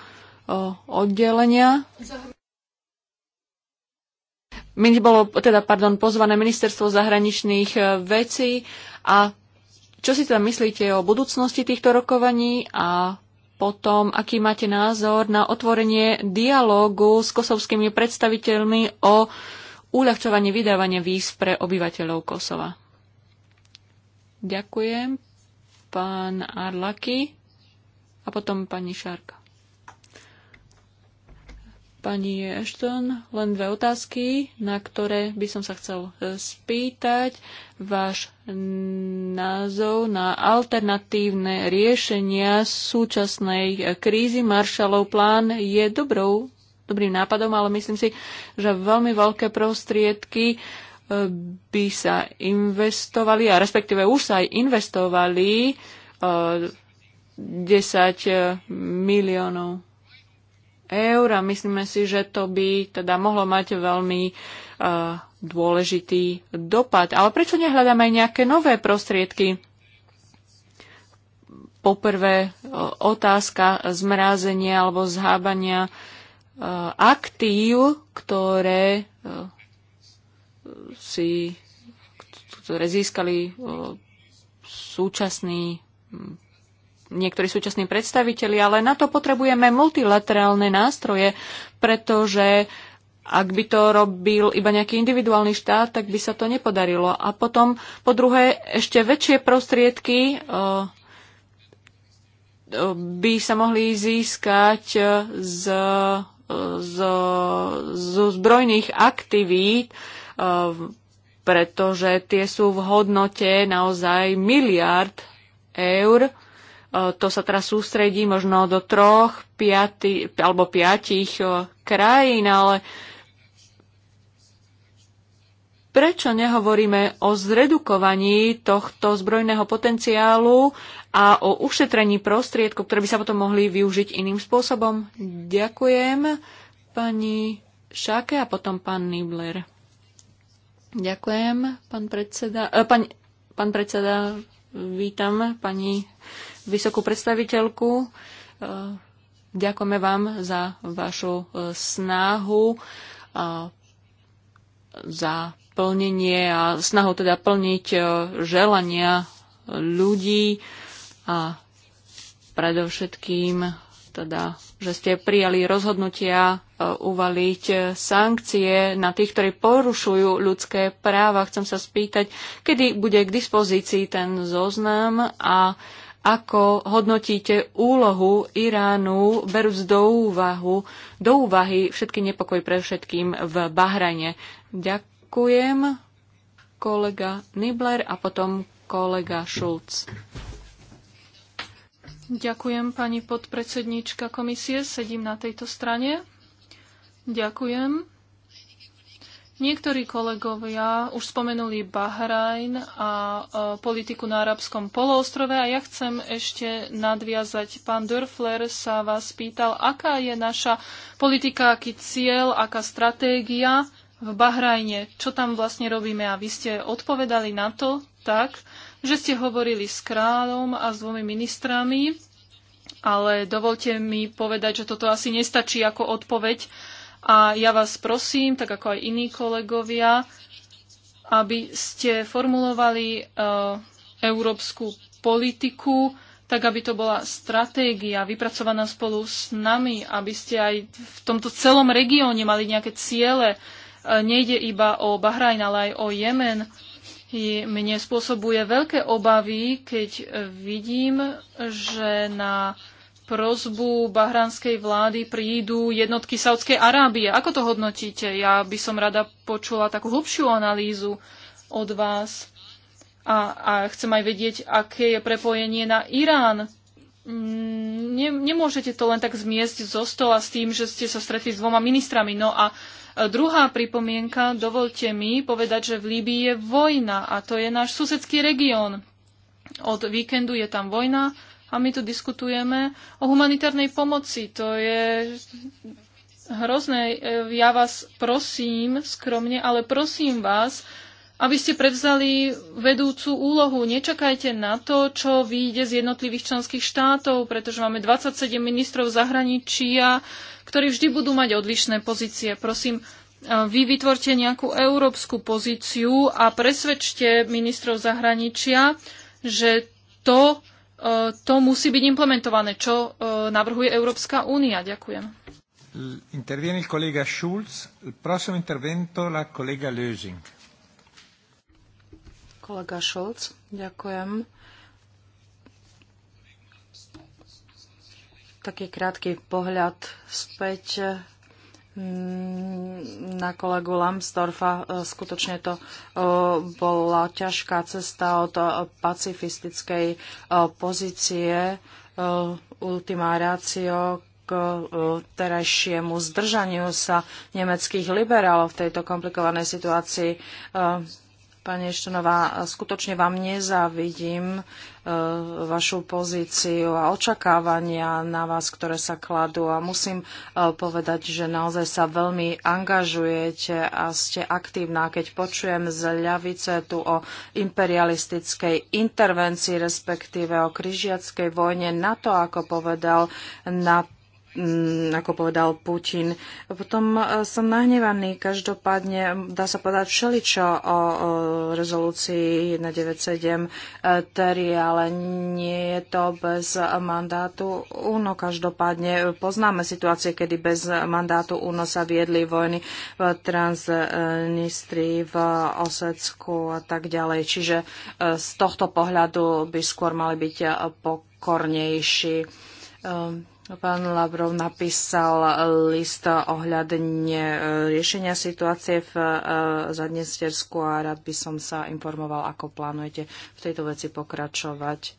oddelenia. Bolo teda, pardon, pozvané ministerstvo zahraničných vecí a čo si tam teda myslíte o budúcnosti týchto rokovaní a potom, aký máte názor na otvorenie dialógu s kosovskými predstaviteľmi o uľahčovaní vydávania víz pre obyvateľov Kosova. Ďakujem, pán Arlaki a potom pani Šárka. Pani Ashton, len dve otázky, na ktoré by som sa chcel e, spýtať. Váš názov na alternatívne riešenia súčasnej e, krízy. Marshallov plán je dobrou, dobrým nápadom, ale myslím si, že veľmi veľké prostriedky e, by sa investovali, a respektíve už sa aj investovali 10 miliónov eur a myslíme si, že to by teda mohlo mať veľmi uh, dôležitý dopad. Ale prečo nehľadáme aj nejaké nové prostriedky? Poprvé uh, otázka zmrázenia alebo zhábania uh, aktív, ktoré uh, si ktoré získali súčasní hm, niektorí súčasní predstaviteľi, ale na to potrebujeme multilaterálne nástroje, pretože ak by to robil iba nejaký individuálny štát, tak by sa to nepodarilo. A potom, po druhé, ešte väčšie prostriedky e, e, by sa mohli získať e, z, z, z zbrojných aktivít, pretože tie sú v hodnote naozaj miliard eur E, to sa teraz sústredí možno do troch, piaty, alebo piatich e, krajín, ale prečo nehovoríme o zredukovaní tohto zbrojného potenciálu a o ušetrení prostriedkov, ktoré by sa potom mohli využiť iným spôsobom? Ďakujem pani Šáke a potom pán Nibler. Ďakujem, pán predseda. E, pán, pán predseda, vítam pani vysokú predstaviteľku. E, ďakujeme vám za vašu e, snahu, e, za plnenie a snahu teda plniť želania ľudí a predovšetkým teda, že ste prijali rozhodnutia uvaliť sankcie na tých, ktorí porušujú ľudské práva. Chcem sa spýtať, kedy bude k dispozícii ten zoznam a ako hodnotíte úlohu Iránu, berúc do, úvahu, do úvahy všetky nepokoj pre všetkým v Bahrajne? Ďakujem kolega Nibler a potom kolega Šulc. Ďakujem, pani podpredsednička komisie. Sedím na tejto strane. Ďakujem Niektorí kolegovia už spomenuli Bahrajn a e, politiku na arabskom poloostrove a ja chcem ešte nadviazať. Pán Dörfler sa vás pýtal, aká je naša politika, aký cieľ, aká stratégia v Bahrajne, čo tam vlastne robíme. A vy ste odpovedali na to tak, že ste hovorili s kráľom a s dvomi ministrami, ale dovolte mi povedať, že toto asi nestačí ako odpoveď a ja vás prosím, tak ako aj iní kolegovia, aby ste formulovali e, európsku politiku, tak aby to bola stratégia vypracovaná spolu s nami, aby ste aj v tomto celom regióne mali nejaké ciele. E, nejde iba o Bahrajn, ale aj o Jemen. mne spôsobuje veľké obavy, keď e, vidím, že na prozbu bahranskej vlády prídu jednotky Saudskej Arábie. Ako to hodnotíte? Ja by som rada počula takú hlbšiu analýzu od vás. A, a chcem aj vedieť, aké je prepojenie na Irán. Mm, ne, nemôžete to len tak zmiesť zo stola s tým, že ste sa stretli s dvoma ministrami. No a druhá pripomienka, dovolte mi povedať, že v Líbii je vojna a to je náš susedský región. Od víkendu je tam vojna a my tu diskutujeme o humanitárnej pomoci. To je hrozné. Ja vás prosím, skromne, ale prosím vás, aby ste prevzali vedúcu úlohu. Nečakajte na to, čo vyjde z jednotlivých členských štátov, pretože máme 27 ministrov zahraničia, ktorí vždy budú mať odlišné pozície. Prosím, vy vytvorte nejakú európsku pozíciu a presvedčte ministrov zahraničia, že to, E, to musí byť implementované, čo e, navrhuje Európska únia. Ďakujem. Interviene il collega Schulz, il prossimo intervento la collega Lösing. Kolega Schulz, ďakujem. Taký krátky pohľad späť Mm, na kolegu Lambsdorfa. E, skutočne to e, bola ťažká cesta od e, pacifistickej pozície ultima ratio k terajšiemu zdržaniu sa nemeckých liberálov v tejto komplikovanej situácii. Pani Eštonová, skutočne vám nezávidím e, vašu pozíciu a očakávania na vás, ktoré sa kladú. A musím e, povedať, že naozaj sa veľmi angažujete a ste aktívna. Keď počujem z ľavice tu o imperialistickej intervencii, respektíve o kryžiackej vojne, na to, ako povedal na Mm, ako povedal Putin. Potom e, som nahnevaný, každopádne dá sa povedať všeličo o, rezolúcii e, ktorý ale nie je to bez mandátu UNO. Každopádne poznáme situácie, kedy bez mandátu UNO sa viedli vojny v Transnistrii, v Osecku a tak ďalej. Čiže e, z tohto pohľadu by skôr mali byť pokornejší. Um, Pán Lavrov napísal list ohľadne e, riešenia situácie v e, Zadnestersku a rád by som sa informoval, ako plánujete v tejto veci pokračovať.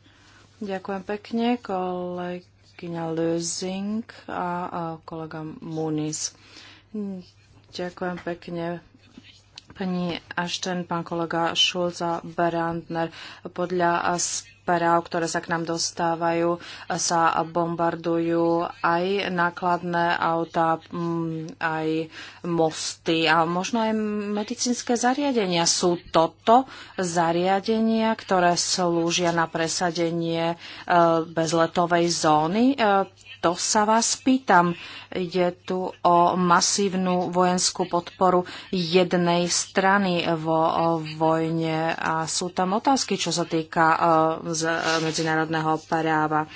Ďakujem pekne, kolegyňa Lösing a kolega Muniz. Ďakujem pekne. Pani Ashton, pán kolega Schulza Brandner, podľa práv, ktoré sa k nám dostávajú, sa bombardujú aj nákladné auta, mm, aj mosty a možno aj medicínske zariadenia. Sú toto zariadenia, ktoré slúžia na presadenie e, bezletovej zóny? E, to sa vás pýtam. Ide tu o masívnu vojenskú podporu jednej strany vo vojne a sú tam otázky, čo sa týka e, e, medzinárodného práva.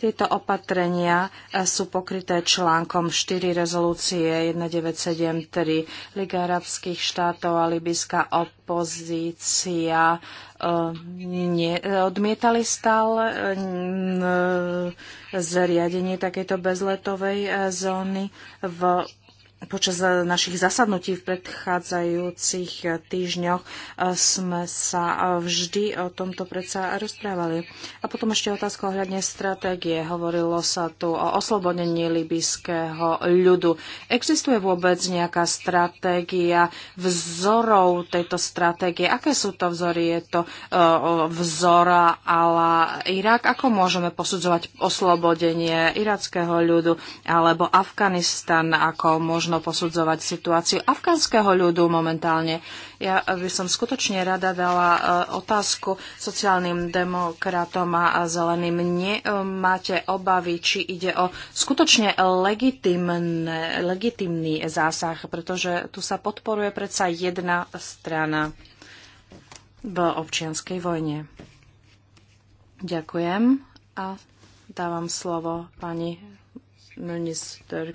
Tieto opatrenia e, sú pokryté článkom 4 rezolúcie 1973 Liga arabských štátov a libyská opozícia odmietali stále eh, eh, zriadenie takéto bezletovej eh, zóny v Počas našich zasadnutí v predchádzajúcich týždňoch e, sme sa vždy o tomto predsa rozprávali. A potom ešte otázka ohľadne stratégie. Hovorilo sa tu o oslobodení libyského ľudu. Existuje vôbec nejaká stratégia vzorov tejto stratégie? Aké sú to vzory? Je to e, vzora ala Irak? Ako môžeme posudzovať oslobodenie irackého ľudu? Alebo Afganistan? Ako môžeme možno posudzovať situáciu afgánskeho ľudu momentálne. Ja eh, by som skutočne rada dala eh, otázku sociálnym demokratom a zeleným. Nemáte eh, obavy, či ide o skutočne legitimné, legitimný zásah, pretože tu sa podporuje predsa jedna strana v občianskej vojne. Ďakujem a dávam slovo pani minister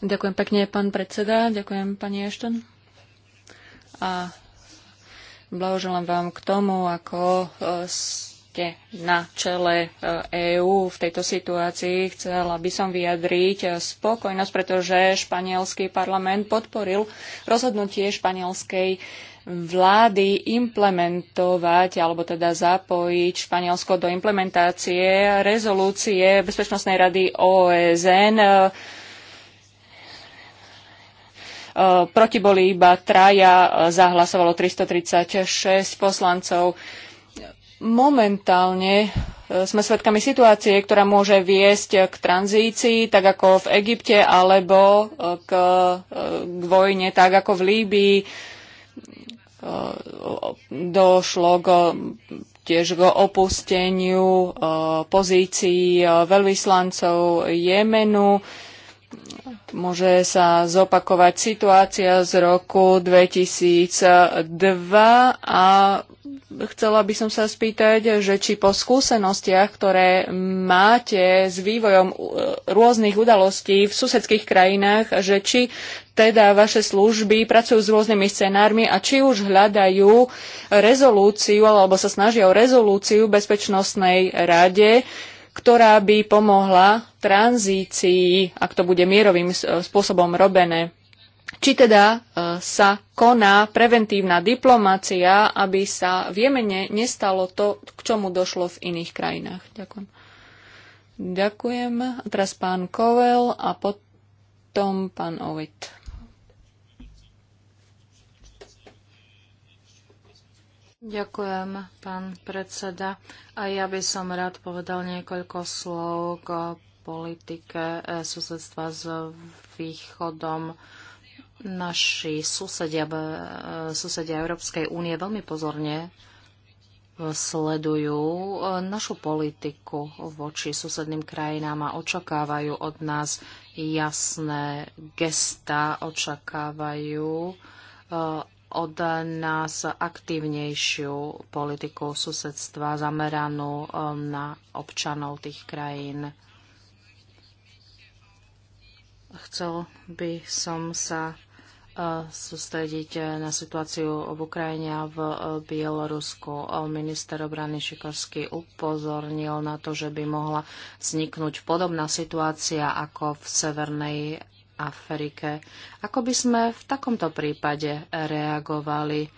Ďakujem pekne, pán predseda. Ďakujem, pani Ešton. A blahoželám vám k tomu, ako e, ste na čele EÚ e v tejto situácii. Chcela by som vyjadriť e, spokojnosť, pretože španielský parlament podporil rozhodnutie španielskej vlády implementovať alebo teda zapojiť Španielsko do implementácie rezolúcie Bezpečnostnej rady OSN Eh, proti boli iba traja, eh, zahlasovalo 336 poslancov. Momentálne eh, sme svedkami situácie, ktorá môže viesť k tranzícii, tak ako v Egypte, alebo k, k vojne, tak ako v Líbii. Došlo k tiež k opusteniu pozícií veľvyslancov Jemenu môže sa zopakovať situácia z roku 2002 a chcela by som sa spýtať, že či po skúsenostiach, ktoré máte s vývojom e, rôznych udalostí v susedských krajinách, že či teda vaše služby pracujú s rôznymi scenármi a či už hľadajú rezolúciu alebo sa snažia o rezolúciu v Bezpečnostnej rade, ktorá by pomohla tranzícii, ak to bude mierovým e, spôsobom robené. Či teda e, sa koná preventívna diplomácia, aby sa v Jemene nestalo to, k čomu došlo v iných krajinách. Ďakujem. Ďakujem. A teraz pán Kovel a potom pán Ovit. Ďakujem, pán predseda. A ja by som rád povedal niekoľko slov k politike e, susedstva s východom. Naši susedia, e, susedia Európskej únie veľmi pozorne sledujú e, našu politiku voči susedným krajinám a očakávajú od nás jasné gesta, očakávajú od nás aktívnejšiu politiku susedstva zameranú um, na občanov tých krajín. Chcel by som sa uh, sústrediť na situáciu v Ukrajine a v uh, Bielorusku. Uh, minister obrany Šikorský upozornil na to, že by mohla vzniknúť podobná situácia ako v Severnej Afrike. Ako by sme v takomto prípade reagovali?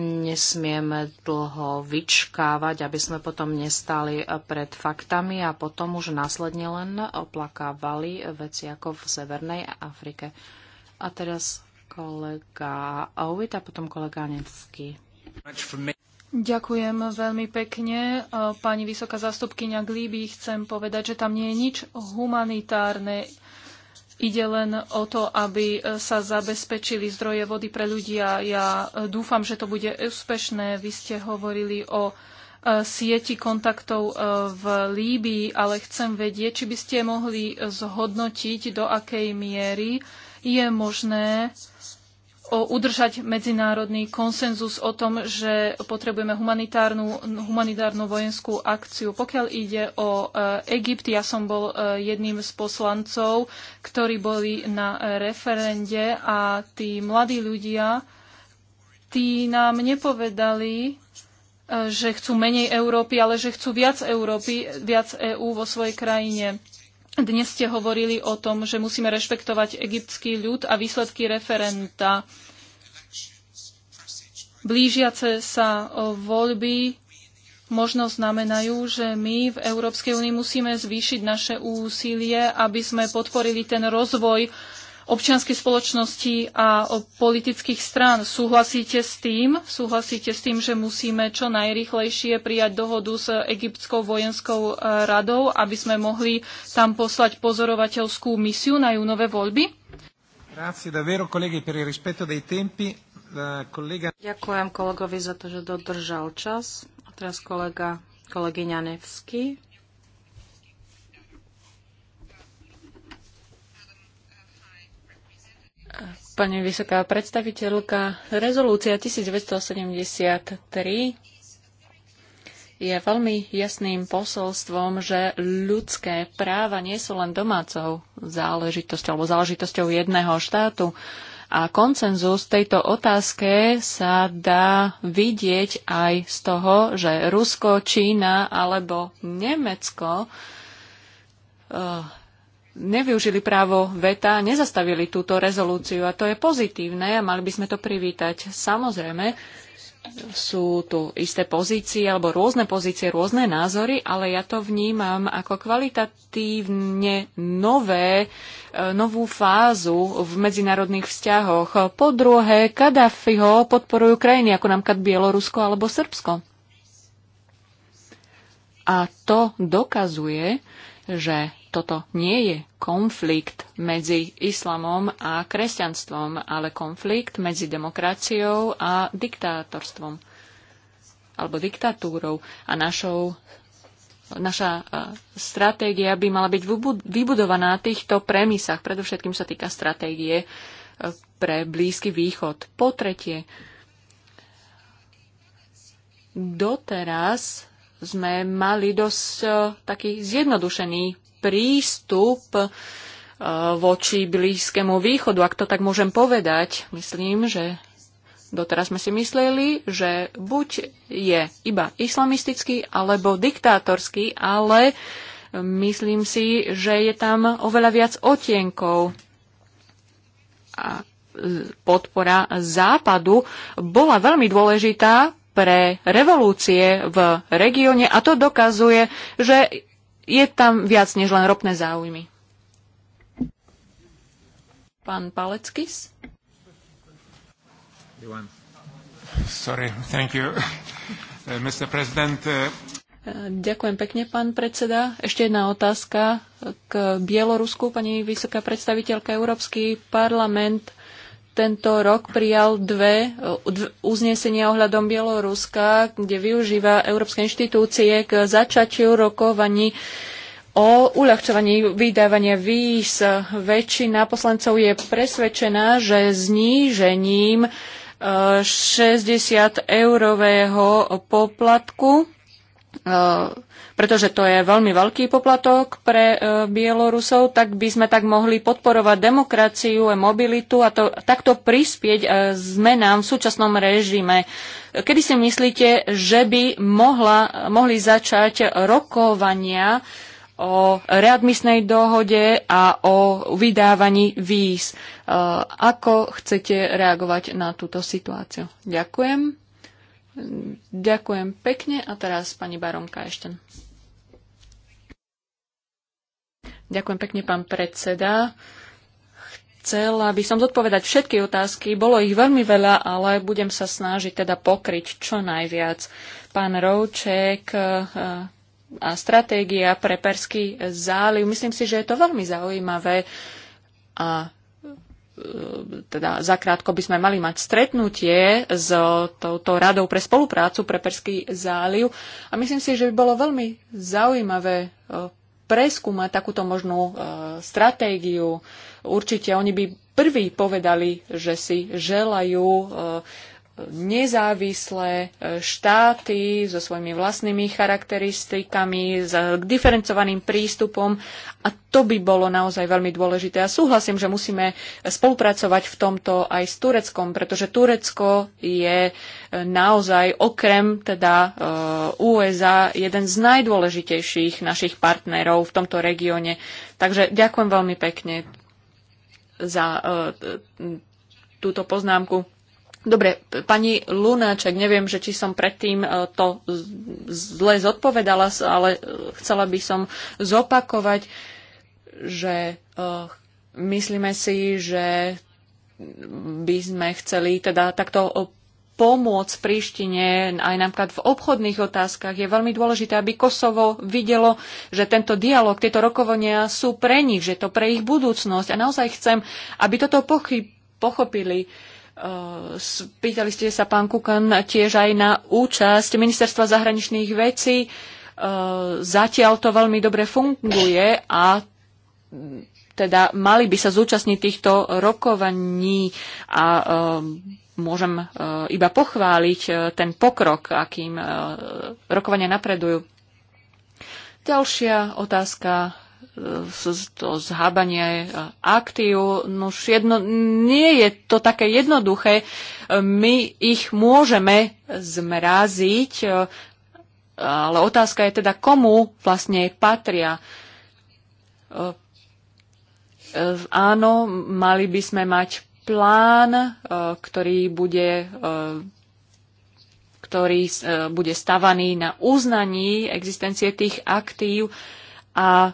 Nesmieme dlho vyčkávať, aby sme potom nestali pred faktami a potom už následne len oplakávali veci ako v Severnej Afrike. A teraz kolega Ovid a potom kolega Nevsky. Ďakujem veľmi pekne. Pani vysoká zastupkynia Glíby, chcem povedať, že tam nie je nič humanitárne. Ide len o to, aby e, sa zabezpečili zdroje vody pre ľudia. Ja e, dúfam, že to bude úspešné. Vy ste hovorili o e, sieti kontaktov v Líbii, ale chcem vedieť, či by ste mohli zhodnotiť, do akej miery je možné udržať medzinárodný konsenzus o tom, že potrebujeme humanitárnu, humanitárnu vojenskú akciu. Pokiaľ ide o e, Egypt, ja som bol e, jedným z poslancov, ktorí boli na referende a tí mladí ľudia, tí nám nepovedali, e, že chcú menej Európy, ale že chcú viac Európy, viac EÚ vo svojej krajine. Dnes ste hovorili o tom, že musíme rešpektovať egyptský ľud a výsledky referenta. Blížiace sa voľby možno znamenajú, že my v Európskej únii musíme zvýšiť naše úsilie, aby sme podporili ten rozvoj občianskej spoločnosti a politických strán. Súhlasíte s tým? Súhlasíte s tým, že musíme čo najrychlejšie prijať dohodu s Egyptskou vojenskou e, radou, aby sme mohli tam poslať pozorovateľskú misiu na júnové voľby? Ďakujem kolegovi za to, že dodržal čas. A teraz kolega, kolegyňa Nevsky. Pani vysoká predstaviteľka, rezolúcia 1973 je veľmi jasným posolstvom, že ľudské práva nie sú len domácou záležitosťou alebo záležitosťou jedného štátu. A koncenzus tejto otázke sa dá vidieť aj z toho, že Rusko, Čína alebo Nemecko eh, nevyužili právo VETA, nezastavili túto rezolúciu a to je pozitívne a mali by sme to privítať. Samozrejme, sú tu isté pozície alebo rôzne pozície, rôzne názory, ale ja to vnímam ako kvalitatívne nové, e, novú fázu v medzinárodných vzťahoch. Po druhé, Kadafiho podporujú krajiny ako napríklad Bielorusko alebo Srbsko. A to dokazuje, že toto nie je konflikt medzi islamom a kresťanstvom, ale konflikt medzi demokraciou a diktátorstvom alebo diktatúrou. A našou, naša stratégia by mala byť vybudovaná na týchto premisách. Predovšetkým sa týka stratégie e, pre Blízky východ. Po tretie, doteraz sme mali dosť e, taký zjednodušený prístup e, voči Blízkému východu, ak to tak môžem povedať. Myslím, že doteraz sme si mysleli, že buď je iba islamistický alebo diktátorský, ale myslím si, že je tam oveľa viac otienkov. A podpora Západu bola veľmi dôležitá pre revolúcie v regióne a to dokazuje, že je tam viac než len ropné záujmy. Pán Paleckis? Sorry, thank you. Uh, Mr. President, uh, uh, Ďakujem pekne, pán predseda. Ešte jedna otázka k Bielorusku. Pani vysoká predstaviteľka, Európsky parlament tento rok prijal dve uznesenia ohľadom Bieloruska, kde využíva európske inštitúcie k začatiu rokovaní o uľahčovaní vydávania víz. Väčšina poslancov je presvedčená, že znížením 60-eurového eh, poplatku eh, pretože to je veľmi veľký poplatok pre e, Bielorusov, tak by sme tak mohli podporovať demokraciu a mobilitu a to, takto prispieť e, zmenám v súčasnom režime. Kedy si myslíte, že by mohla, mohli začať rokovania o readmisnej dohode a o vydávaní víz. E, ako chcete reagovať na túto situáciu? Ďakujem. Ďakujem pekne a teraz pani baronka ešte. Ďakujem pekne, pán predseda. Chcela by som zodpovedať všetky otázky. Bolo ich veľmi veľa, ale budem sa snažiť teda pokryť čo najviac. Pán Rouček, eh, a stratégia pre Perský záliv. Myslím si, že je to veľmi zaujímavé a eh, teda zakrátko by sme mali mať stretnutie s touto radou pre spoluprácu pre Perský záliv a myslím si, že by bolo veľmi zaujímavé eh, preskúmať takúto možnú e, stratégiu. Určite oni by prví povedali, že si želajú e, nezávislé e, štáty so svojimi vlastnými charakteristikami, s e, diferencovaným prístupom a to by bolo naozaj veľmi dôležité. A súhlasím, že musíme spolupracovať v tomto aj s Tureckom, pretože Turecko je e, naozaj okrem teda USA jeden z najdôležitejších našich partnerov v tomto regióne. Takže ďakujem veľmi pekne za túto poznámku. Dobre, pani Lunáček, neviem, že či som predtým e, to zle zodpovedala, ale e, chcela by som zopakovať, že e, myslíme si, že by sme chceli teda takto pomôcť Príštine aj napríklad v obchodných otázkach. Je veľmi dôležité, aby Kosovo videlo, že tento dialog, tieto rokovania sú pre nich, že to pre ich budúcnosť. A naozaj chcem, aby toto pochyb, pochopili Spýtali ste sa, pán Kukan, tiež aj na účasť Ministerstva zahraničných vecí. E, zatiaľ to veľmi dobre funguje a teda mali by sa zúčastniť týchto rokovaní a e, môžem e, iba pochváliť ten pokrok, akým rokovania napredujú. Ďalšia otázka to zhábanie aktív, no už jedno, nie je to také jednoduché. My ich môžeme zmraziť, e, ale otázka je teda, komu vlastne patria. E, e, áno, mali by sme mať plán, ktorý bude ktorý bude stavaný na uznaní existencie tých aktív, a e,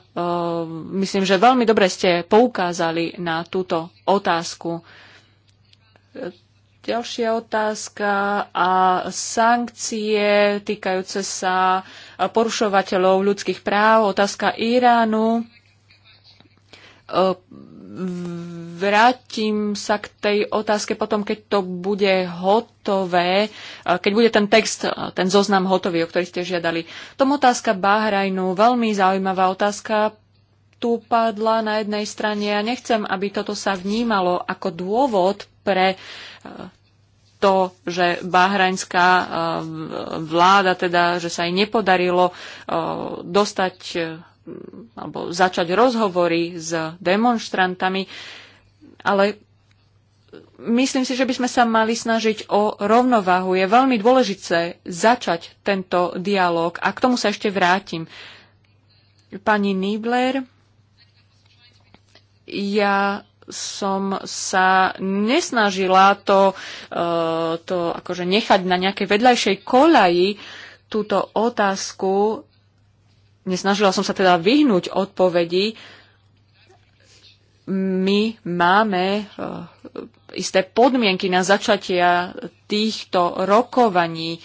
myslím, že veľmi dobre ste poukázali na túto otázku. E, ďalšia otázka a sankcie týkajúce sa porušovateľov ľudských práv. Otázka Iránu e, vrátim sa k tej otázke potom, keď to bude hotové, eh, keď bude ten text, eh, ten zoznam hotový, o ktorý ste žiadali. Tom otázka Bahrajnu, veľmi zaujímavá otázka, tu padla na jednej strane. Ja nechcem, aby toto sa vnímalo ako dôvod pre eh, to, že bahrajnská vláda, teda, že sa jej nepodarilo dostať alebo začať rozhovory s demonstrantami, ale myslím si, že by sme sa mali snažiť o rovnováhu. Je veľmi dôležité začať tento dialog a k tomu sa ešte vrátim. Pani Nibler, ja som sa nesnažila to, e, to akože nechať na nejakej vedľajšej kolaji túto otázku nesnažila som sa teda vyhnúť odpovedi. My máme eh, isté podmienky na začatia týchto rokovaní,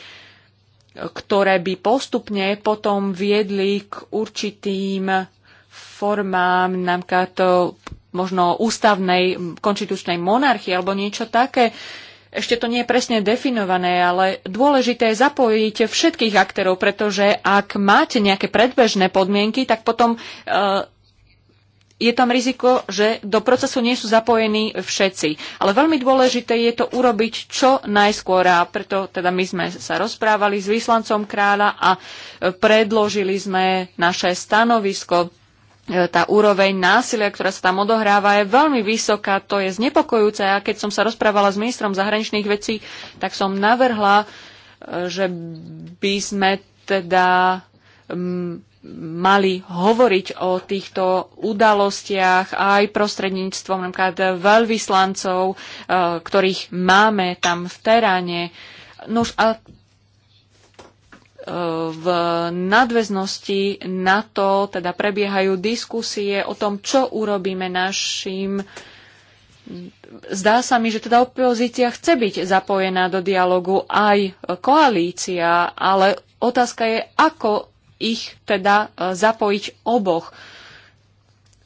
ktoré by postupne potom viedli k určitým formám, napríklad eh, možno ústavnej konštitučnej monarchie alebo niečo také ešte to nie je presne definované, ale dôležité je zapojiť všetkých aktérov, pretože ak máte nejaké predbežné podmienky, tak potom uh, je tam riziko, že do procesu nie sú zapojení všetci. Ale veľmi dôležité je to urobiť čo najskôr a preto teda my sme sa rozprávali s vyslancom kráľa a eh, predložili sme naše stanovisko E, tá úroveň násilia, ktorá sa tam odohráva, je veľmi vysoká, to je znepokojúce. A keď som sa rozprávala s ministrom zahraničných vecí, tak som navrhla, e, že by sme teda mali hovoriť o týchto udalostiach aj prostredníctvom napríklad veľvyslancov, e, ktorých máme tam v teráne. No a v nadväznosti na to teda prebiehajú diskusie o tom, čo urobíme našim. Zdá sa mi, že teda opozícia chce byť zapojená do dialogu aj koalícia, ale otázka je, ako ich teda e, zapojiť oboch.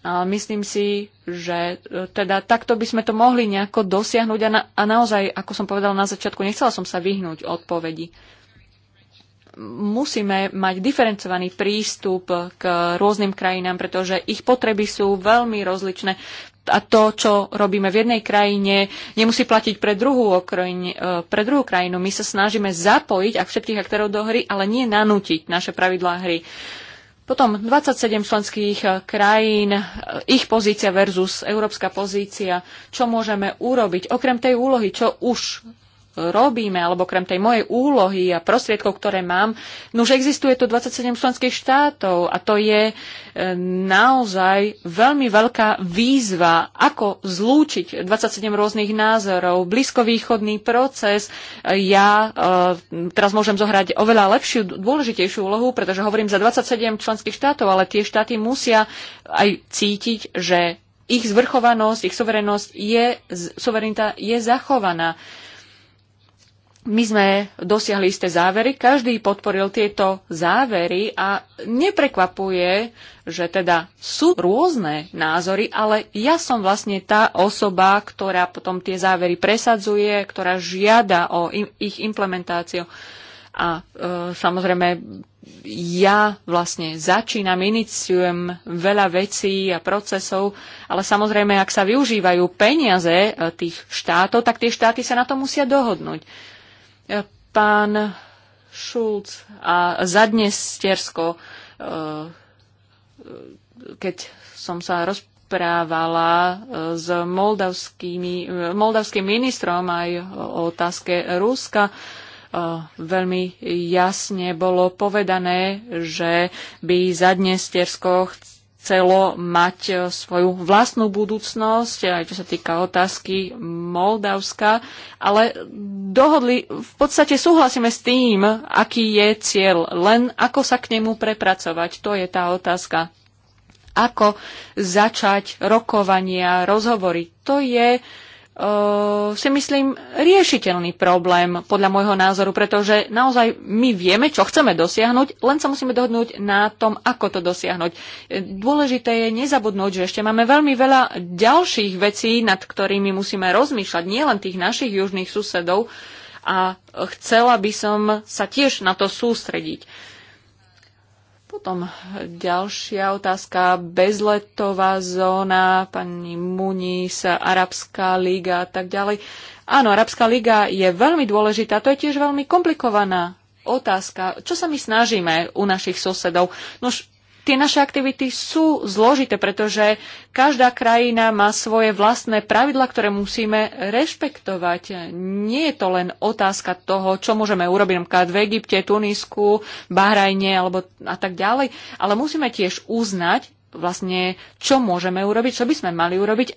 A myslím si, že e, teda takto by sme to mohli nejako dosiahnuť a, na, a naozaj, ako som povedala na začiatku, nechcela som sa vyhnúť odpovedi musíme mať diferencovaný prístup k rôznym krajinám, pretože ich potreby sú veľmi rozličné a to, čo robíme v jednej krajine, nemusí platiť pre druhú, okrojň, e, pre druhú krajinu. My sa snažíme zapojiť a všetkých aktérov do hry, ale nie nanútiť naše pravidlá hry. Potom 27 členských krajín, e, ich pozícia versus európska pozícia, čo môžeme urobiť, okrem tej úlohy, čo už robíme, alebo krem tej mojej úlohy a prostriedkov, ktoré mám, no už existuje tu 27 členských štátov a to je e, naozaj veľmi veľká výzva, ako zlúčiť 27 rôznych názorov, blízkovýchodný proces. Ja e, teraz môžem zohrať oveľa lepšiu, dôležitejšiu úlohu, pretože hovorím za 27 členských štátov, ale tie štáty musia aj cítiť, že ich zvrchovanosť, ich suverenosť je, suverenita je zachovaná my sme dosiahli isté závery, každý podporil tieto závery a neprekvapuje, že teda sú rôzne názory, ale ja som vlastne tá osoba, ktorá potom tie závery presadzuje, ktorá žiada o im, ich implementáciu. A e, samozrejme, ja vlastne začínam, iniciujem veľa vecí a procesov, ale samozrejme, ak sa využívajú peniaze e, tých štátov, tak tie štáty sa na to musia dohodnúť. Pán Šulc a za Stiersko, e, keď som sa rozprávala e, s e, moldavským ministrom aj o otázke Ruska, veľmi jasne bolo povedané, že by za Stiersko chcelo chcelo mať e, svoju vlastnú budúcnosť, aj čo sa týka otázky Moldavska, ale dohodli, v podstate súhlasíme s tým, aký je cieľ, len ako sa k nemu prepracovať, to je tá otázka. Ako začať rokovania, rozhovory, to je uh, Eh, si myslím, riešiteľný problém podľa môjho názoru, pretože naozaj my vieme, čo chceme dosiahnuť, len sa musíme dohodnúť na tom, ako to dosiahnuť. Eh, dôležité je nezabudnúť, že ešte máme veľmi veľa ďalších vecí, nad ktorými musíme rozmýšľať, nielen tých našich južných susedov, a chcela by som sa tiež na to sústrediť potom ďalšia otázka. Bezletová zóna, pani Muniz, Arabská liga a tak ďalej. Áno, Arabská liga je veľmi dôležitá, to je tiež veľmi komplikovaná otázka. Čo sa my snažíme u našich susedov? Nož Tie naše aktivity sú zložité, pretože každá krajina má svoje vlastné pravidla, ktoré musíme rešpektovať. Nie je to len otázka toho, čo môžeme urobiť napríklad v Egypte, Tunisku, Bahrajne alebo a tak ďalej, ale musíme tiež uznať vlastne, čo môžeme urobiť, čo by sme mali urobiť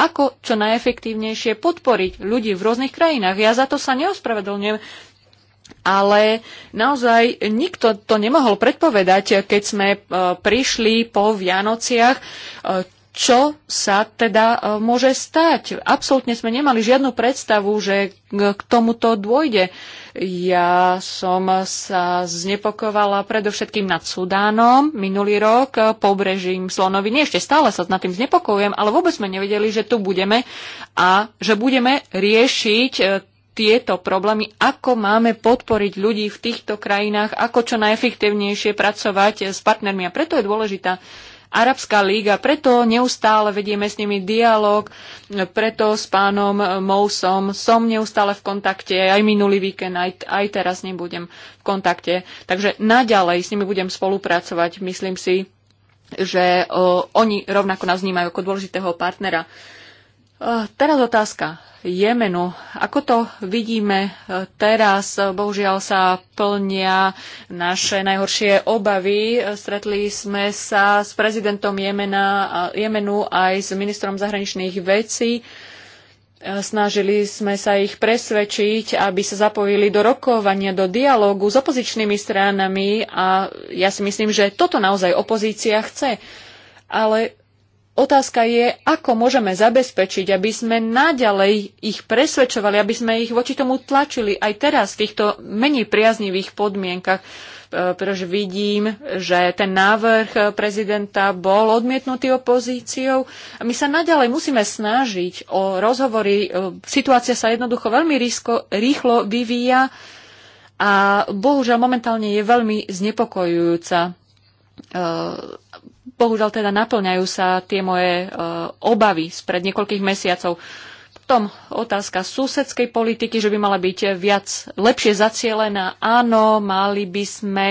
ako čo najefektívnejšie podporiť ľudí v rôznych krajinách. Ja za to sa neospravedlňujem ale naozaj nikto to nemohol predpovedať, keď sme e, prišli po Vianociach, e, čo sa teda e, môže stať. Absolútne sme nemali žiadnu predstavu, že k tomuto dôjde. Ja som sa znepokovala predovšetkým nad Sudánom minulý rok, pobrežím Slonoviny. Ešte stále sa nad tým znepokojujem, ale vôbec sme nevedeli, že tu budeme a že budeme riešiť tieto problémy, ako máme podporiť ľudí v týchto krajinách, ako čo najefektívnejšie pracovať eh, s partnermi. A preto je dôležitá Arabská líga, preto neustále vedieme s nimi dialog, preto s pánom eh, Mousom som neustále v kontakte, aj minulý víkend, aj, aj teraz nebudem v kontakte. Takže naďalej s nimi budem spolupracovať. Myslím si, že o, eh, oni rovnako nás vnímajú ako dôležitého partnera. Eh, teraz otázka Jemenu. Ako to vidíme eh, teraz? Eh, bohužiaľ sa plnia naše najhoršie obavy. Stretli sme sa s prezidentom Jemena, Jemenu aj s ministrom zahraničných vecí. Snažili sme sa ich presvedčiť, aby sa zapojili do rokovania, do dialógu s opozičnými stranami a ja si myslím, že toto naozaj opozícia chce. Ale Otázka je, ako môžeme zabezpečiť, aby sme naďalej ich presvedčovali, aby sme ich voči tomu tlačili aj teraz v týchto menej priaznivých podmienkach, e, pretože vidím, že ten návrh prezidenta bol odmietnutý opozíciou. My sa naďalej musíme snažiť o rozhovory. E, situácia sa jednoducho veľmi rýsko, rýchlo vyvíja a bohužiaľ momentálne je veľmi znepokojujúca. Eh, bohužiaľ teda naplňajú sa tie moje eh, obavy spred niekoľkých mesiacov. Potom otázka susedskej politiky, že by mala byť viac lepšie zacielená. Áno, mali by sme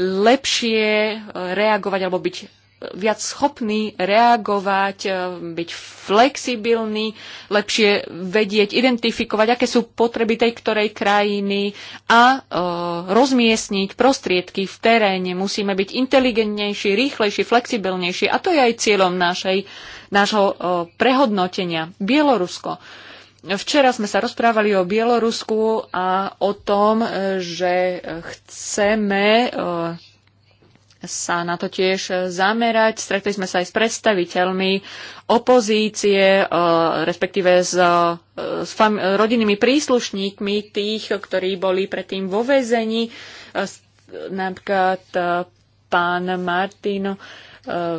lepšie eh, reagovať alebo byť viac schopní reagovať, e, byť flexibilní, lepšie vedieť, identifikovať, aké sú potreby tej ktorej krajiny a e, rozmiestniť prostriedky v teréne. Musíme byť inteligentnejší, rýchlejší, flexibilnejší a to je aj cieľom našej, nášho e, prehodnotenia. Bielorusko. Včera sme sa rozprávali o Bielorusku a o tom, e, že chceme e, sa na to tiež e, zamerať. Stretli sme sa aj s predstaviteľmi opozície, e, respektíve s, e, s rodinnými príslušníkmi tých, ktorí boli predtým vo väzení. Napríklad pán Martin,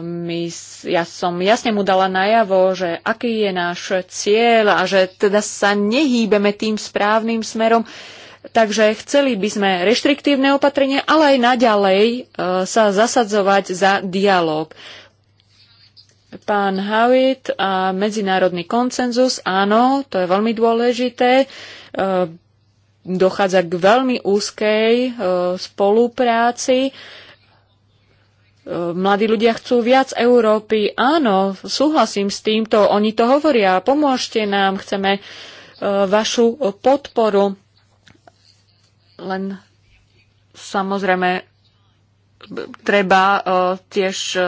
my, ja som jasne mu dala najavo, že aký je náš cieľ a že teda sa nehýbeme tým správnym smerom. Uh, Takže chceli by sme reštriktívne opatrenie, ale aj naďalej e, sa zasadzovať za dialog. Pán Hawit a medzinárodný koncenzus, áno, to je veľmi dôležité. E, dochádza k veľmi úzkej e, spolupráci. Mladí ľudia chcú viac Európy. Áno, súhlasím s týmto. Oni to hovoria. Pomôžte nám, chceme vašu podporu. Len samozrejme treba e, tiež, e,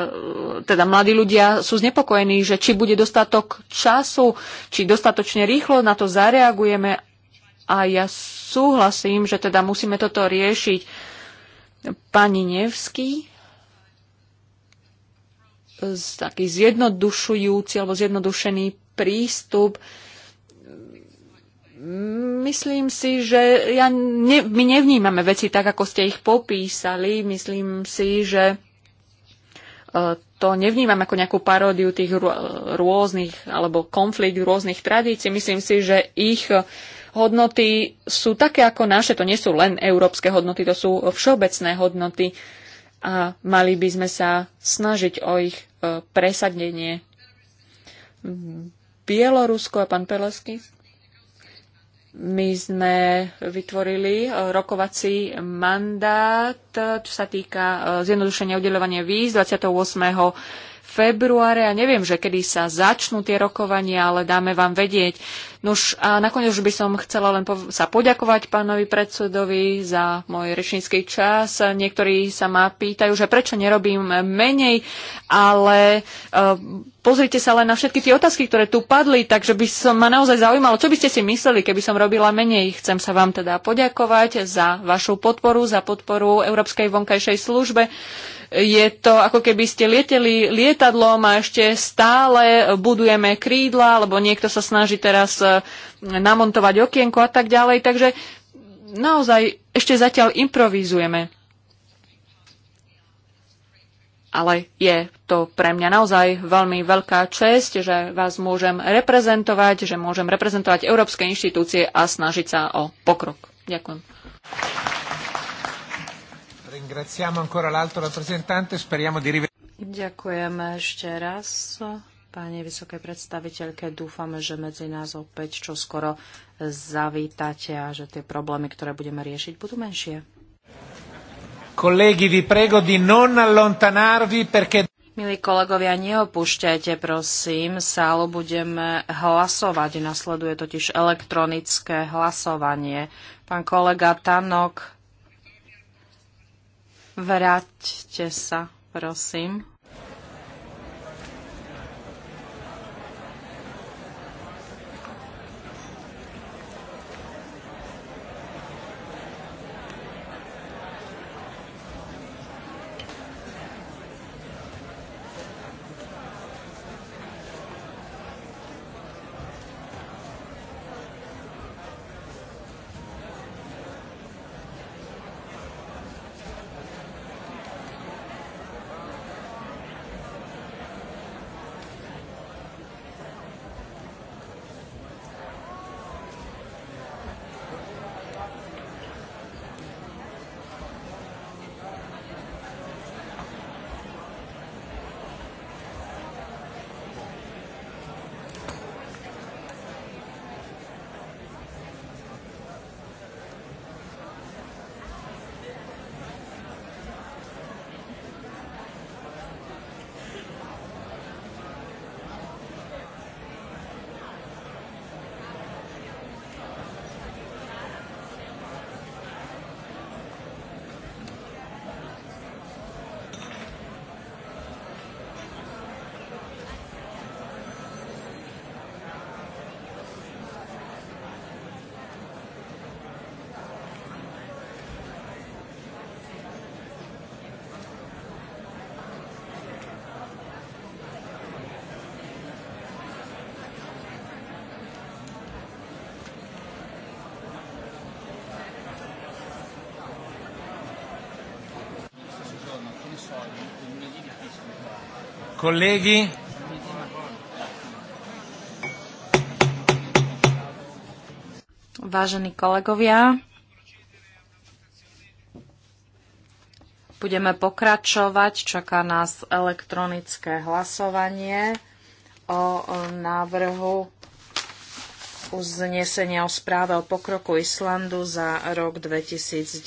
teda mladí ľudia sú znepokojení, že či bude dostatok času, či dostatočne rýchlo na to zareagujeme. A ja súhlasím, že teda musíme toto riešiť. Pani Nevský, taký zjednodušujúci alebo zjednodušený prístup Myslím si, že ja ne, my nevnímame veci tak, ako ste ich popísali. Myslím si, že e, to nevnímam ako nejakú paródiu tých rôznych alebo konflikt rôznych tradícií. Myslím si, že ich hodnoty sú také ako naše. To nie sú len európske hodnoty, to sú všeobecné hodnoty a mali by sme sa snažiť o ich e, presadenie. Bielorusko a pán Pelesky? My sme vytvorili e, rokovací mandát, čo sa týka e, zjednodušenia udeľovania víz 28 februáre a ja neviem, že kedy sa začnú tie rokovania, ale dáme vám vedieť. Nuž a nakoniec už by som chcela len po- sa poďakovať pánovi predsedovi za môj rečnícky čas. Niektorí sa ma pýtajú, že prečo nerobím menej, ale uh, pozrite sa len na všetky tie otázky, ktoré tu padli, takže by som ma naozaj zaujímalo, čo by ste si mysleli, keby som robila menej. Chcem sa vám teda poďakovať za vašu podporu, za podporu Európskej vonkajšej službe. Je to ako keby ste lieteli lietadlom a ešte stále budujeme krídla, alebo niekto sa snaží teraz e, namontovať okienko a tak ďalej. Takže naozaj ešte zatiaľ improvizujeme. Ale je to pre mňa naozaj veľmi veľká česť, že vás môžem reprezentovať, že môžem reprezentovať európske inštitúcie a snažiť sa o pokrok. Ďakujem. Ringraziamo ancora l'alto rappresentante, speriamo di rivedere. Ďakujeme ešte raz pani vysokej predstaviteľke. Dúfame, že medzi nás opäť čo skoro zavítate a že tie problémy, ktoré budeme riešiť, budú menšie. Kolegi, vi prego di non allontanarvi perché... Milí kolegovia, neopúšťajte prosím sálu, budeme hlasovať. Nasleduje totiž elektronické hlasovanie. Pán kolega Tanok Vráťte sa, prosím. colleghi. Vážení kolegovia, budeme pokračovať. Čaká nás elektronické hlasovanie o návrhu uznesenia o správe o pokroku Islandu za rok 2010.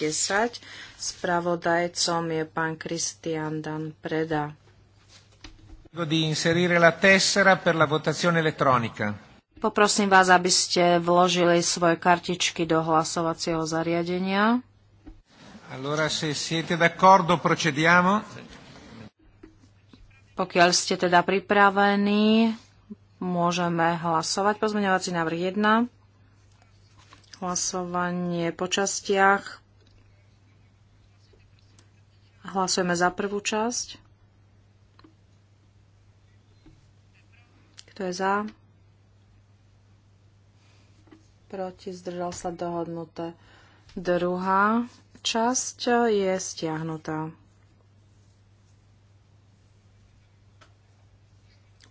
Spravodajcom je pán Kristian Dan Preda di inserire la tessera per la votazione elettronica. Poprosím vás, aby ste vložili svoje kartičky do hlasovacieho zariadenia. Allora, se siete d'accordo, procediamo. Pokiaľ ste teda pripravení, môžeme hlasovať. Pozmeňovací návrh 1. Hlasovanie po častiach. Hlasujeme za prvú časť. Kto je za? Proti zdržal sa dohodnuté. Druhá časť je stiahnutá.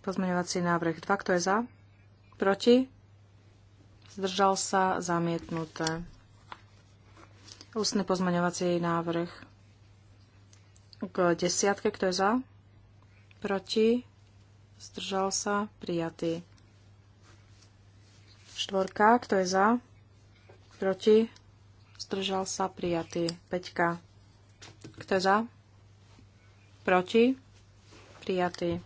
Pozmeňovací návrh 2. Kto je za? Proti? Zdržal sa zamietnuté. Ústny pozmeňovací návrh k desiatke. Kto je za? Proti? zdržal sa, prijatý. Štvorka, kto je za, proti, zdržal sa, prijatý. Peťka, kto je za, proti, prijatý.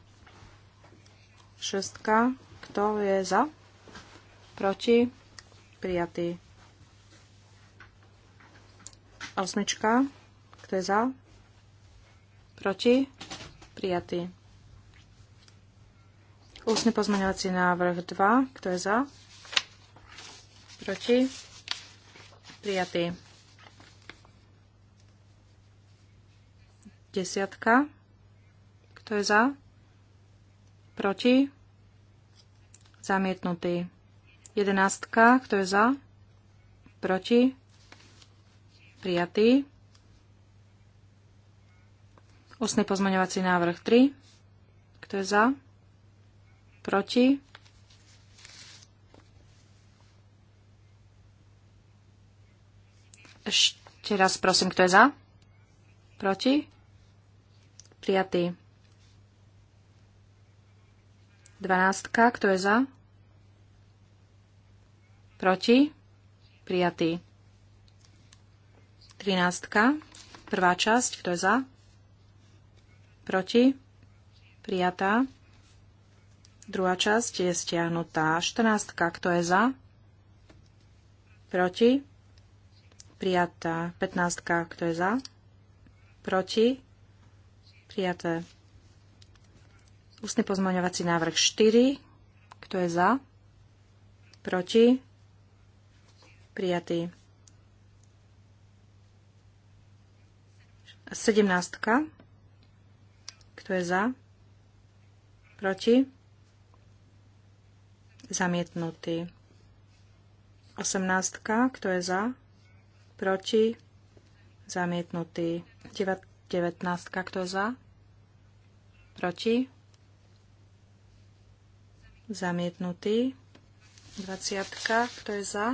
Šestka, kto je za, proti, prijatý. Osmička, kto je za, proti, prijatý. Ústny pozmeňovací návrh 2. Kto je za? Proti? Prijatý. Desiatka. Kto je za? Proti? Zamietnutý. Jedenástka. Kto je za? Proti? Prijatý. Ústny pozmeňovací návrh 3. Kto je za? Proti? Ešte raz prosím, kto je za? Proti? Prijatý. Dvanáctka, kto je za? Proti? Prijatý. Trináctka, prvá časť, kto je za? Proti? Prijatá. Druhá časť je stiahnutá. 14. Kto je za? Proti? Prijatá. 15. Kto je za? Proti? Prijaté. Ústny pozmaňovací návrh 4. Kto je za? Proti? Prijatý. 17. Kto je za? Proti? zamietnutý. Osemnáctka, Kto je za? Proti? Zamietnutý. Devetnáctka, Kto je za? Proti? Zamietnutý. Dvaciatka, Kto je za?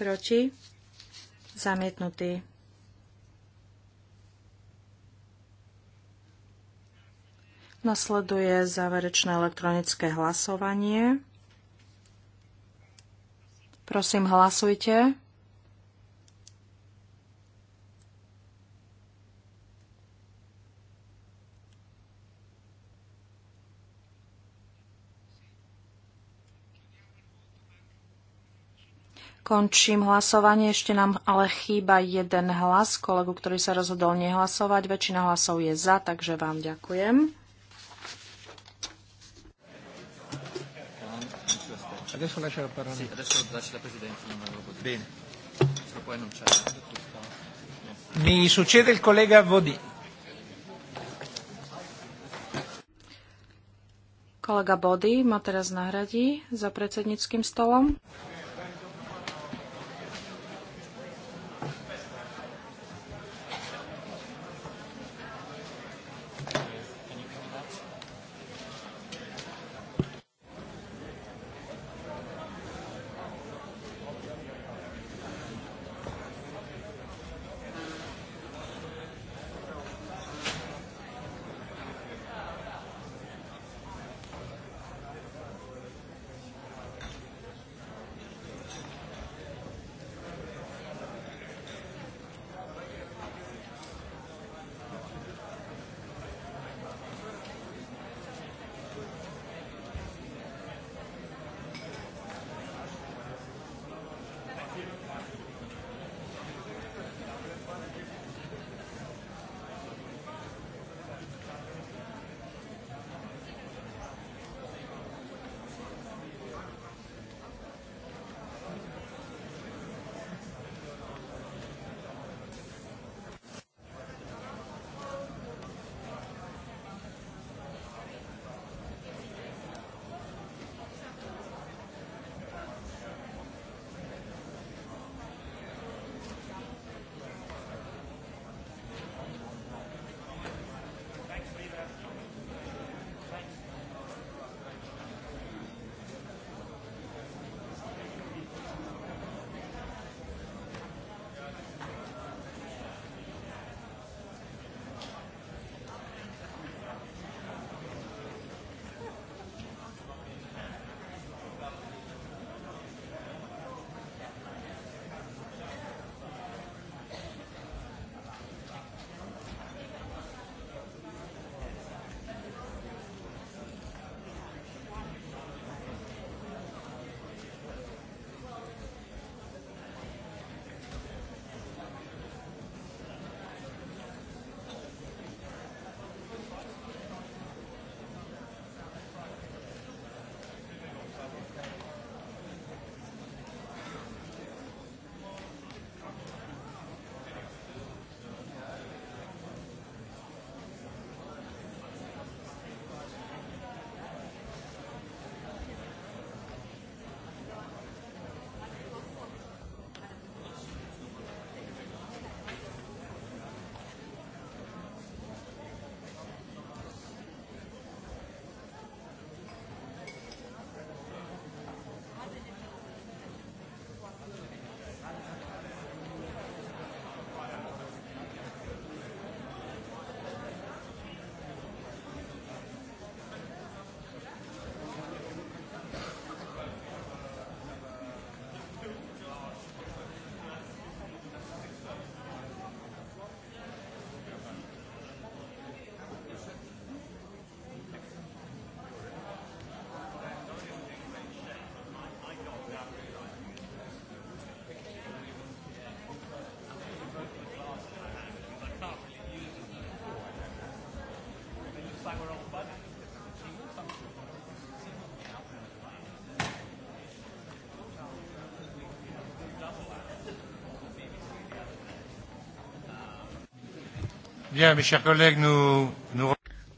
Proti? Zamietnutý. Nasleduje záverečné elektronické hlasovanie. Prosím, hlasujte. Končím hlasovanie. Ešte nám ale chýba jeden hlas kolegu, ktorý sa rozhodol nehlasovať. Väčšina hlasov je za, takže vám ďakujem. Adesso lascia la parola. Sì, adesso lascia la Presidente. Non avevo potuto. Bene. Se puoi annunciare. Mi succede il collega Vodi. Kolega Body ma teraz nahradí za predsedníckým stolom.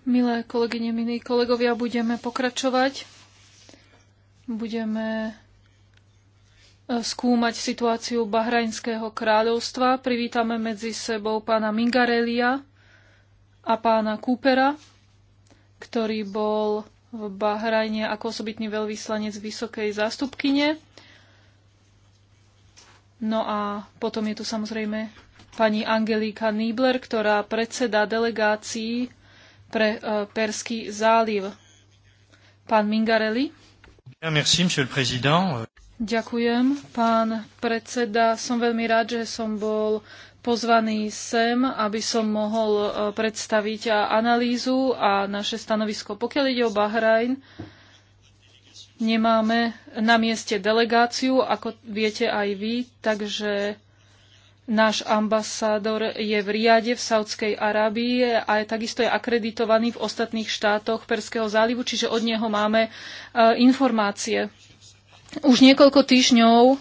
Milé kolegyne, milí kolegovia, budeme pokračovať. Budeme e, skúmať situáciu Bahrajnského kráľovstva. Privítame medzi sebou pána Mingarelia a pána Coopera, ktorý bol v Bahrajne ako osobitný veľvyslanec vysokej zástupkyne. No a potom je tu samozrejme pani Angelika Niebler, ktorá predseda delegácii pre e, Perský záliv. Pán Mingarelli. Ja, merci, Ďakujem, pán predseda. Som veľmi rád, že som bol pozvaný sem, aby som mohol e, predstaviť analýzu a naše stanovisko. Pokiaľ ide o Bahrajn, nemáme na mieste delegáciu, ako viete aj vy, takže Náš ambasádor je v Riade v Saudskej Arábii a je, takisto je akreditovaný v ostatných štátoch Perského zálivu, čiže od neho máme e, informácie. Už niekoľko týždňov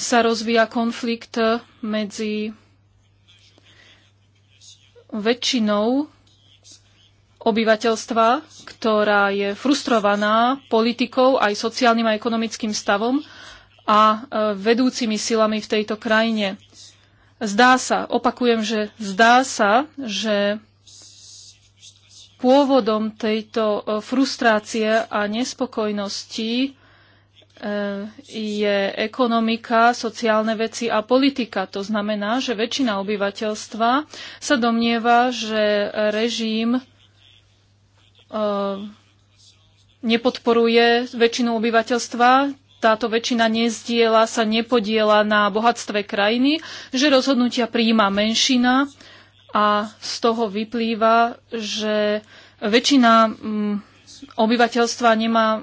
sa rozvíja konflikt medzi väčšinou obyvateľstva, ktorá je frustrovaná politikou aj sociálnym a ekonomickým stavom a e, vedúcimi silami v tejto krajine. Zdá sa, opakujem, že zdá sa, že pôvodom tejto e, frustrácie a nespokojnosti e, je ekonomika, sociálne veci a politika. To znamená, že väčšina obyvateľstva sa domnieva, že režim nepodporuje väčšinu obyvateľstva, táto väčšina nezdiela, sa nepodiela na bohatstve krajiny, že rozhodnutia prijíma menšina a z toho vyplýva, že väčšina mm, obyvateľstva nemá, e,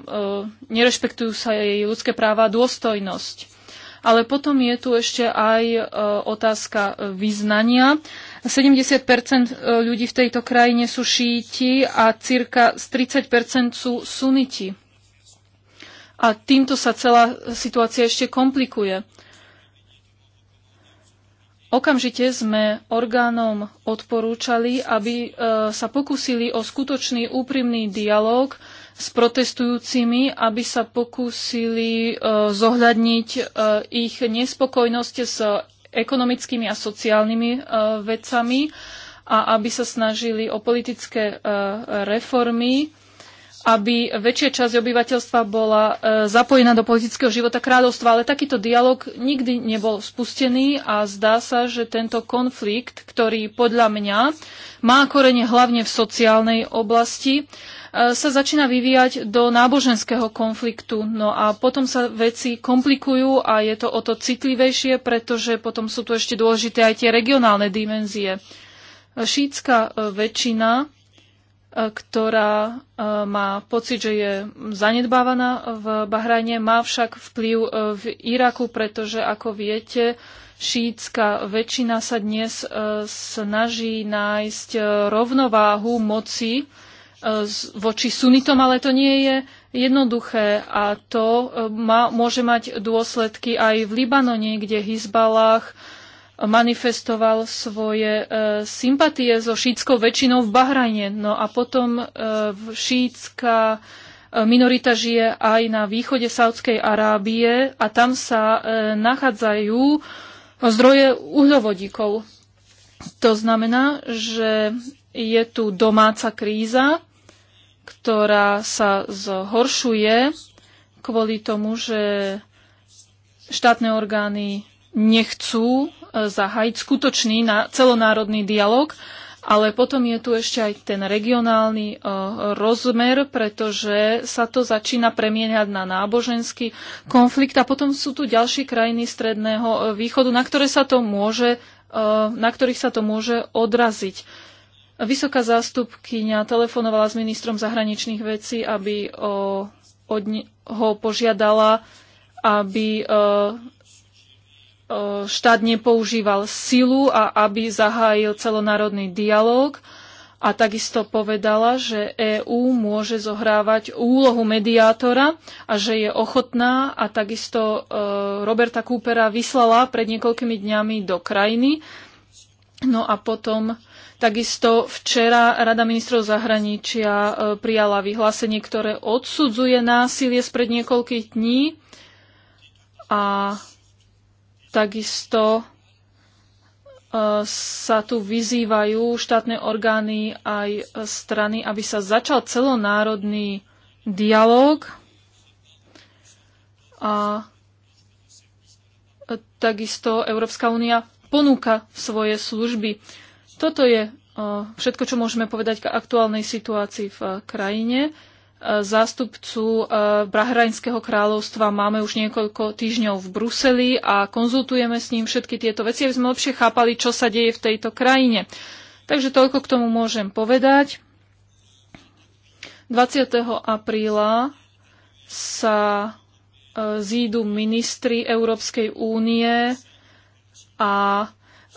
nerešpektujú sa jej ľudské práva a dôstojnosť. Ale potom je tu ešte aj e, otázka vyznania. 70 e, ľudí v tejto krajine sú šíti a cirka 30 sú suniti a týmto sa celá situácia ešte komplikuje. Okamžite sme orgánom odporúčali, aby e, sa pokúsili o skutočný úprimný dialog s protestujúcimi, aby sa pokúsili e, zohľadniť e, ich nespokojnosť s ekonomickými a sociálnymi vecami a aby sa snažili o politické reformy aby väčšia časť obyvateľstva bola e, zapojená do politického života kráľovstva, ale takýto dialog nikdy nebol spustený a zdá sa, že tento konflikt, ktorý podľa mňa má korene hlavne v sociálnej oblasti, e, sa začína vyvíjať do náboženského konfliktu. No a potom sa veci komplikujú a je to o to citlivejšie, pretože potom sú tu ešte dôležité aj tie regionálne dimenzie. Šítska e, väčšina E, ktorá e, má pocit, že je zanedbávaná v Bahrajne, má však vplyv e, v Iraku, pretože, ako viete, šítska väčšina sa dnes snaží nájsť rovnováhu moci voči sunitom, ale to nie je jednoduché a to má, môže mať dôsledky aj v Libanone, kde Hizbalách manifestoval svoje e, sympatie so šítskou väčšinou v Bahrajne. No a potom e, šítska e, minorita žije aj na východe Saudskej Arábie a tam sa e, nachádzajú zdroje uhľovodíkov. To znamená, že je tu domáca kríza, ktorá sa zhoršuje kvôli tomu, že štátne orgány nechcú E, zahájiť skutočný na celonárodný dialog, ale potom je tu ešte aj ten regionálny e, rozmer, pretože sa to začína premieňať na náboženský konflikt a potom sú tu ďalšie krajiny Stredného e, východu, na, ktoré sa to môže, na ktorých sa to môže odraziť. Vysoká zástupkyňa telefonovala s ministrom zahraničných vecí, aby o, od, ho požiadala, aby štát nepoužíval silu a aby zahájil celonárodný dialog. A takisto povedala, že EÚ môže zohrávať úlohu mediátora a že je ochotná a takisto e, Roberta Coopera vyslala pred niekoľkými dňami do krajiny. No a potom takisto včera Rada ministrov zahraničia e, prijala vyhlásenie, ktoré odsudzuje násilie spred niekoľkých dní a Takisto e, sa tu vyzývajú štátne orgány aj strany, aby sa začal celonárodný dialog a takisto Európska únia ponúka svoje služby. Toto je e, všetko, čo môžeme povedať k aktuálnej situácii v e, krajine zástupcu e, Bahrajnského kráľovstva máme už niekoľko týždňov v Bruseli a konzultujeme s ním všetky tieto veci, aby sme lepšie chápali, čo sa deje v tejto krajine. Takže toľko k tomu môžem povedať. 20. apríla sa e, zídu ministri Európskej únie a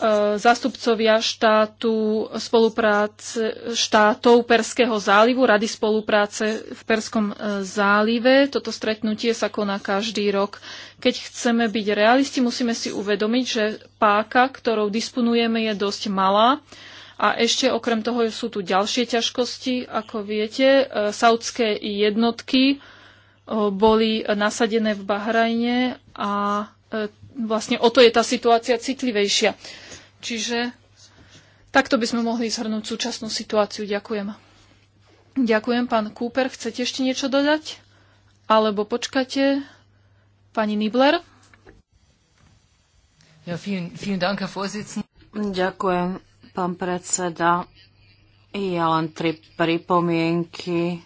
E, zástupcovia štátu, spolupráce, štátov Perského zálivu, Rady spolupráce v Perskom e, zálive. Toto stretnutie sa koná každý rok. Keď chceme byť realisti, musíme si uvedomiť, že páka, ktorou disponujeme, je dosť malá. A ešte okrem toho sú tu ďalšie ťažkosti. Ako viete, e, saudské jednotky boli nasadené v Bahrajne a vlastne o to je tá situácia citlivejšia. Čiže takto by sme mohli zhrnúť súčasnú situáciu. Ďakujem. Ďakujem, pán Cooper. Chcete ešte niečo dodať? Alebo počkate, pani Nibler? Ja, vielen, vielen Dank, Herr Ďakujem, pán predseda. Ja len tri pripomienky,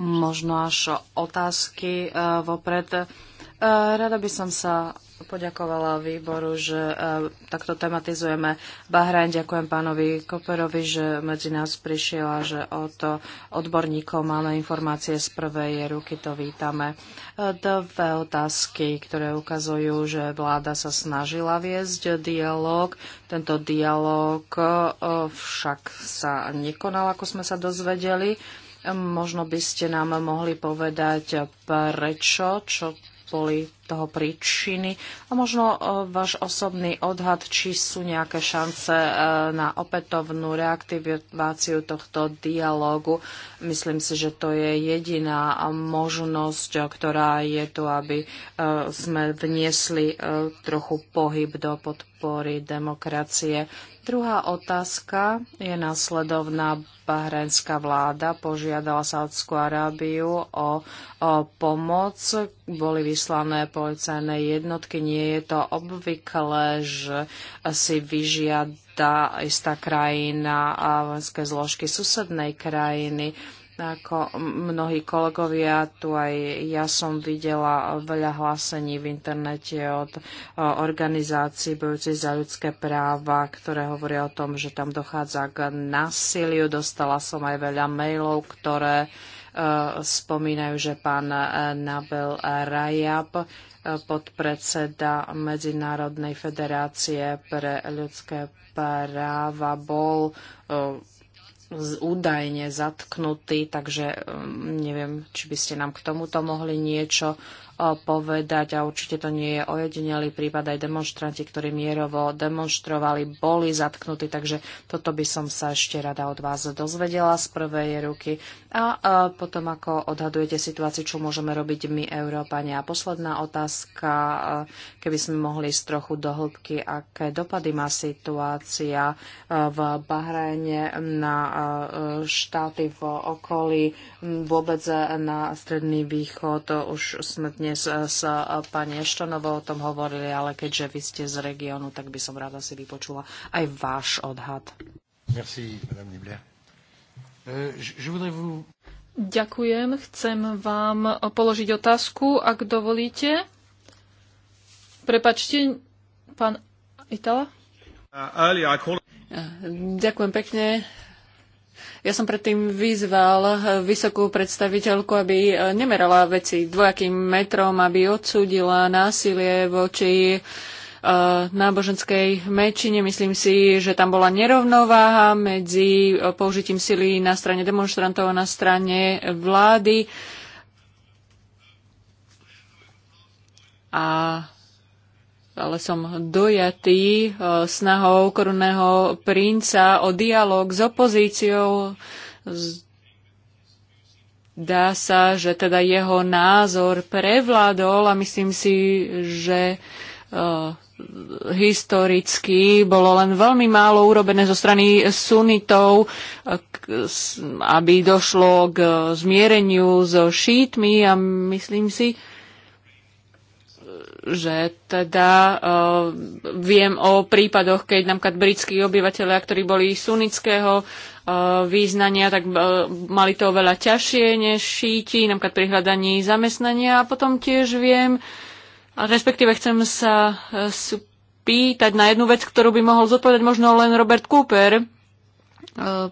možno až otázky eh, vopred. Eh, rada by som sa poďakovala výboru, že e, takto tematizujeme Bahrajn. Ďakujem pánovi Koperovi, že medzi nás prišiel a že od odborníkov máme informácie z prvej ruky. To vítame. E, dve otázky, ktoré ukazujú, že vláda sa snažila viesť dialog. Tento dialog e, však sa nekonal, ako sme sa dozvedeli. Možno by ste nám mohli povedať, prečo, čo boli toho príčiny a možno e, váš osobný odhad, či sú nejaké šance e, na opätovnú reaktiváciu tohto dialógu. Myslím si, že to je jediná možnosť, e, ktorá je tu, aby sme vniesli trochu pohyb do podporu podpory demokracie. Druhá otázka je následovná. Bahrajnská vláda požiadala Saudskú Arábiu o, o pomoc. Boli vyslané policajné jednotky. Nie je to obvyklé, že si vyžiada istá krajina a vojenské zložky susednej krajiny. Ako mnohí kolegovia, tu aj ja som videla veľa hlásení v internete od organizácií bojúcich za ľudské práva, ktoré hovoria o tom, že tam dochádza k násiliu. Dostala som aj veľa mailov, ktoré e, spomínajú, že pán e, Nabel Rajab, e, podpredseda Medzinárodnej federácie pre ľudské práva, bol údajne zatknutý, takže um, neviem, či by ste nám k tomuto mohli niečo E, povedať a určite to nie je ojedinelý prípad. Aj demonstranti, ktorí mierovo demonstrovali, boli zatknutí, takže toto by som sa ešte rada od vás dozvedela z prvej ruky. A, e, potom, ako odhadujete situáciu, čo môžeme robiť my, Európania. A posledná otázka, e, keby sme mohli ísť trochu do hĺbky, aké dopady má situácia v Bahrajne na štáty v okolí, vôbec na Stredný východ. Už sme dnes eh, s eh, pani Eštonovou o tom hovorili, ale keďže vy ste z regiónu, tak by som rada si vypočula aj váš odhad. Merci, madame Nibler. Euh, je voudrais vous... Ďakujem. Chcem vám položiť otázku, ak dovolíte. Prepačte, pán Itala. Ďakujem pekne. Ja som predtým vyzval eh, vysokú predstaviteľku, aby eh, nemerala veci dvojakým metrom, aby odsúdila násilie voči eh, náboženskej menšine. Myslím si, že tam bola nerovnováha medzi použitím sily na strane demonstrantov a na strane vlády. A ale som dojatý e, snahou korunného princa o dialog s opozíciou. Dá sa, že teda jeho názor prevládol a myslím si, že e, historicky bolo len veľmi málo urobené zo strany sunitov, aby došlo k zmiereniu so šítmi a myslím si, že teda uh, viem o prípadoch, keď napríklad britskí obyvateľia, ktorí boli sunnického uh, význania, tak uh, mali to oveľa ťažšie než šíti, napríklad pri hľadaní zamestnania. A potom tiež viem, a respektíve chcem sa uh, pýtať na jednu vec, ktorú by mohol zodpovedať možno len Robert Cooper. Uh,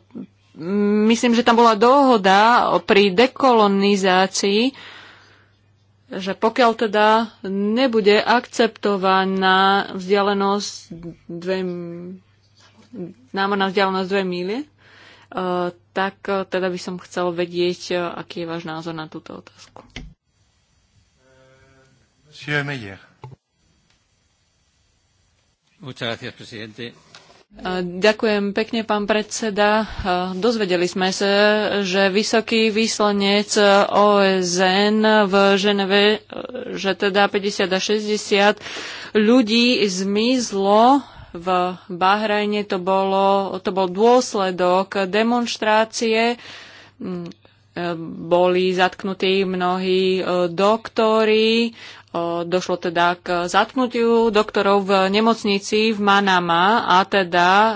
myslím, že tam bola dohoda pri dekolonizácii, že pokiaľ teda nebude akceptovaná vzdialenosť dve, námorná vzdialenosť dve míle, tak e, teda by som chcel vedieť, e, aký je váš názor na túto otázku. Monsieur Meyer. Muchas gracias, presidente. Ďakujem pekne, pán predseda. Dozvedeli sme sa, že vysoký výslanec e, OSN v Ženeve, e, že teda 50 a 60 ľudí zmizlo v Bahrajne. To, bolo, to bol dôsledok demonstrácie. Mm, e, boli zatknutí mnohí doktori, došlo teda k zatknutiu doktorov v nemocnici v Manama a teda e,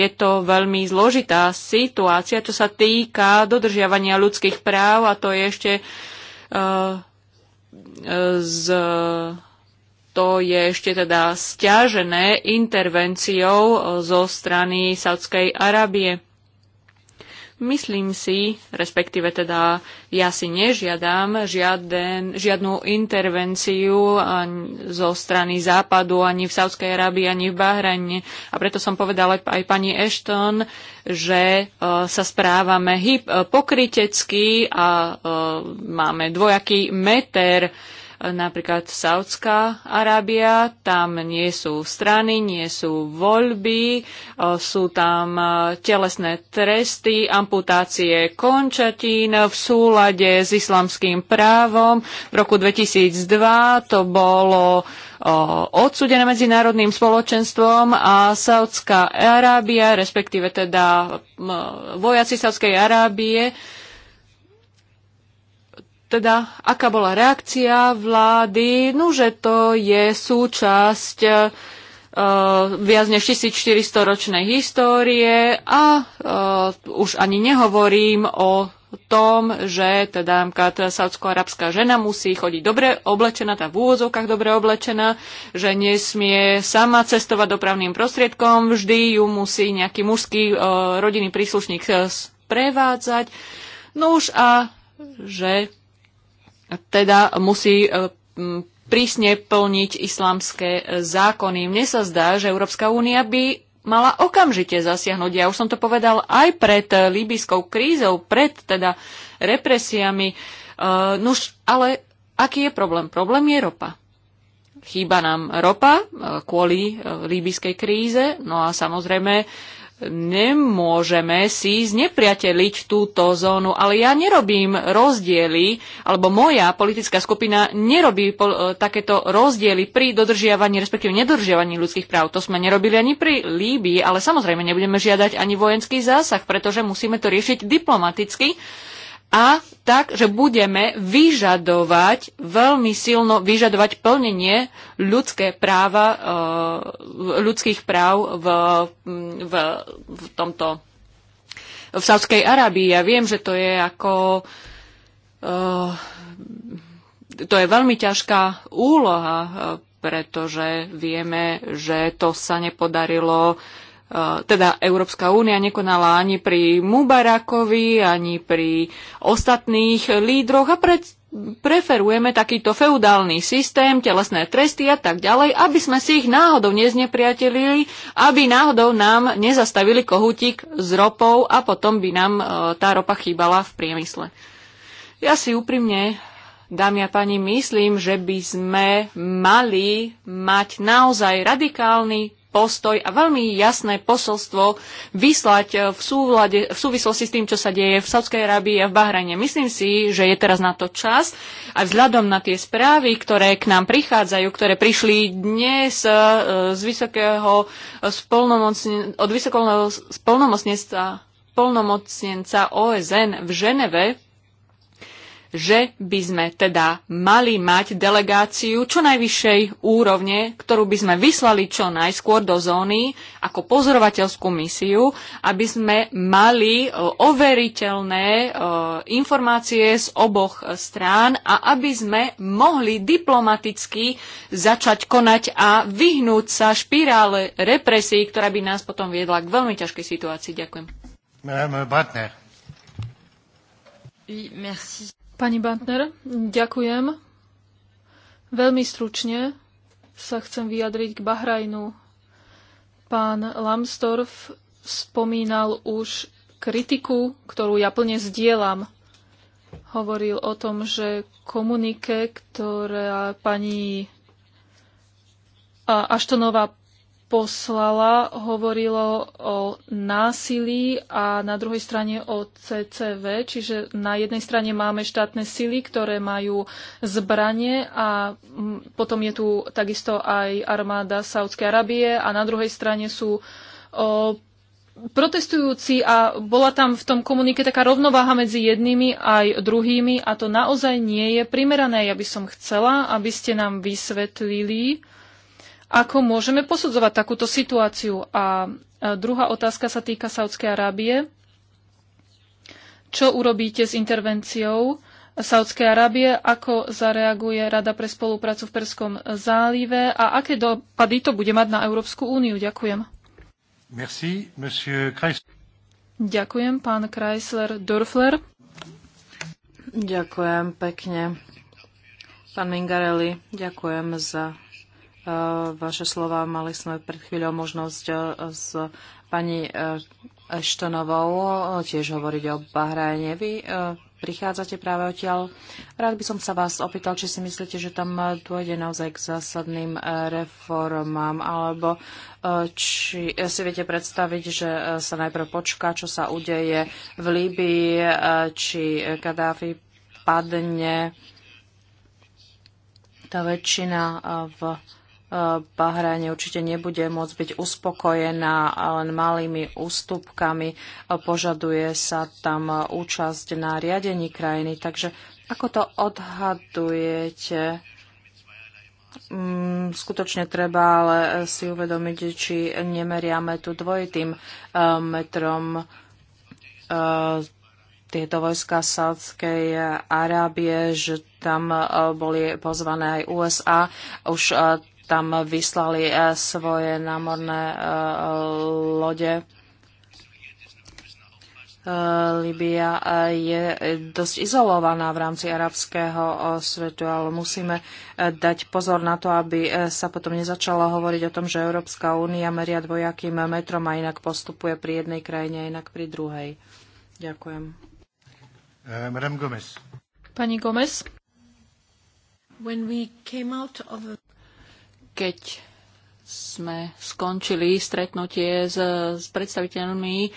je to veľmi zložitá situácia, čo sa týka dodržiavania ľudských práv a to je ešte e, e, z, to je ešte teda stiažené intervenciou zo strany Saudskej Arábie. Myslím si, respektíve teda ja si nežiadam žiaden, žiadnu intervenciu zo strany západu ani v Sávskej Arábii, ani v Bahrajne. A preto som povedala aj pani Ashton, že e, sa správame hyp- e, pokrytecky a e, máme dvojaký meter napríklad Saudská Arábia, tam nie sú strany, nie sú voľby, sú tam e, telesné tresty, amputácie končatín v súlade s islamským právom. V roku 2002 to bolo odsudené medzinárodným spoločenstvom a Saudská Arábia, respektíve teda vojaci Saudskej Arábie, teda aká bola reakcia vlády, no že to je súčasť uh, viac než 1400 ročnej histórie a uh, už ani nehovorím o tom, že teda napríklad saudsko-arabská žena musí chodiť dobre oblečená, tá v úvodzovkách dobre oblečená, že nesmie sama cestovať dopravným prostriedkom, vždy ju musí nejaký mužský uh, rodinný príslušník sprevádzať. No už a že teda musí e, prísne plniť islamské e, zákony. Mne sa zdá, že Európska únia by mala okamžite zasiahnuť. Ja už som to povedal aj pred e, líbyskou krízou, pred teda represiami. Uh, nuž, ale aký je problém? Problém je ropa. Chýba nám ropa kvôli líbyskej kríze, no a samozrejme nemôžeme si znepriateliť túto zónu, ale ja nerobím rozdiely, alebo moja politická skupina nerobí pol, e, takéto rozdiely pri dodržiavaní, respektíve nedodržiavaní ľudských práv. To sme nerobili ani pri Líbii, ale samozrejme nebudeme žiadať ani vojenský zásah, pretože musíme to riešiť diplomaticky a tak, že budeme vyžadovať, veľmi silno vyžadovať plnenie ľudské práva, eh, ľudských práv v, v, v tomto v Sávskej Arábii. Ja viem, že to je ako eh, to je veľmi ťažká úloha, eh, pretože vieme, že to sa nepodarilo E, teda Európska únia nekonala ani pri Mubarakovi, ani pri ostatných lídroch a pre, preferujeme takýto feudálny systém, telesné tresty a tak ďalej, aby sme si ich náhodou neznepriatelili, aby náhodou nám nezastavili kohutík s ropou a potom by nám e, tá ropa chýbala v priemysle. Ja si úprimne dámy a páni, myslím, že by sme mali mať naozaj radikálny postoj a veľmi jasné posolstvo vyslať eh, v, súvlade, v súvislosti s tým, čo sa deje v Saudskej Arábii a v Bahrajne. Myslím si, že je teraz na to čas a vzhľadom na tie správy, ktoré k nám prichádzajú, ktoré prišli dnes eh, z vysokého eh, od vysokého spolnomocnenca OSN v Ženeve, že by sme teda mali mať delegáciu čo najvyššej úrovne, ktorú by sme vyslali čo najskôr do zóny ako pozorovateľskú misiu, aby sme mali e, overiteľné e, informácie z oboch strán a aby sme mohli diplomaticky začať konať a vyhnúť sa špirále represí, ktorá by nás potom viedla k veľmi ťažkej situácii. Ďakujem. Madame Bratner. Oui, merci. Pani Bantner, ďakujem. Veľmi stručne sa chcem vyjadriť k Bahrajnu. Pán Lambsdorff spomínal už kritiku, ktorú ja plne zdieľam. Hovoril o tom, že komunike, ktorá pani Aštonová poslala, hovorilo o násilí a na druhej strane o CCV, čiže na jednej strane máme štátne sily, ktoré majú zbranie a mm, potom je tu takisto aj armáda Saudskej Arábie a na druhej strane sú o, protestujúci a bola tam v tom komunike taká rovnováha medzi jednými aj druhými a to naozaj nie je primerané. Ja by som chcela, aby ste nám vysvetlili, ako môžeme posudzovať takúto situáciu? A druhá otázka sa týka Saudskej Arábie. Čo urobíte s intervenciou Saudskej Arábie? Ako zareaguje Rada pre spoluprácu v Perskom zálive? A aké dopady to bude mať na Európsku úniu? Ďakujem. Merci, monsieur Kreisler. Ďakujem, pán Chrysler Dörfler. Ďakujem pekne. Pán Mingarelli, ďakujem za E, vaše slova. Mali sme pred chvíľou možnosť e, s pani e, Eštonovou tiež hovoriť o Bahrajne. Vy prichádzate práve odtiaľ. Rád by som sa vás opýtal, či si myslíte, že tam dôjde naozaj k zásadným reformám, alebo či si viete predstaviť, že sa najprv počká, čo sa udeje v Líbii, či Kadáfi padne tá väčšina v Bahrajne určite nebude môcť byť uspokojená len malými ústupkami. Požaduje sa tam účasť na riadení krajiny. Takže ako to odhadujete? Mm, skutočne treba ale si uvedomiť, či nemeriame tu dvojitým eh, metrom eh, tieto vojska Sádskej Arábie, že tam eh, boli pozvané aj USA. Už tam vyslali eh, svoje námorné eh, lode. Eh, Libia je dosť izolovaná v rámci arabského svetu, ale musíme dať pozor na to, aby sa potom nezačalo hovoriť o tom, že Európska únia meria dvojakým metrom a inak postupuje pri jednej krajine a inak pri druhej. Ďakujem. Madame Gomez. Pani Gomez. When we came out of keď sme skončili stretnutie s, s predstaviteľmi e,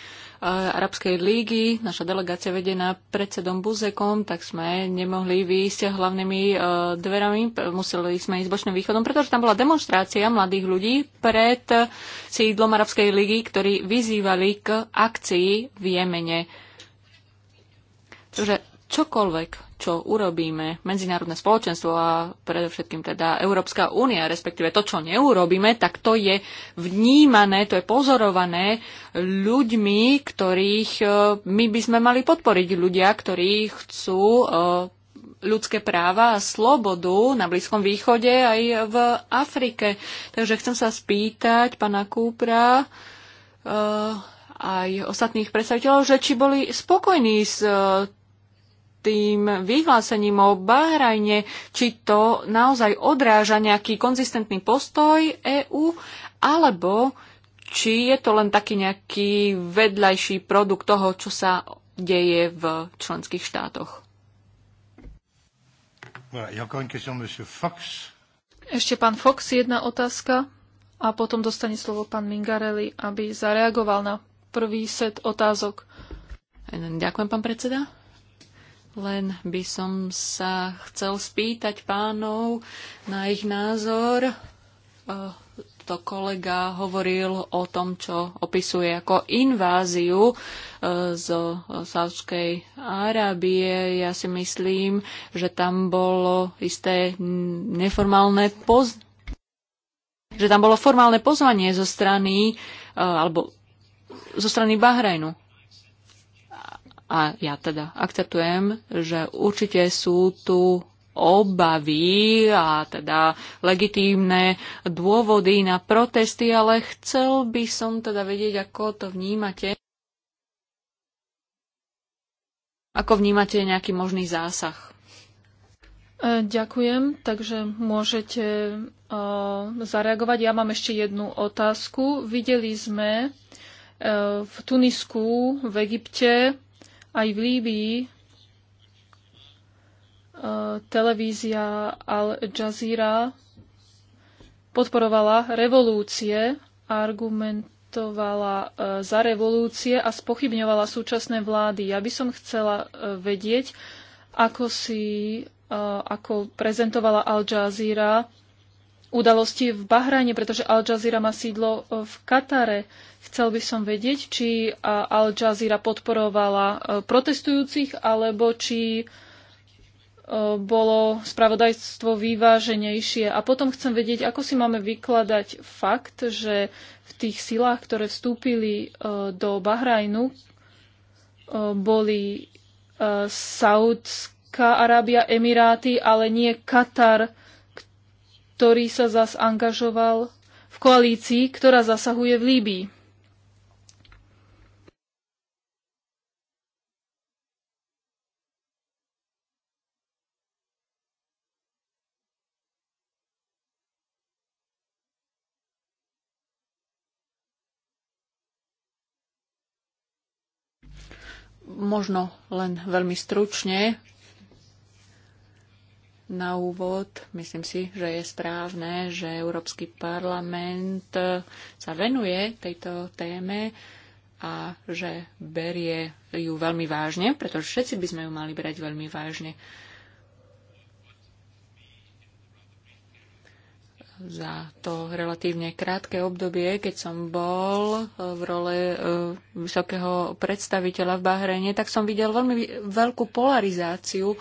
Arabskej lígy, naša delegácia vedená predsedom Buzekom, tak sme nemohli výjsť hlavnými e, dverami, museli sme ísť bočným východom, pretože tam bola demonstrácia mladých ľudí pred sídlom Arabskej lígy, ktorí vyzývali k akcii v Jemene. Takže čokoľvek, čo urobíme, medzinárodné spoločenstvo a predovšetkým teda Európska únia, respektíve to, čo neurobíme, tak to je vnímané, to je pozorované ľuďmi, ktorých e, my by sme mali podporiť. Ľudia, ktorí chcú e, ľudské práva a slobodu na Blízkom východe aj v Afrike. Takže chcem sa spýtať pána Kúpra e, aj ostatných predstaviteľov, že či boli spokojní s tým vyhlásením o Bahrajne, či to naozaj odráža nejaký konzistentný postoj EÚ, alebo či je to len taký nejaký vedľajší produkt toho, čo sa deje v členských štátoch. Ešte pán Fox, jedna otázka a potom dostane slovo pán Mingarelli, aby zareagoval na prvý set otázok. Ďakujem, pán predseda. Len by som sa chcel spýtať pánov na ich názor. E, to kolega hovoril o tom, čo opisuje ako inváziu e, z Sávskej Arábie. Ja si myslím, že tam bolo isté neformálne poz že tam bolo formálne pozvanie zo strany, e, alebo zo strany Bahrajnu. A ja teda akceptujem, že určite sú tu obavy a teda legitímne dôvody na protesty, ale chcel by som teda vedieť, ako to vnímate. Ako vnímate nejaký možný zásah? E, ďakujem, takže môžete e, zareagovať. Ja mám ešte jednu otázku. Videli sme e, v Tunisku, v Egypte aj v Líbii e, televízia Al Jazeera podporovala revolúcie, argumentovala e, za revolúcie a spochybňovala súčasné vlády. Ja by som chcela e, vedieť, ako si ako prezentovala Al Jazeera udalosti v Bahrajne, pretože Al Jazeera má sídlo e, v Katare. Chcel by som vedieť, či Al Jazeera podporovala e, protestujúcich, alebo či e, bolo spravodajstvo vyváženejšie. A potom chcem vedieť, ako si máme vykladať fakt, že v tých silách, ktoré vstúpili do Bahrajnu, boli Saudská Arábia, Emiráty, ale nie Katar, ktorý sa zas angažoval v koalícii, ktorá zasahuje v Líbii. možno len veľmi stručne na úvod. Myslím si, že je správne, že Európsky parlament sa venuje tejto téme a že berie ju veľmi vážne, pretože všetci by sme ju mali brať veľmi vážne. za to relatívne krátke obdobie, keď som bol eh, v role eh, vysokého predstaviteľa v Bahrejne, tak som videl veľmi veľkú polarizáciu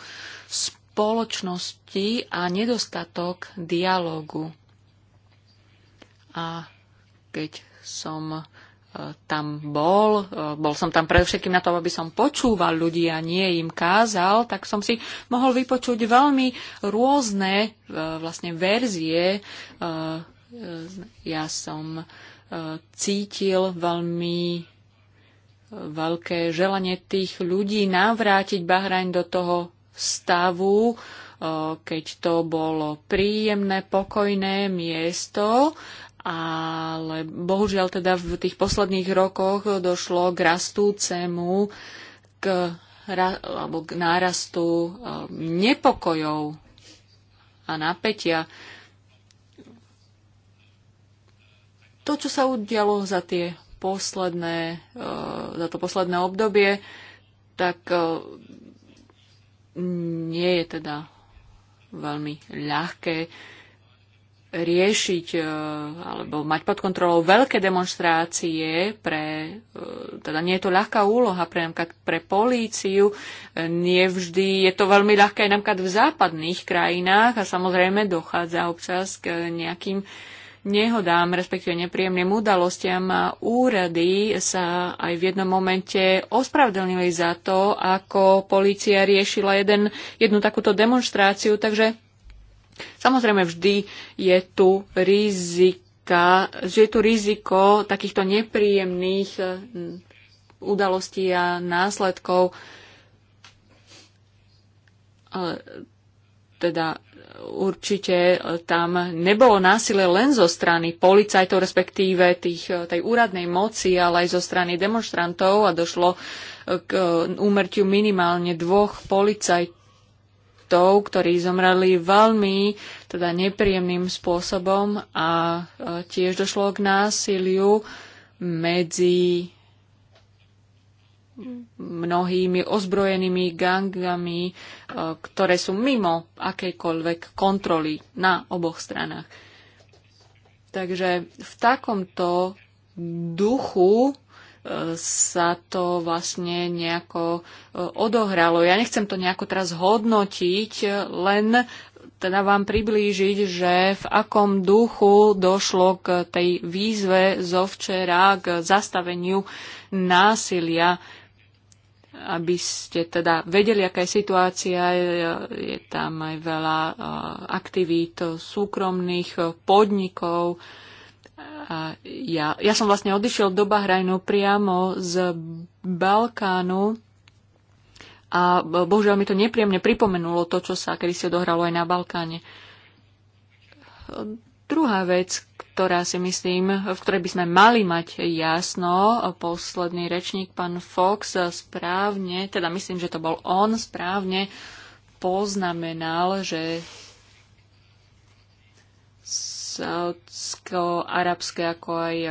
spoločnosti a nedostatok dialogu. A keď som e, tam bol, e, bol som tam predovšetkým na to, aby som počúval ľudí a nie im kázal, tak som si mohol vypočuť veľmi rôzne e, vlastne verzie. Ja som cítil veľmi veľké želanie tých ľudí navrátiť Bahrajn do toho stavu, eh, keď to bolo príjemné, pokojné miesto, ale bohužiaľ teda v tých posledných rokoch došlo k rastúcemu k, alebo k nárastu eh, nepokojov a napätia. To, čo sa udialo za tie posledné, eh, za to posledné obdobie, tak nie je teda veľmi ľahké riešiť e, alebo mať pod kontrolou veľké demonstrácie pre, e, teda nie je to ľahká úloha pre, pre políciu, e, nie vždy je to veľmi ľahké aj napríklad v západných krajinách a samozrejme dochádza občas k nejakým uh, nehodám, respektíve nepríjemným udalostiam a úrady sa aj v jednom momente ospravedlnili za to, ako polícia riešila jeden, jednu takúto demonstráciu, takže Samozrejme, vždy je tu rizika, že je tu riziko takýchto nepríjemných eh, udalostí a následkov. Teda určite e, tam nebolo násilie len zo strany policajtov, respektíve tých, e, tej úradnej moci, ale aj zo strany demonstrantov a došlo e, k úmrtiu minimálne dvoch policajtov, ktorí zomreli veľmi teda nepríjemným spôsobom a tiež došlo k násiliu medzi mnohými ozbrojenými gangami, e, ktoré sú mimo akejkoľvek kontroly na oboch stranách. Takže v takomto duchu e, sa to vlastne nejako e, odohralo. Ja nechcem to nejako teraz hodnotiť, len teda vám priblížiť, že v akom duchu došlo k tej výzve zo včera k zastaveniu násilia aby ste teda vedeli, aká je situácia. Je tam aj veľa eh, aktivít súkromných eh, podnikov. A ja, ja som vlastne odišiel do Bahrajnu priamo z Balkánu a bohužiaľ mi to nepriemne pripomenulo to, čo sa kedy si odohralo aj na Balkáne. Druhá vec, ktorá si myslím, v ktorej by sme mali mať jasno, posledný rečník, pán Fox, správne, teda myslím, že to bol on, správne poznamenal, že saudsko-arabské ako aj eh,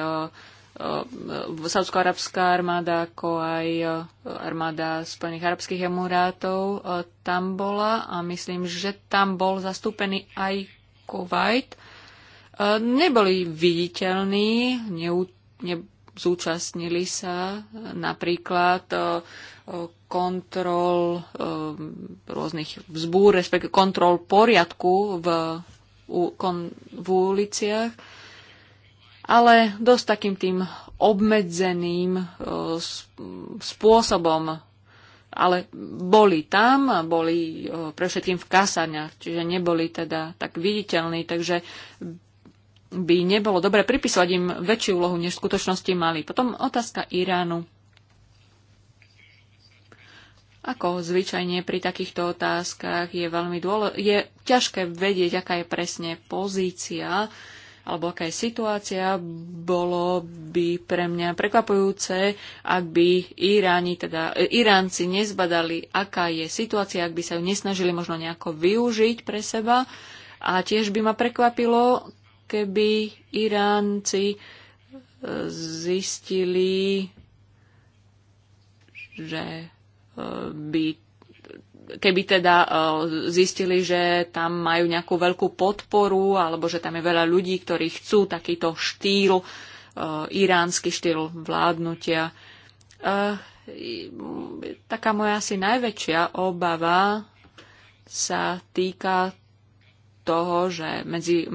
eh, saudsko-arabská armáda, ako aj eh, armáda Spojených arabských emirátov tam bola a myslím, že tam bol zastúpený aj Kuwait neboli viditeľní, neú, ne, zúčastnili sa napríklad e, e, kontrol e, rôznych vzbúr, respektíve kontrol poriadku v, v uliciach, ale dosť takým tým obmedzeným spôsobom. Ale boli tam, boli pre všetkým v kasaniach, čiže neboli teda tak viditeľní, takže by nebolo dobre pripísať im väčšiu úlohu, než v skutočnosti mali. Potom otázka Iránu. Ako zvyčajne pri takýchto otázkach je veľmi dôle- je ťažké vedieť, aká je presne pozícia alebo aká je situácia, bolo by pre mňa prekvapujúce, ak by Iráni, teda, e, Iránci nezbadali, aká je situácia, ak by sa ju nesnažili možno nejako využiť pre seba. A tiež by ma prekvapilo, keby Iránci e, zistili, že e, by keby teda e, zistili, že tam majú nejakú veľkú podporu alebo že tam je veľa ľudí, ktorí chcú takýto štýl, iránsky štýl vládnutia. Taká moja asi najväčšia obava sa týka toho, že medzi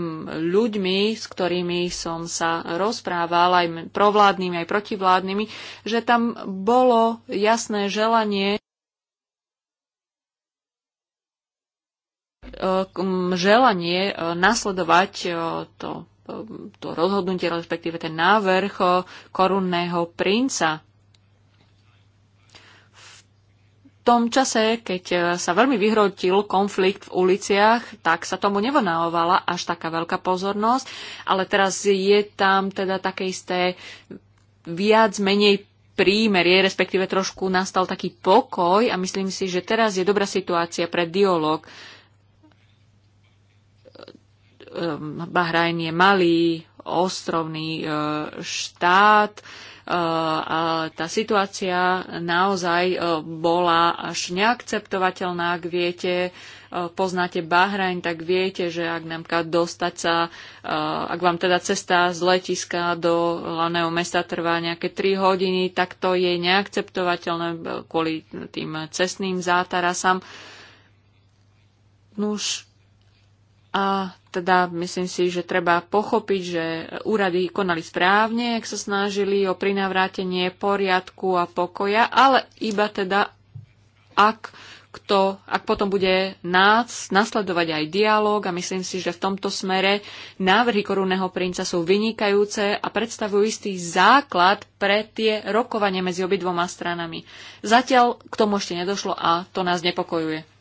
ľuďmi, s ktorými som sa rozprával, aj provládnymi, aj protivládnymi, že tam bolo jasné želanie e, želanie e, nasledovať e, to, to rozhodnutie, respektíve ten návrh korunného princa tom čase, keď e, sa veľmi vyhrotil konflikt v uliciach, tak sa tomu nevonávala až taká veľká pozornosť, ale teraz je tam teda také isté viac menej prímerie, respektíve trošku nastal taký pokoj a myslím si, že teraz je dobrá situácia pre dialog. E, e, Bahrajn je malý, ostrovný štát, a tá situácia naozaj e, bola až neakceptovateľná, ak viete, e, poznáte Bahrajn, tak viete, že ak nám dostať sa, e, ak vám teda cesta z letiska do hlavného mesta trvá nejaké 3 hodiny, tak to je neakceptovateľné kvôli tým cestným zátarasám. Nuž, a teda myslím si, že treba pochopiť, že úrady konali správne, ak sa snažili o prinavrátenie poriadku a pokoja, ale iba teda ak kto, ak potom bude nás nasledovať aj dialog a myslím si, že v tomto smere návrhy korunného princa sú vynikajúce a predstavujú istý základ pre tie rokovanie medzi obidvoma stranami. Zatiaľ k tomu ešte nedošlo a to nás nepokojuje.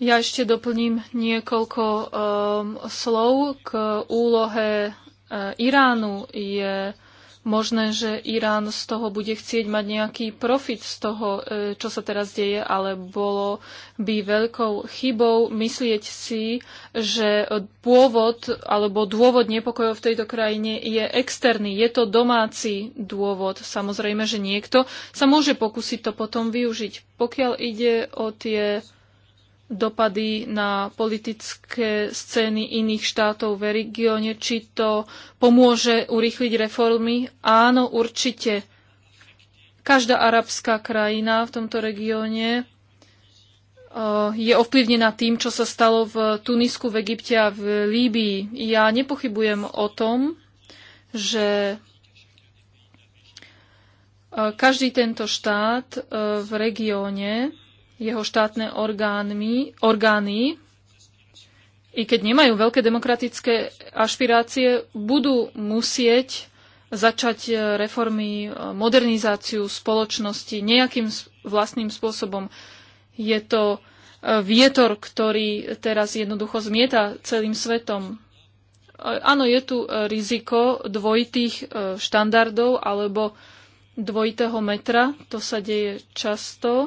Ja ešte doplním niekoľko um, slov k úlohe uh, Iránu. Je možné, že Irán z toho bude chcieť mať nejaký profit z toho, uh, čo sa teraz deje, ale bolo by veľkou chybou myslieť si, že pôvod alebo dôvod nepokojov v tejto krajine je externý. Je to domáci dôvod. Samozrejme, že niekto sa môže pokúsiť to potom využiť. Pokiaľ ide o tie dopady na politické scény iných štátov v regióne, či to pomôže urýchliť reformy. Áno, určite. Každá arabská krajina v tomto regióne eh, je ovplyvnená tým, čo sa stalo v Tunisku, v Egypte a v Líbii. Ja nepochybujem o tom, že eh, každý tento štát eh, v regióne jeho štátne orgánmi, orgány, i keď nemajú veľké demokratické ašpirácie, budú musieť začať e, reformy, e, modernizáciu spoločnosti nejakým vlastným spôsobom. Je to e, vietor, ktorý teraz jednoducho zmieta celým svetom. Áno, je tu riziko dvojitých štandardov alebo dvojitého metra. To sa deje často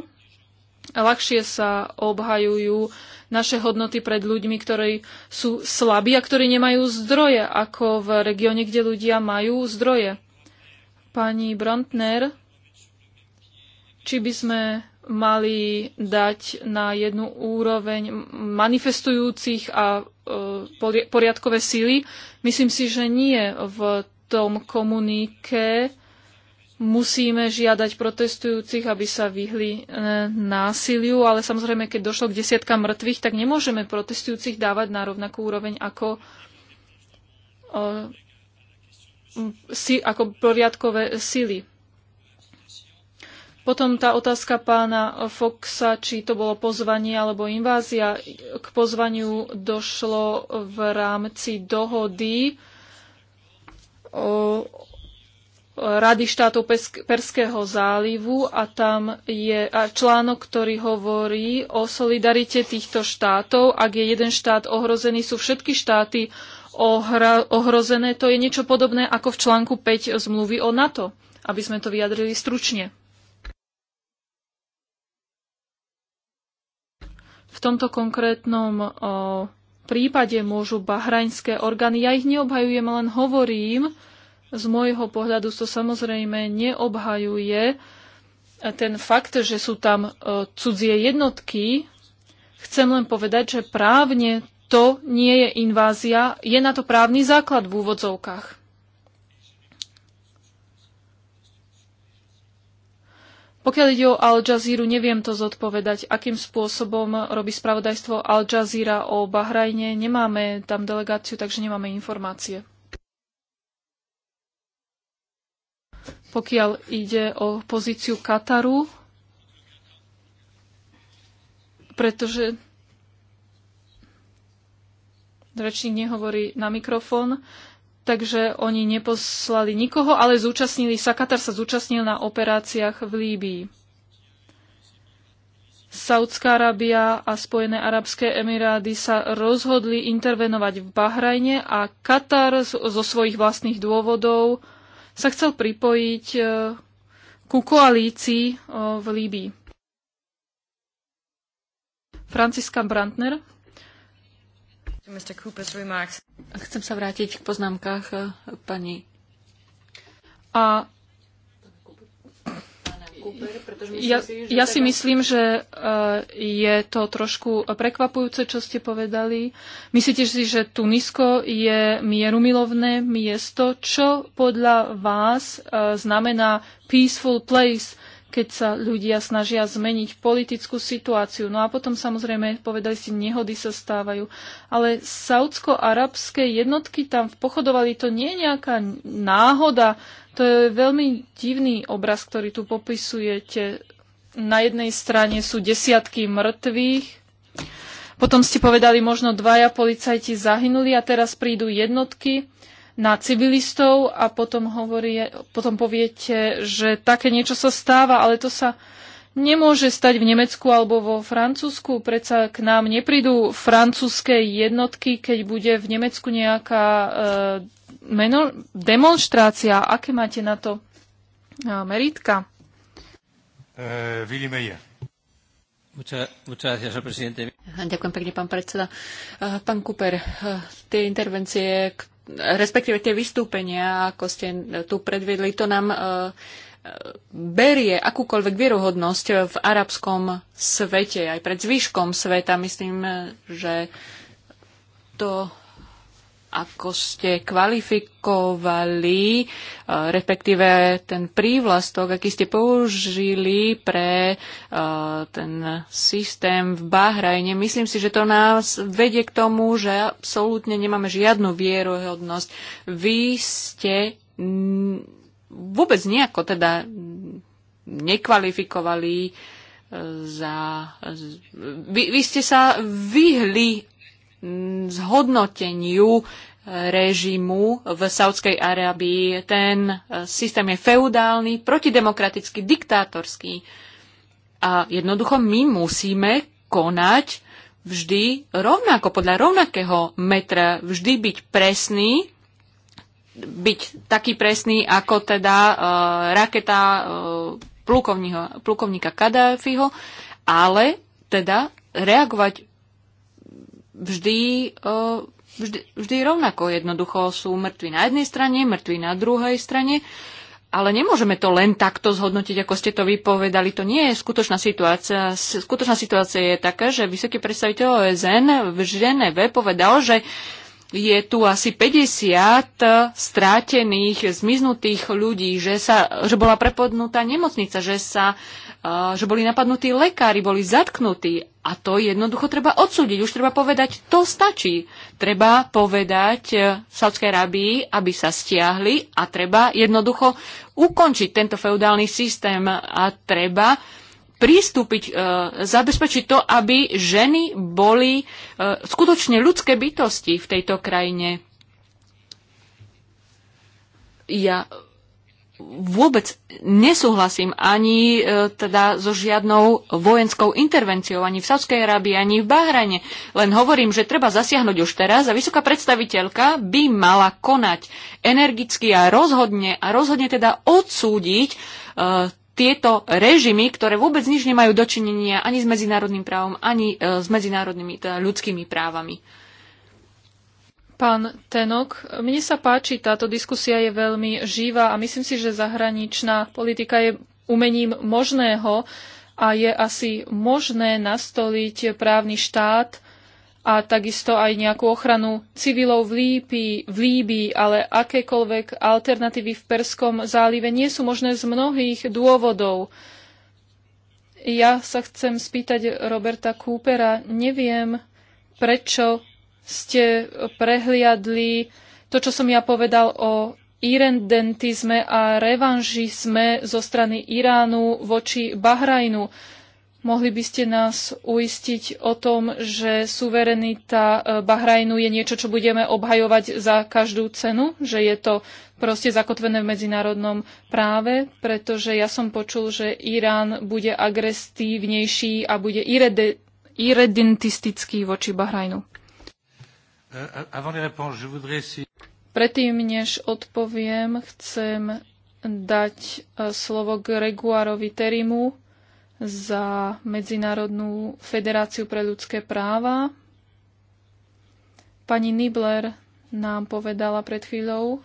ľahšie sa obhajujú naše hodnoty pred ľuďmi, ktorí sú slabí a ktorí nemajú zdroje, ako v regióne, kde ľudia majú zdroje. Pani Brantner, či by sme mali dať na jednu úroveň manifestujúcich a e, poriadkové síly? Myslím si, že nie. V tom komunike musíme žiadať protestujúcich, aby sa vyhli e, násiliu, ale samozrejme, keď došlo k desiatkám mŕtvych, tak nemôžeme protestujúcich dávať na rovnakú úroveň ako, e, si, ako poriadkové sily. Potom tá otázka pána Foxa, či to bolo pozvanie alebo invázia. K pozvaniu došlo v rámci dohody o, Rady štátov Perského zálivu a tam je článok, ktorý hovorí o solidarite týchto štátov. Ak je jeden štát ohrozený, sú všetky štáty ohrozené. To je niečo podobné ako v článku 5 zmluvy o NATO, aby sme to vyjadrili stručne. V tomto konkrétnom o, prípade môžu bahrajnské orgány, ja ich neobhajujem, len hovorím, z môjho pohľadu to samozrejme neobhajuje ten fakt, že sú tam e, cudzie jednotky. Chcem len povedať, že právne to nie je invázia, je na to právny základ v úvodzovkách. Pokiaľ ide o Al Jazeera, neviem to zodpovedať, akým spôsobom robí spravodajstvo Al Jazeera o Bahrajne. Nemáme tam delegáciu, takže nemáme informácie. Pokiaľ ide o pozíciu Kataru, pretože rečník nehovorí na mikrofón, takže oni neposlali nikoho, ale zúčastnili sa, Katar sa zúčastnil na operáciách v Líbii. Saudská Arábia a Spojené arabské emirády sa rozhodli intervenovať v Bahrajne a Katar zo svojich vlastných dôvodov sa chcel pripojiť e, ku koalícii e, v Líbii. Franciska Brandner. Chcem sa vrátiť k poznámkach e, pani. A Cooper, pretože myslím ja, si, že ja si teda- myslím, že eh, je to trošku prekvapujúce, čo ste povedali. Myslíte si, že Tunisko je mierumilovné miesto? Čo podľa vás eh, znamená peaceful place, keď sa ľudia snažia zmeniť politickú situáciu? No a potom samozrejme, povedali ste, nehody sa stávajú. Ale saudsko-arabské jednotky tam pochodovali, to nie je nejaká náhoda, to je veľmi divný obraz, ktorý tu popisujete. Na jednej strane sú desiatky mŕtvych, potom ste povedali, možno dvaja policajti zahynuli a teraz prídu jednotky na civilistov a potom, hovorí, potom poviete, že také niečo sa stáva, ale to sa nemôže stať v Nemecku alebo vo Francúzsku. Predsa k nám neprídu francúzske jednotky, keď bude v Nemecku nejaká e, meno, demonstrácia. Aké máte na to meritka? Vili eh, Meyer. Ďakujem pekne, pán predseda. Eh, pán Cooper, eh, tie intervencie, respektíve tie vystúpenia, ako ste tu predviedli, to nám berie akúkoľvek vierohodnosť v arabskom svete, aj pred zvyškom sveta. Myslím, že to ako ste kvalifikovali, eh, respektíve ten prívlastok, aký ste použili pre eh, ten systém v Bahrajne. Myslím si, že to nás vedie k tomu, že absolútne nemáme žiadnu vierohodnosť. Vy ste vôbec nejako teda nekvalifikovali eh, za... Vy, vy ste sa vyhli zhodnoteniu režimu v Saudskej Arábii. Ten e, systém je feudálny, protidemokratický, diktátorský. A jednoducho my musíme konať vždy rovnako, podľa rovnakého metra, vždy byť presný, byť taký presný, ako teda uh, raketa uh, plukovníka Kadáfiho, ale teda reagovať vždy, vždy, vždy rovnako. Jednoducho sú mŕtvi na jednej strane, mŕtvi na druhej strane. Ale nemôžeme to len takto zhodnotiť, ako ste to vypovedali. To nie je skutočná situácia. Skutočná situácia je taká, že vysoký predstaviteľ OSN v Ženeve povedal, že je tu asi 50 strátených, zmiznutých ľudí, že, sa, že bola prepodnutá nemocnica, že sa uh, že boli napadnutí lekári, boli zatknutí. A to jednoducho treba odsúdiť. Už treba povedať, to stačí. Treba povedať eh, Saudskej Arábii, aby sa stiahli a treba jednoducho ukončiť tento feudálny systém a treba prístupiť, eh, zabezpečiť to, aby ženy boli eh, skutočne ľudské bytosti v tejto krajine. Ja vôbec nesúhlasím ani e, teda so žiadnou vojenskou intervenciou, ani v Saudskej Arábii, ani v Bahrajne. Len hovorím, že treba zasiahnuť už teraz a vysoká predstaviteľka by mala konať energicky a rozhodne, a rozhodne teda odsúdiť e, tieto režimy, ktoré vôbec nič nemajú dočinenia ani s medzinárodným právom, ani e, s medzinárodnými teda ľudskými právami. Pán Tenok, mne sa páči, táto diskusia je veľmi živá a myslím si, že zahraničná politika je umením možného a je asi možné nastoliť právny štát a takisto aj nejakú ochranu civilov v, Lípii, v Líbii, ale akékoľvek alternatívy v Perskom zálive nie sú možné z mnohých dôvodov. Ja sa chcem spýtať Roberta Coopera, neviem, prečo ste prehliadli to, čo som ja povedal o irendentizme a revanžizme zo strany Iránu voči Bahrajnu. Mohli by ste nás uistiť o tom, že suverenita e, Bahrajnu je niečo, čo budeme obhajovať za každú cenu, že je to proste zakotvené v medzinárodnom práve, pretože ja som počul, že Irán bude agresívnejší a bude irredentistický voči Bahrajnu. Predtým, než odpoviem, chcem dať e, slovo Greguárovi Terimu za Medzinárodnú federáciu pre ľudské práva. Pani Nibler nám povedala pred chvíľou,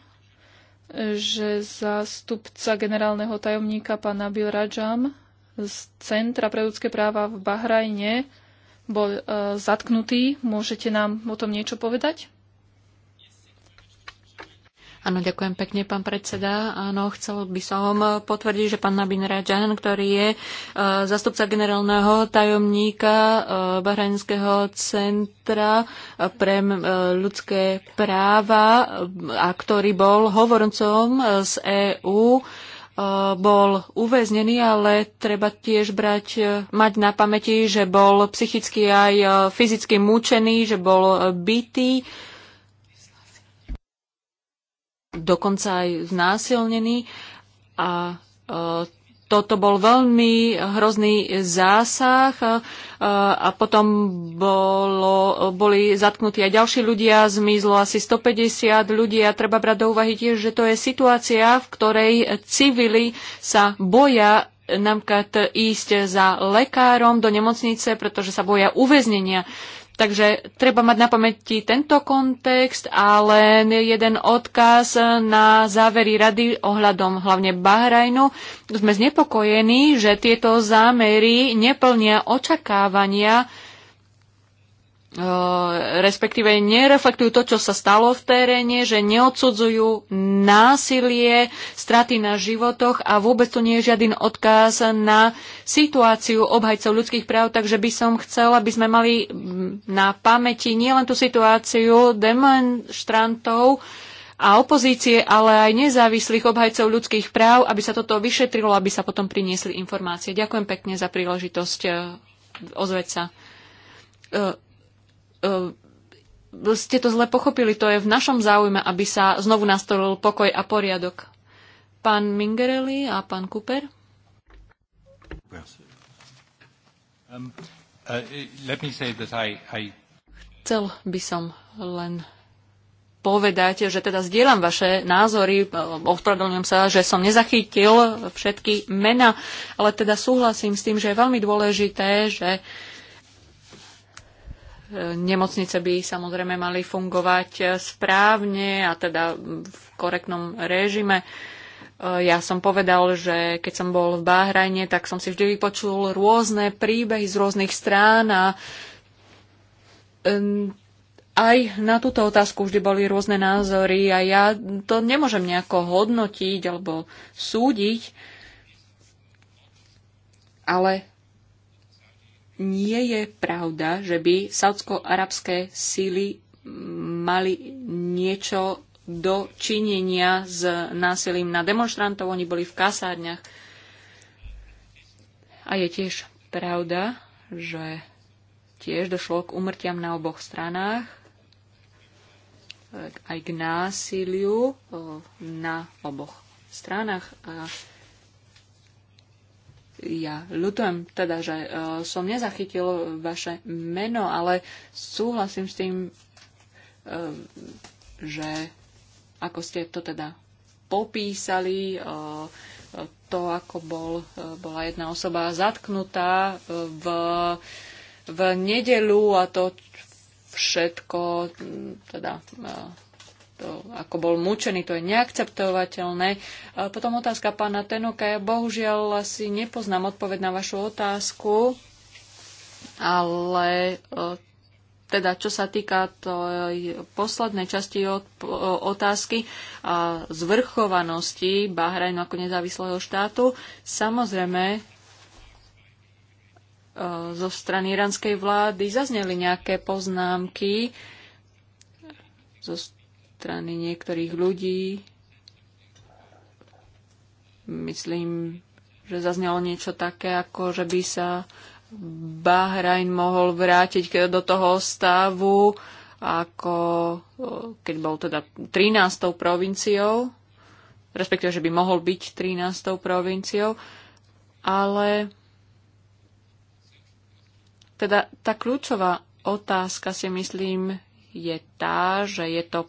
že zástupca generálneho tajomníka pána Bill Rajam z Centra pre ľudské práva v Bahrajne bol e, zatknutý. Môžete nám o tom niečo povedať? Áno, ďakujem pekne, pán predseda. Áno, chcel by som e, potvrdiť, že pán Nabin Rajan, ktorý je e, zastupca generálneho tajomníka uh, Bahrajnského centra pre ľudské práva a ktorý bol hovorcom z EÚ, bol uväznený, ale treba tiež brať, e, mať na pamäti, že bol psychicky aj e, fyzicky mučený, že bol e, bitý, dokonca aj znásilnený a toto bol veľmi hrozný zásah e, a potom bolo, boli zatknutí aj ďalší ľudia, zmizlo asi 150 ľudí a treba brať do úvahy tiež, že to je situácia, v ktorej civili sa boja napríklad ísť za lekárom do nemocnice, pretože sa boja uväznenia. Takže treba mať na pamäti tento kontext a len jeden odkaz na závery rady ohľadom hlavne Bahrajnu. Sme znepokojení, že tieto zámery neplnia očakávania, e, respektíve nereflektujú to, čo sa stalo v teréne, že neodsudzujú násilie, straty na životoch a vôbec tu nie je žiaden odkaz na situáciu obhajcov ľudských práv, takže by som chcela, aby sme mali na pamäti nielen tú situáciu demonstrantov a opozície, ale aj nezávislých obhajcov ľudských práv, aby sa toto vyšetrilo, aby sa potom priniesli informácie. Ďakujem pekne za príležitosť e, ozveť sa. E, e, ste to zle pochopili, to je v našom záujme, aby sa znovu nastolil pokoj a poriadok. Pán Mingerelli a pán Cooper. Um, Uh, let me say that I, I... Chcel by som len povedať, že teda zdieľam vaše názory, ospravedlňujem sa, že som nezachytil všetky mena, ale teda súhlasím s tým, že je veľmi dôležité, že e, nemocnice by samozrejme mali fungovať e, správne a teda v korektnom režime. Eh, ja som povedal, že keď som bol v Báhrajne, tak som si vždy vypočul rôzne príbehy z rôznych strán a aj na túto otázku vždy boli rôzne názory a ja to nemôžem nejako hodnotiť alebo súdiť, ale nie je pravda, že by saudsko-arabské síly mali niečo do činenia s násilím na demonstrantov. Oni boli v kasárniach. A je tiež pravda, že tiež došlo k umrtiam na oboch stranách, aj k násiliu na oboch stranách. A ja ľutujem teda, že som nezachytil vaše meno, ale súhlasím s tým, že ako ste to teda popísali, e, e, to, ako bol, e, bola jedna osoba zatknutá v, v nedelu a to všetko, teda to, ako bol mučený, to je neakceptovateľné. Potom otázka pána Tenoka. Ja bohužiaľ asi nepoznám odpoveď na vašu otázku, ale teda čo sa týka tej poslednej časti otázky a zvrchovanosti Bahrajnu ako nezávislého štátu, samozrejme e, zo strany iránskej vlády zazneli nejaké poznámky zo strany niektorých ľudí. Myslím, že zaznelo niečo také, ako že by sa Bahrajn mohol vrátiť do toho stavu, ako keď bol teda 13. provinciou, respektíve, že by mohol byť 13. provinciou, ale teda tá kľúčová otázka si myslím je tá, že je to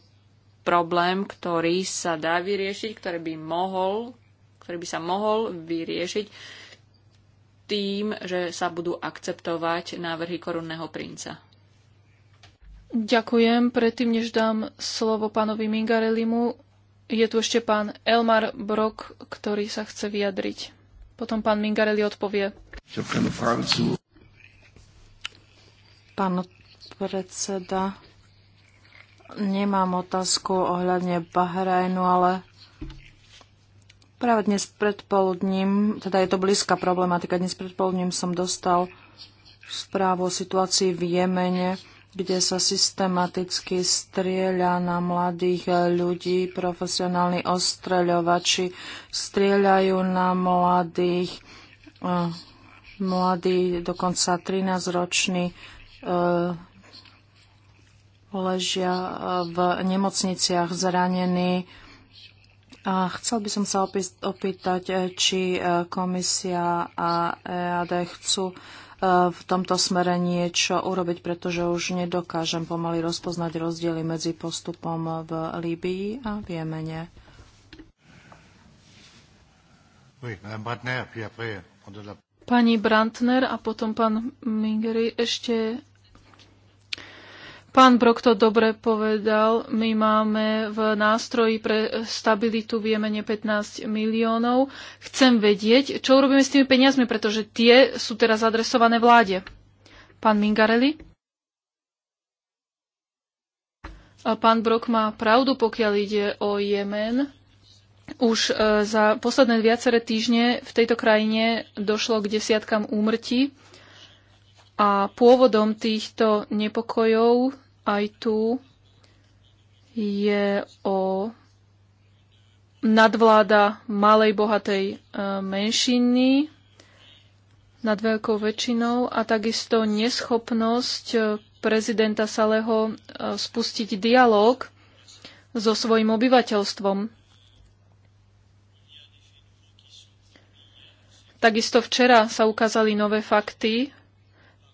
problém, ktorý sa dá vyriešiť, ktorý by mohol, ktorý by sa mohol vyriešiť tým, že sa budú akceptovať návrhy korunného princa. Ďakujem. Predtým, než dám slovo pánovi Mingarelimu, je tu ešte pán Elmar Brok, ktorý sa chce vyjadriť. Potom pán Mingareli odpovie. Pán predseda, nemám otázku ohľadne Bahrajnu, ale Práve dnes predpoludním, teda je to blízka problematika, dnes predpoludním som dostal správu o situácii v Jemene, kde sa systematicky strieľa na mladých ľudí, profesionálni ostreľovači strieľajú na mladých, eh, mladí, dokonca 13-roční eh, ležia eh, v nemocniciach zranení a chcel by som sa opýtať, eh, či eh, komisia a EAD chcú eh, v tomto smere niečo urobiť, pretože už nedokážem pomaly rozpoznať rozdiely medzi postupom v Líbii a v Jemene. Pani Brantner a potom pán Mingeri ešte Pán Brok to dobre povedal. My máme v nástroji pre stabilitu v Jemene 15 miliónov. Chcem vedieť, čo urobíme s tými peniazmi, pretože tie sú teraz adresované vláde. Pán Mingarelli? A pán Brok má pravdu, pokiaľ ide o Jemen. Už e, za posledné viaceré týždne v tejto krajine došlo k desiatkám úmrtí a pôvodom týchto nepokojov aj tu je o nadvláda malej bohatej e, menšiny nad veľkou väčšinou a takisto neschopnosť e, prezidenta Saleho e, spustiť dialog so svojim obyvateľstvom. Takisto včera sa ukázali nové fakty.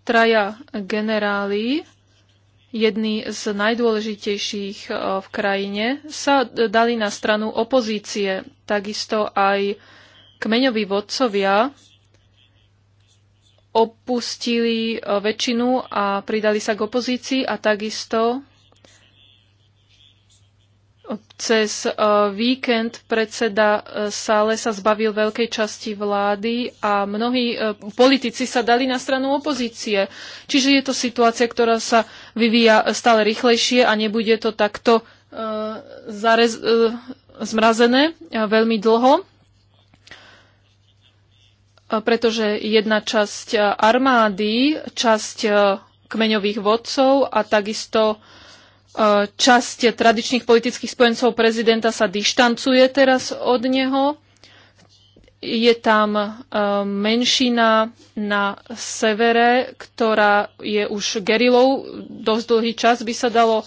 Traja generáli jedni z najdôležitejších eh, v krajine, sa dali na stranu opozície. Takisto aj kmeňoví vodcovia opustili eh, väčšinu a pridali sa k opozícii a takisto cez eh, víkend predseda Sále sa zbavil veľkej časti vlády a mnohí politici sa dali na stranu opozície. Čiže je to situácia, ktorá sa vyvíja stále rýchlejšie a nebude to takto e, zarez, e, zmrazené e, veľmi dlho, pretože jedna časť armády, časť kmeňových vodcov a takisto časť tradičných politických spojencov prezidenta sa dištancuje teraz od neho je tam e, menšina na severe, ktorá je už gerilou, dosť dlhý čas by sa dalo e,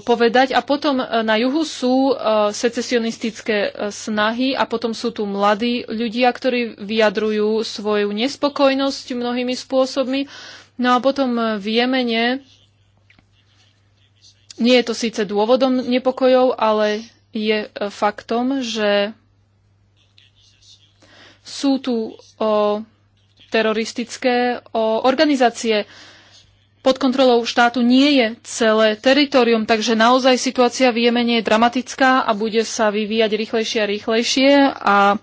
povedať. A potom e, na juhu sú secesionistické snahy a potom sú tu mladí ľudia, ktorí vyjadrujú svoju nespokojnosť mnohými spôsobmi. No a potom v Jemene nie je to síce dôvodom nepokojov, ale je faktom, že sú tu o teroristické o organizácie. Pod kontrolou štátu nie je celé teritorium, takže naozaj situácia v Jemene je dramatická a bude sa vyvíjať rýchlejšie a rýchlejšie. A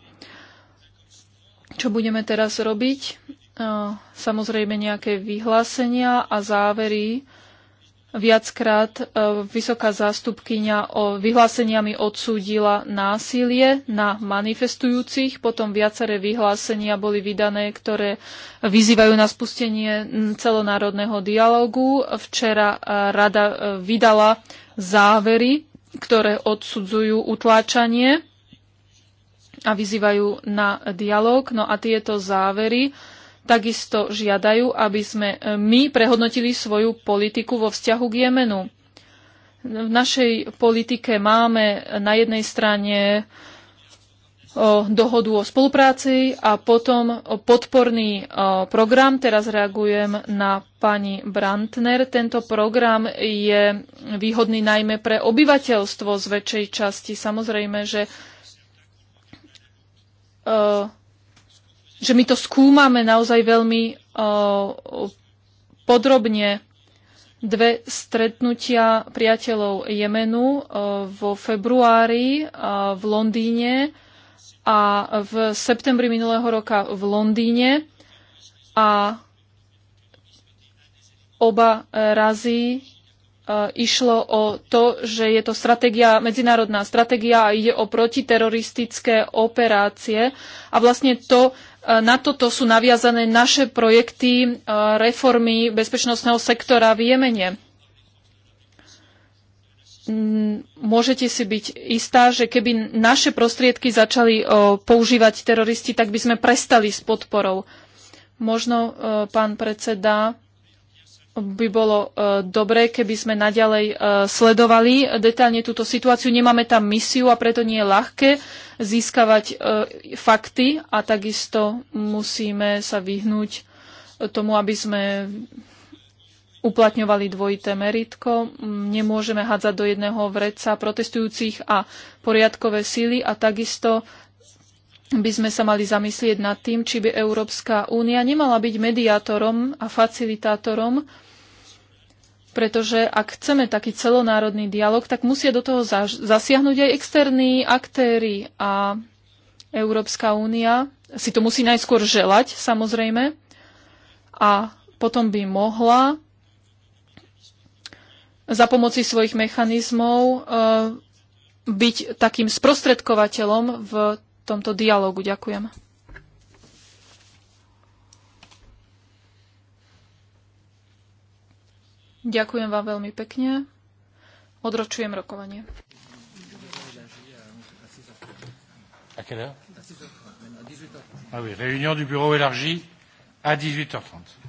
čo budeme teraz robiť? Samozrejme nejaké vyhlásenia a závery Viackrát e, vysoká zástupkyňa o vyhláseniami odsúdila násilie na manifestujúcich, potom viaceré vyhlásenia boli vydané, ktoré vyzývajú na spustenie celonárodného dialogu. Včera e, rada e, vydala závery, ktoré odsudzujú utláčanie a vyzývajú na dialog. No a tieto závery takisto žiadajú, aby sme e, my prehodnotili svoju politiku vo vzťahu k Jemenu. V našej politike máme na jednej strane o dohodu o spolupráci a potom podporný program. Teraz reagujem na pani Brantner. Tento program je výhodný najmä pre obyvateľstvo z väčšej časti. Samozrejme, že že my to skúmame naozaj veľmi podrobne. Dve stretnutia priateľov Jemenu vo februári v Londýne a v septembri minulého roka v Londýne a oba razy išlo o to, že je to stratégia, medzinárodná stratégia a ide o protiteroristické operácie. A vlastne to E, na toto sú naviazané naše projekty e, reformy bezpečnostného sektora v Jemene. Mm, môžete si byť istá, že keby naše prostriedky začali e, používať teroristi, tak by sme prestali s podporou. Možno, pán predseda, by bolo e, dobré, keby sme naďalej e, sledovali detailne túto situáciu. Nemáme tam misiu a preto nie je ľahké získavať e, fakty a takisto musíme sa vyhnúť tomu, aby sme uplatňovali dvojité meritko. Nemôžeme hádzať do jedného vreca protestujúcich a poriadkové síly a takisto by sme sa mali zamyslieť nad tým, či by Európska únia nemala byť mediátorom a facilitátorom, pretože ak chceme taký celonárodný dialog, tak musia do toho zasiahnuť aj externí aktéry a Európska únia si to musí najskôr želať, samozrejme, a potom by mohla za pomoci svojich mechanizmov eh, byť takým sprostredkovateľom v tomto dialogu. Ďakujem. Ďakujem vám veľmi pekne. Odročujem rokovanie. À quelle heure Ah oui, réunion du bureau élargi à 18h30.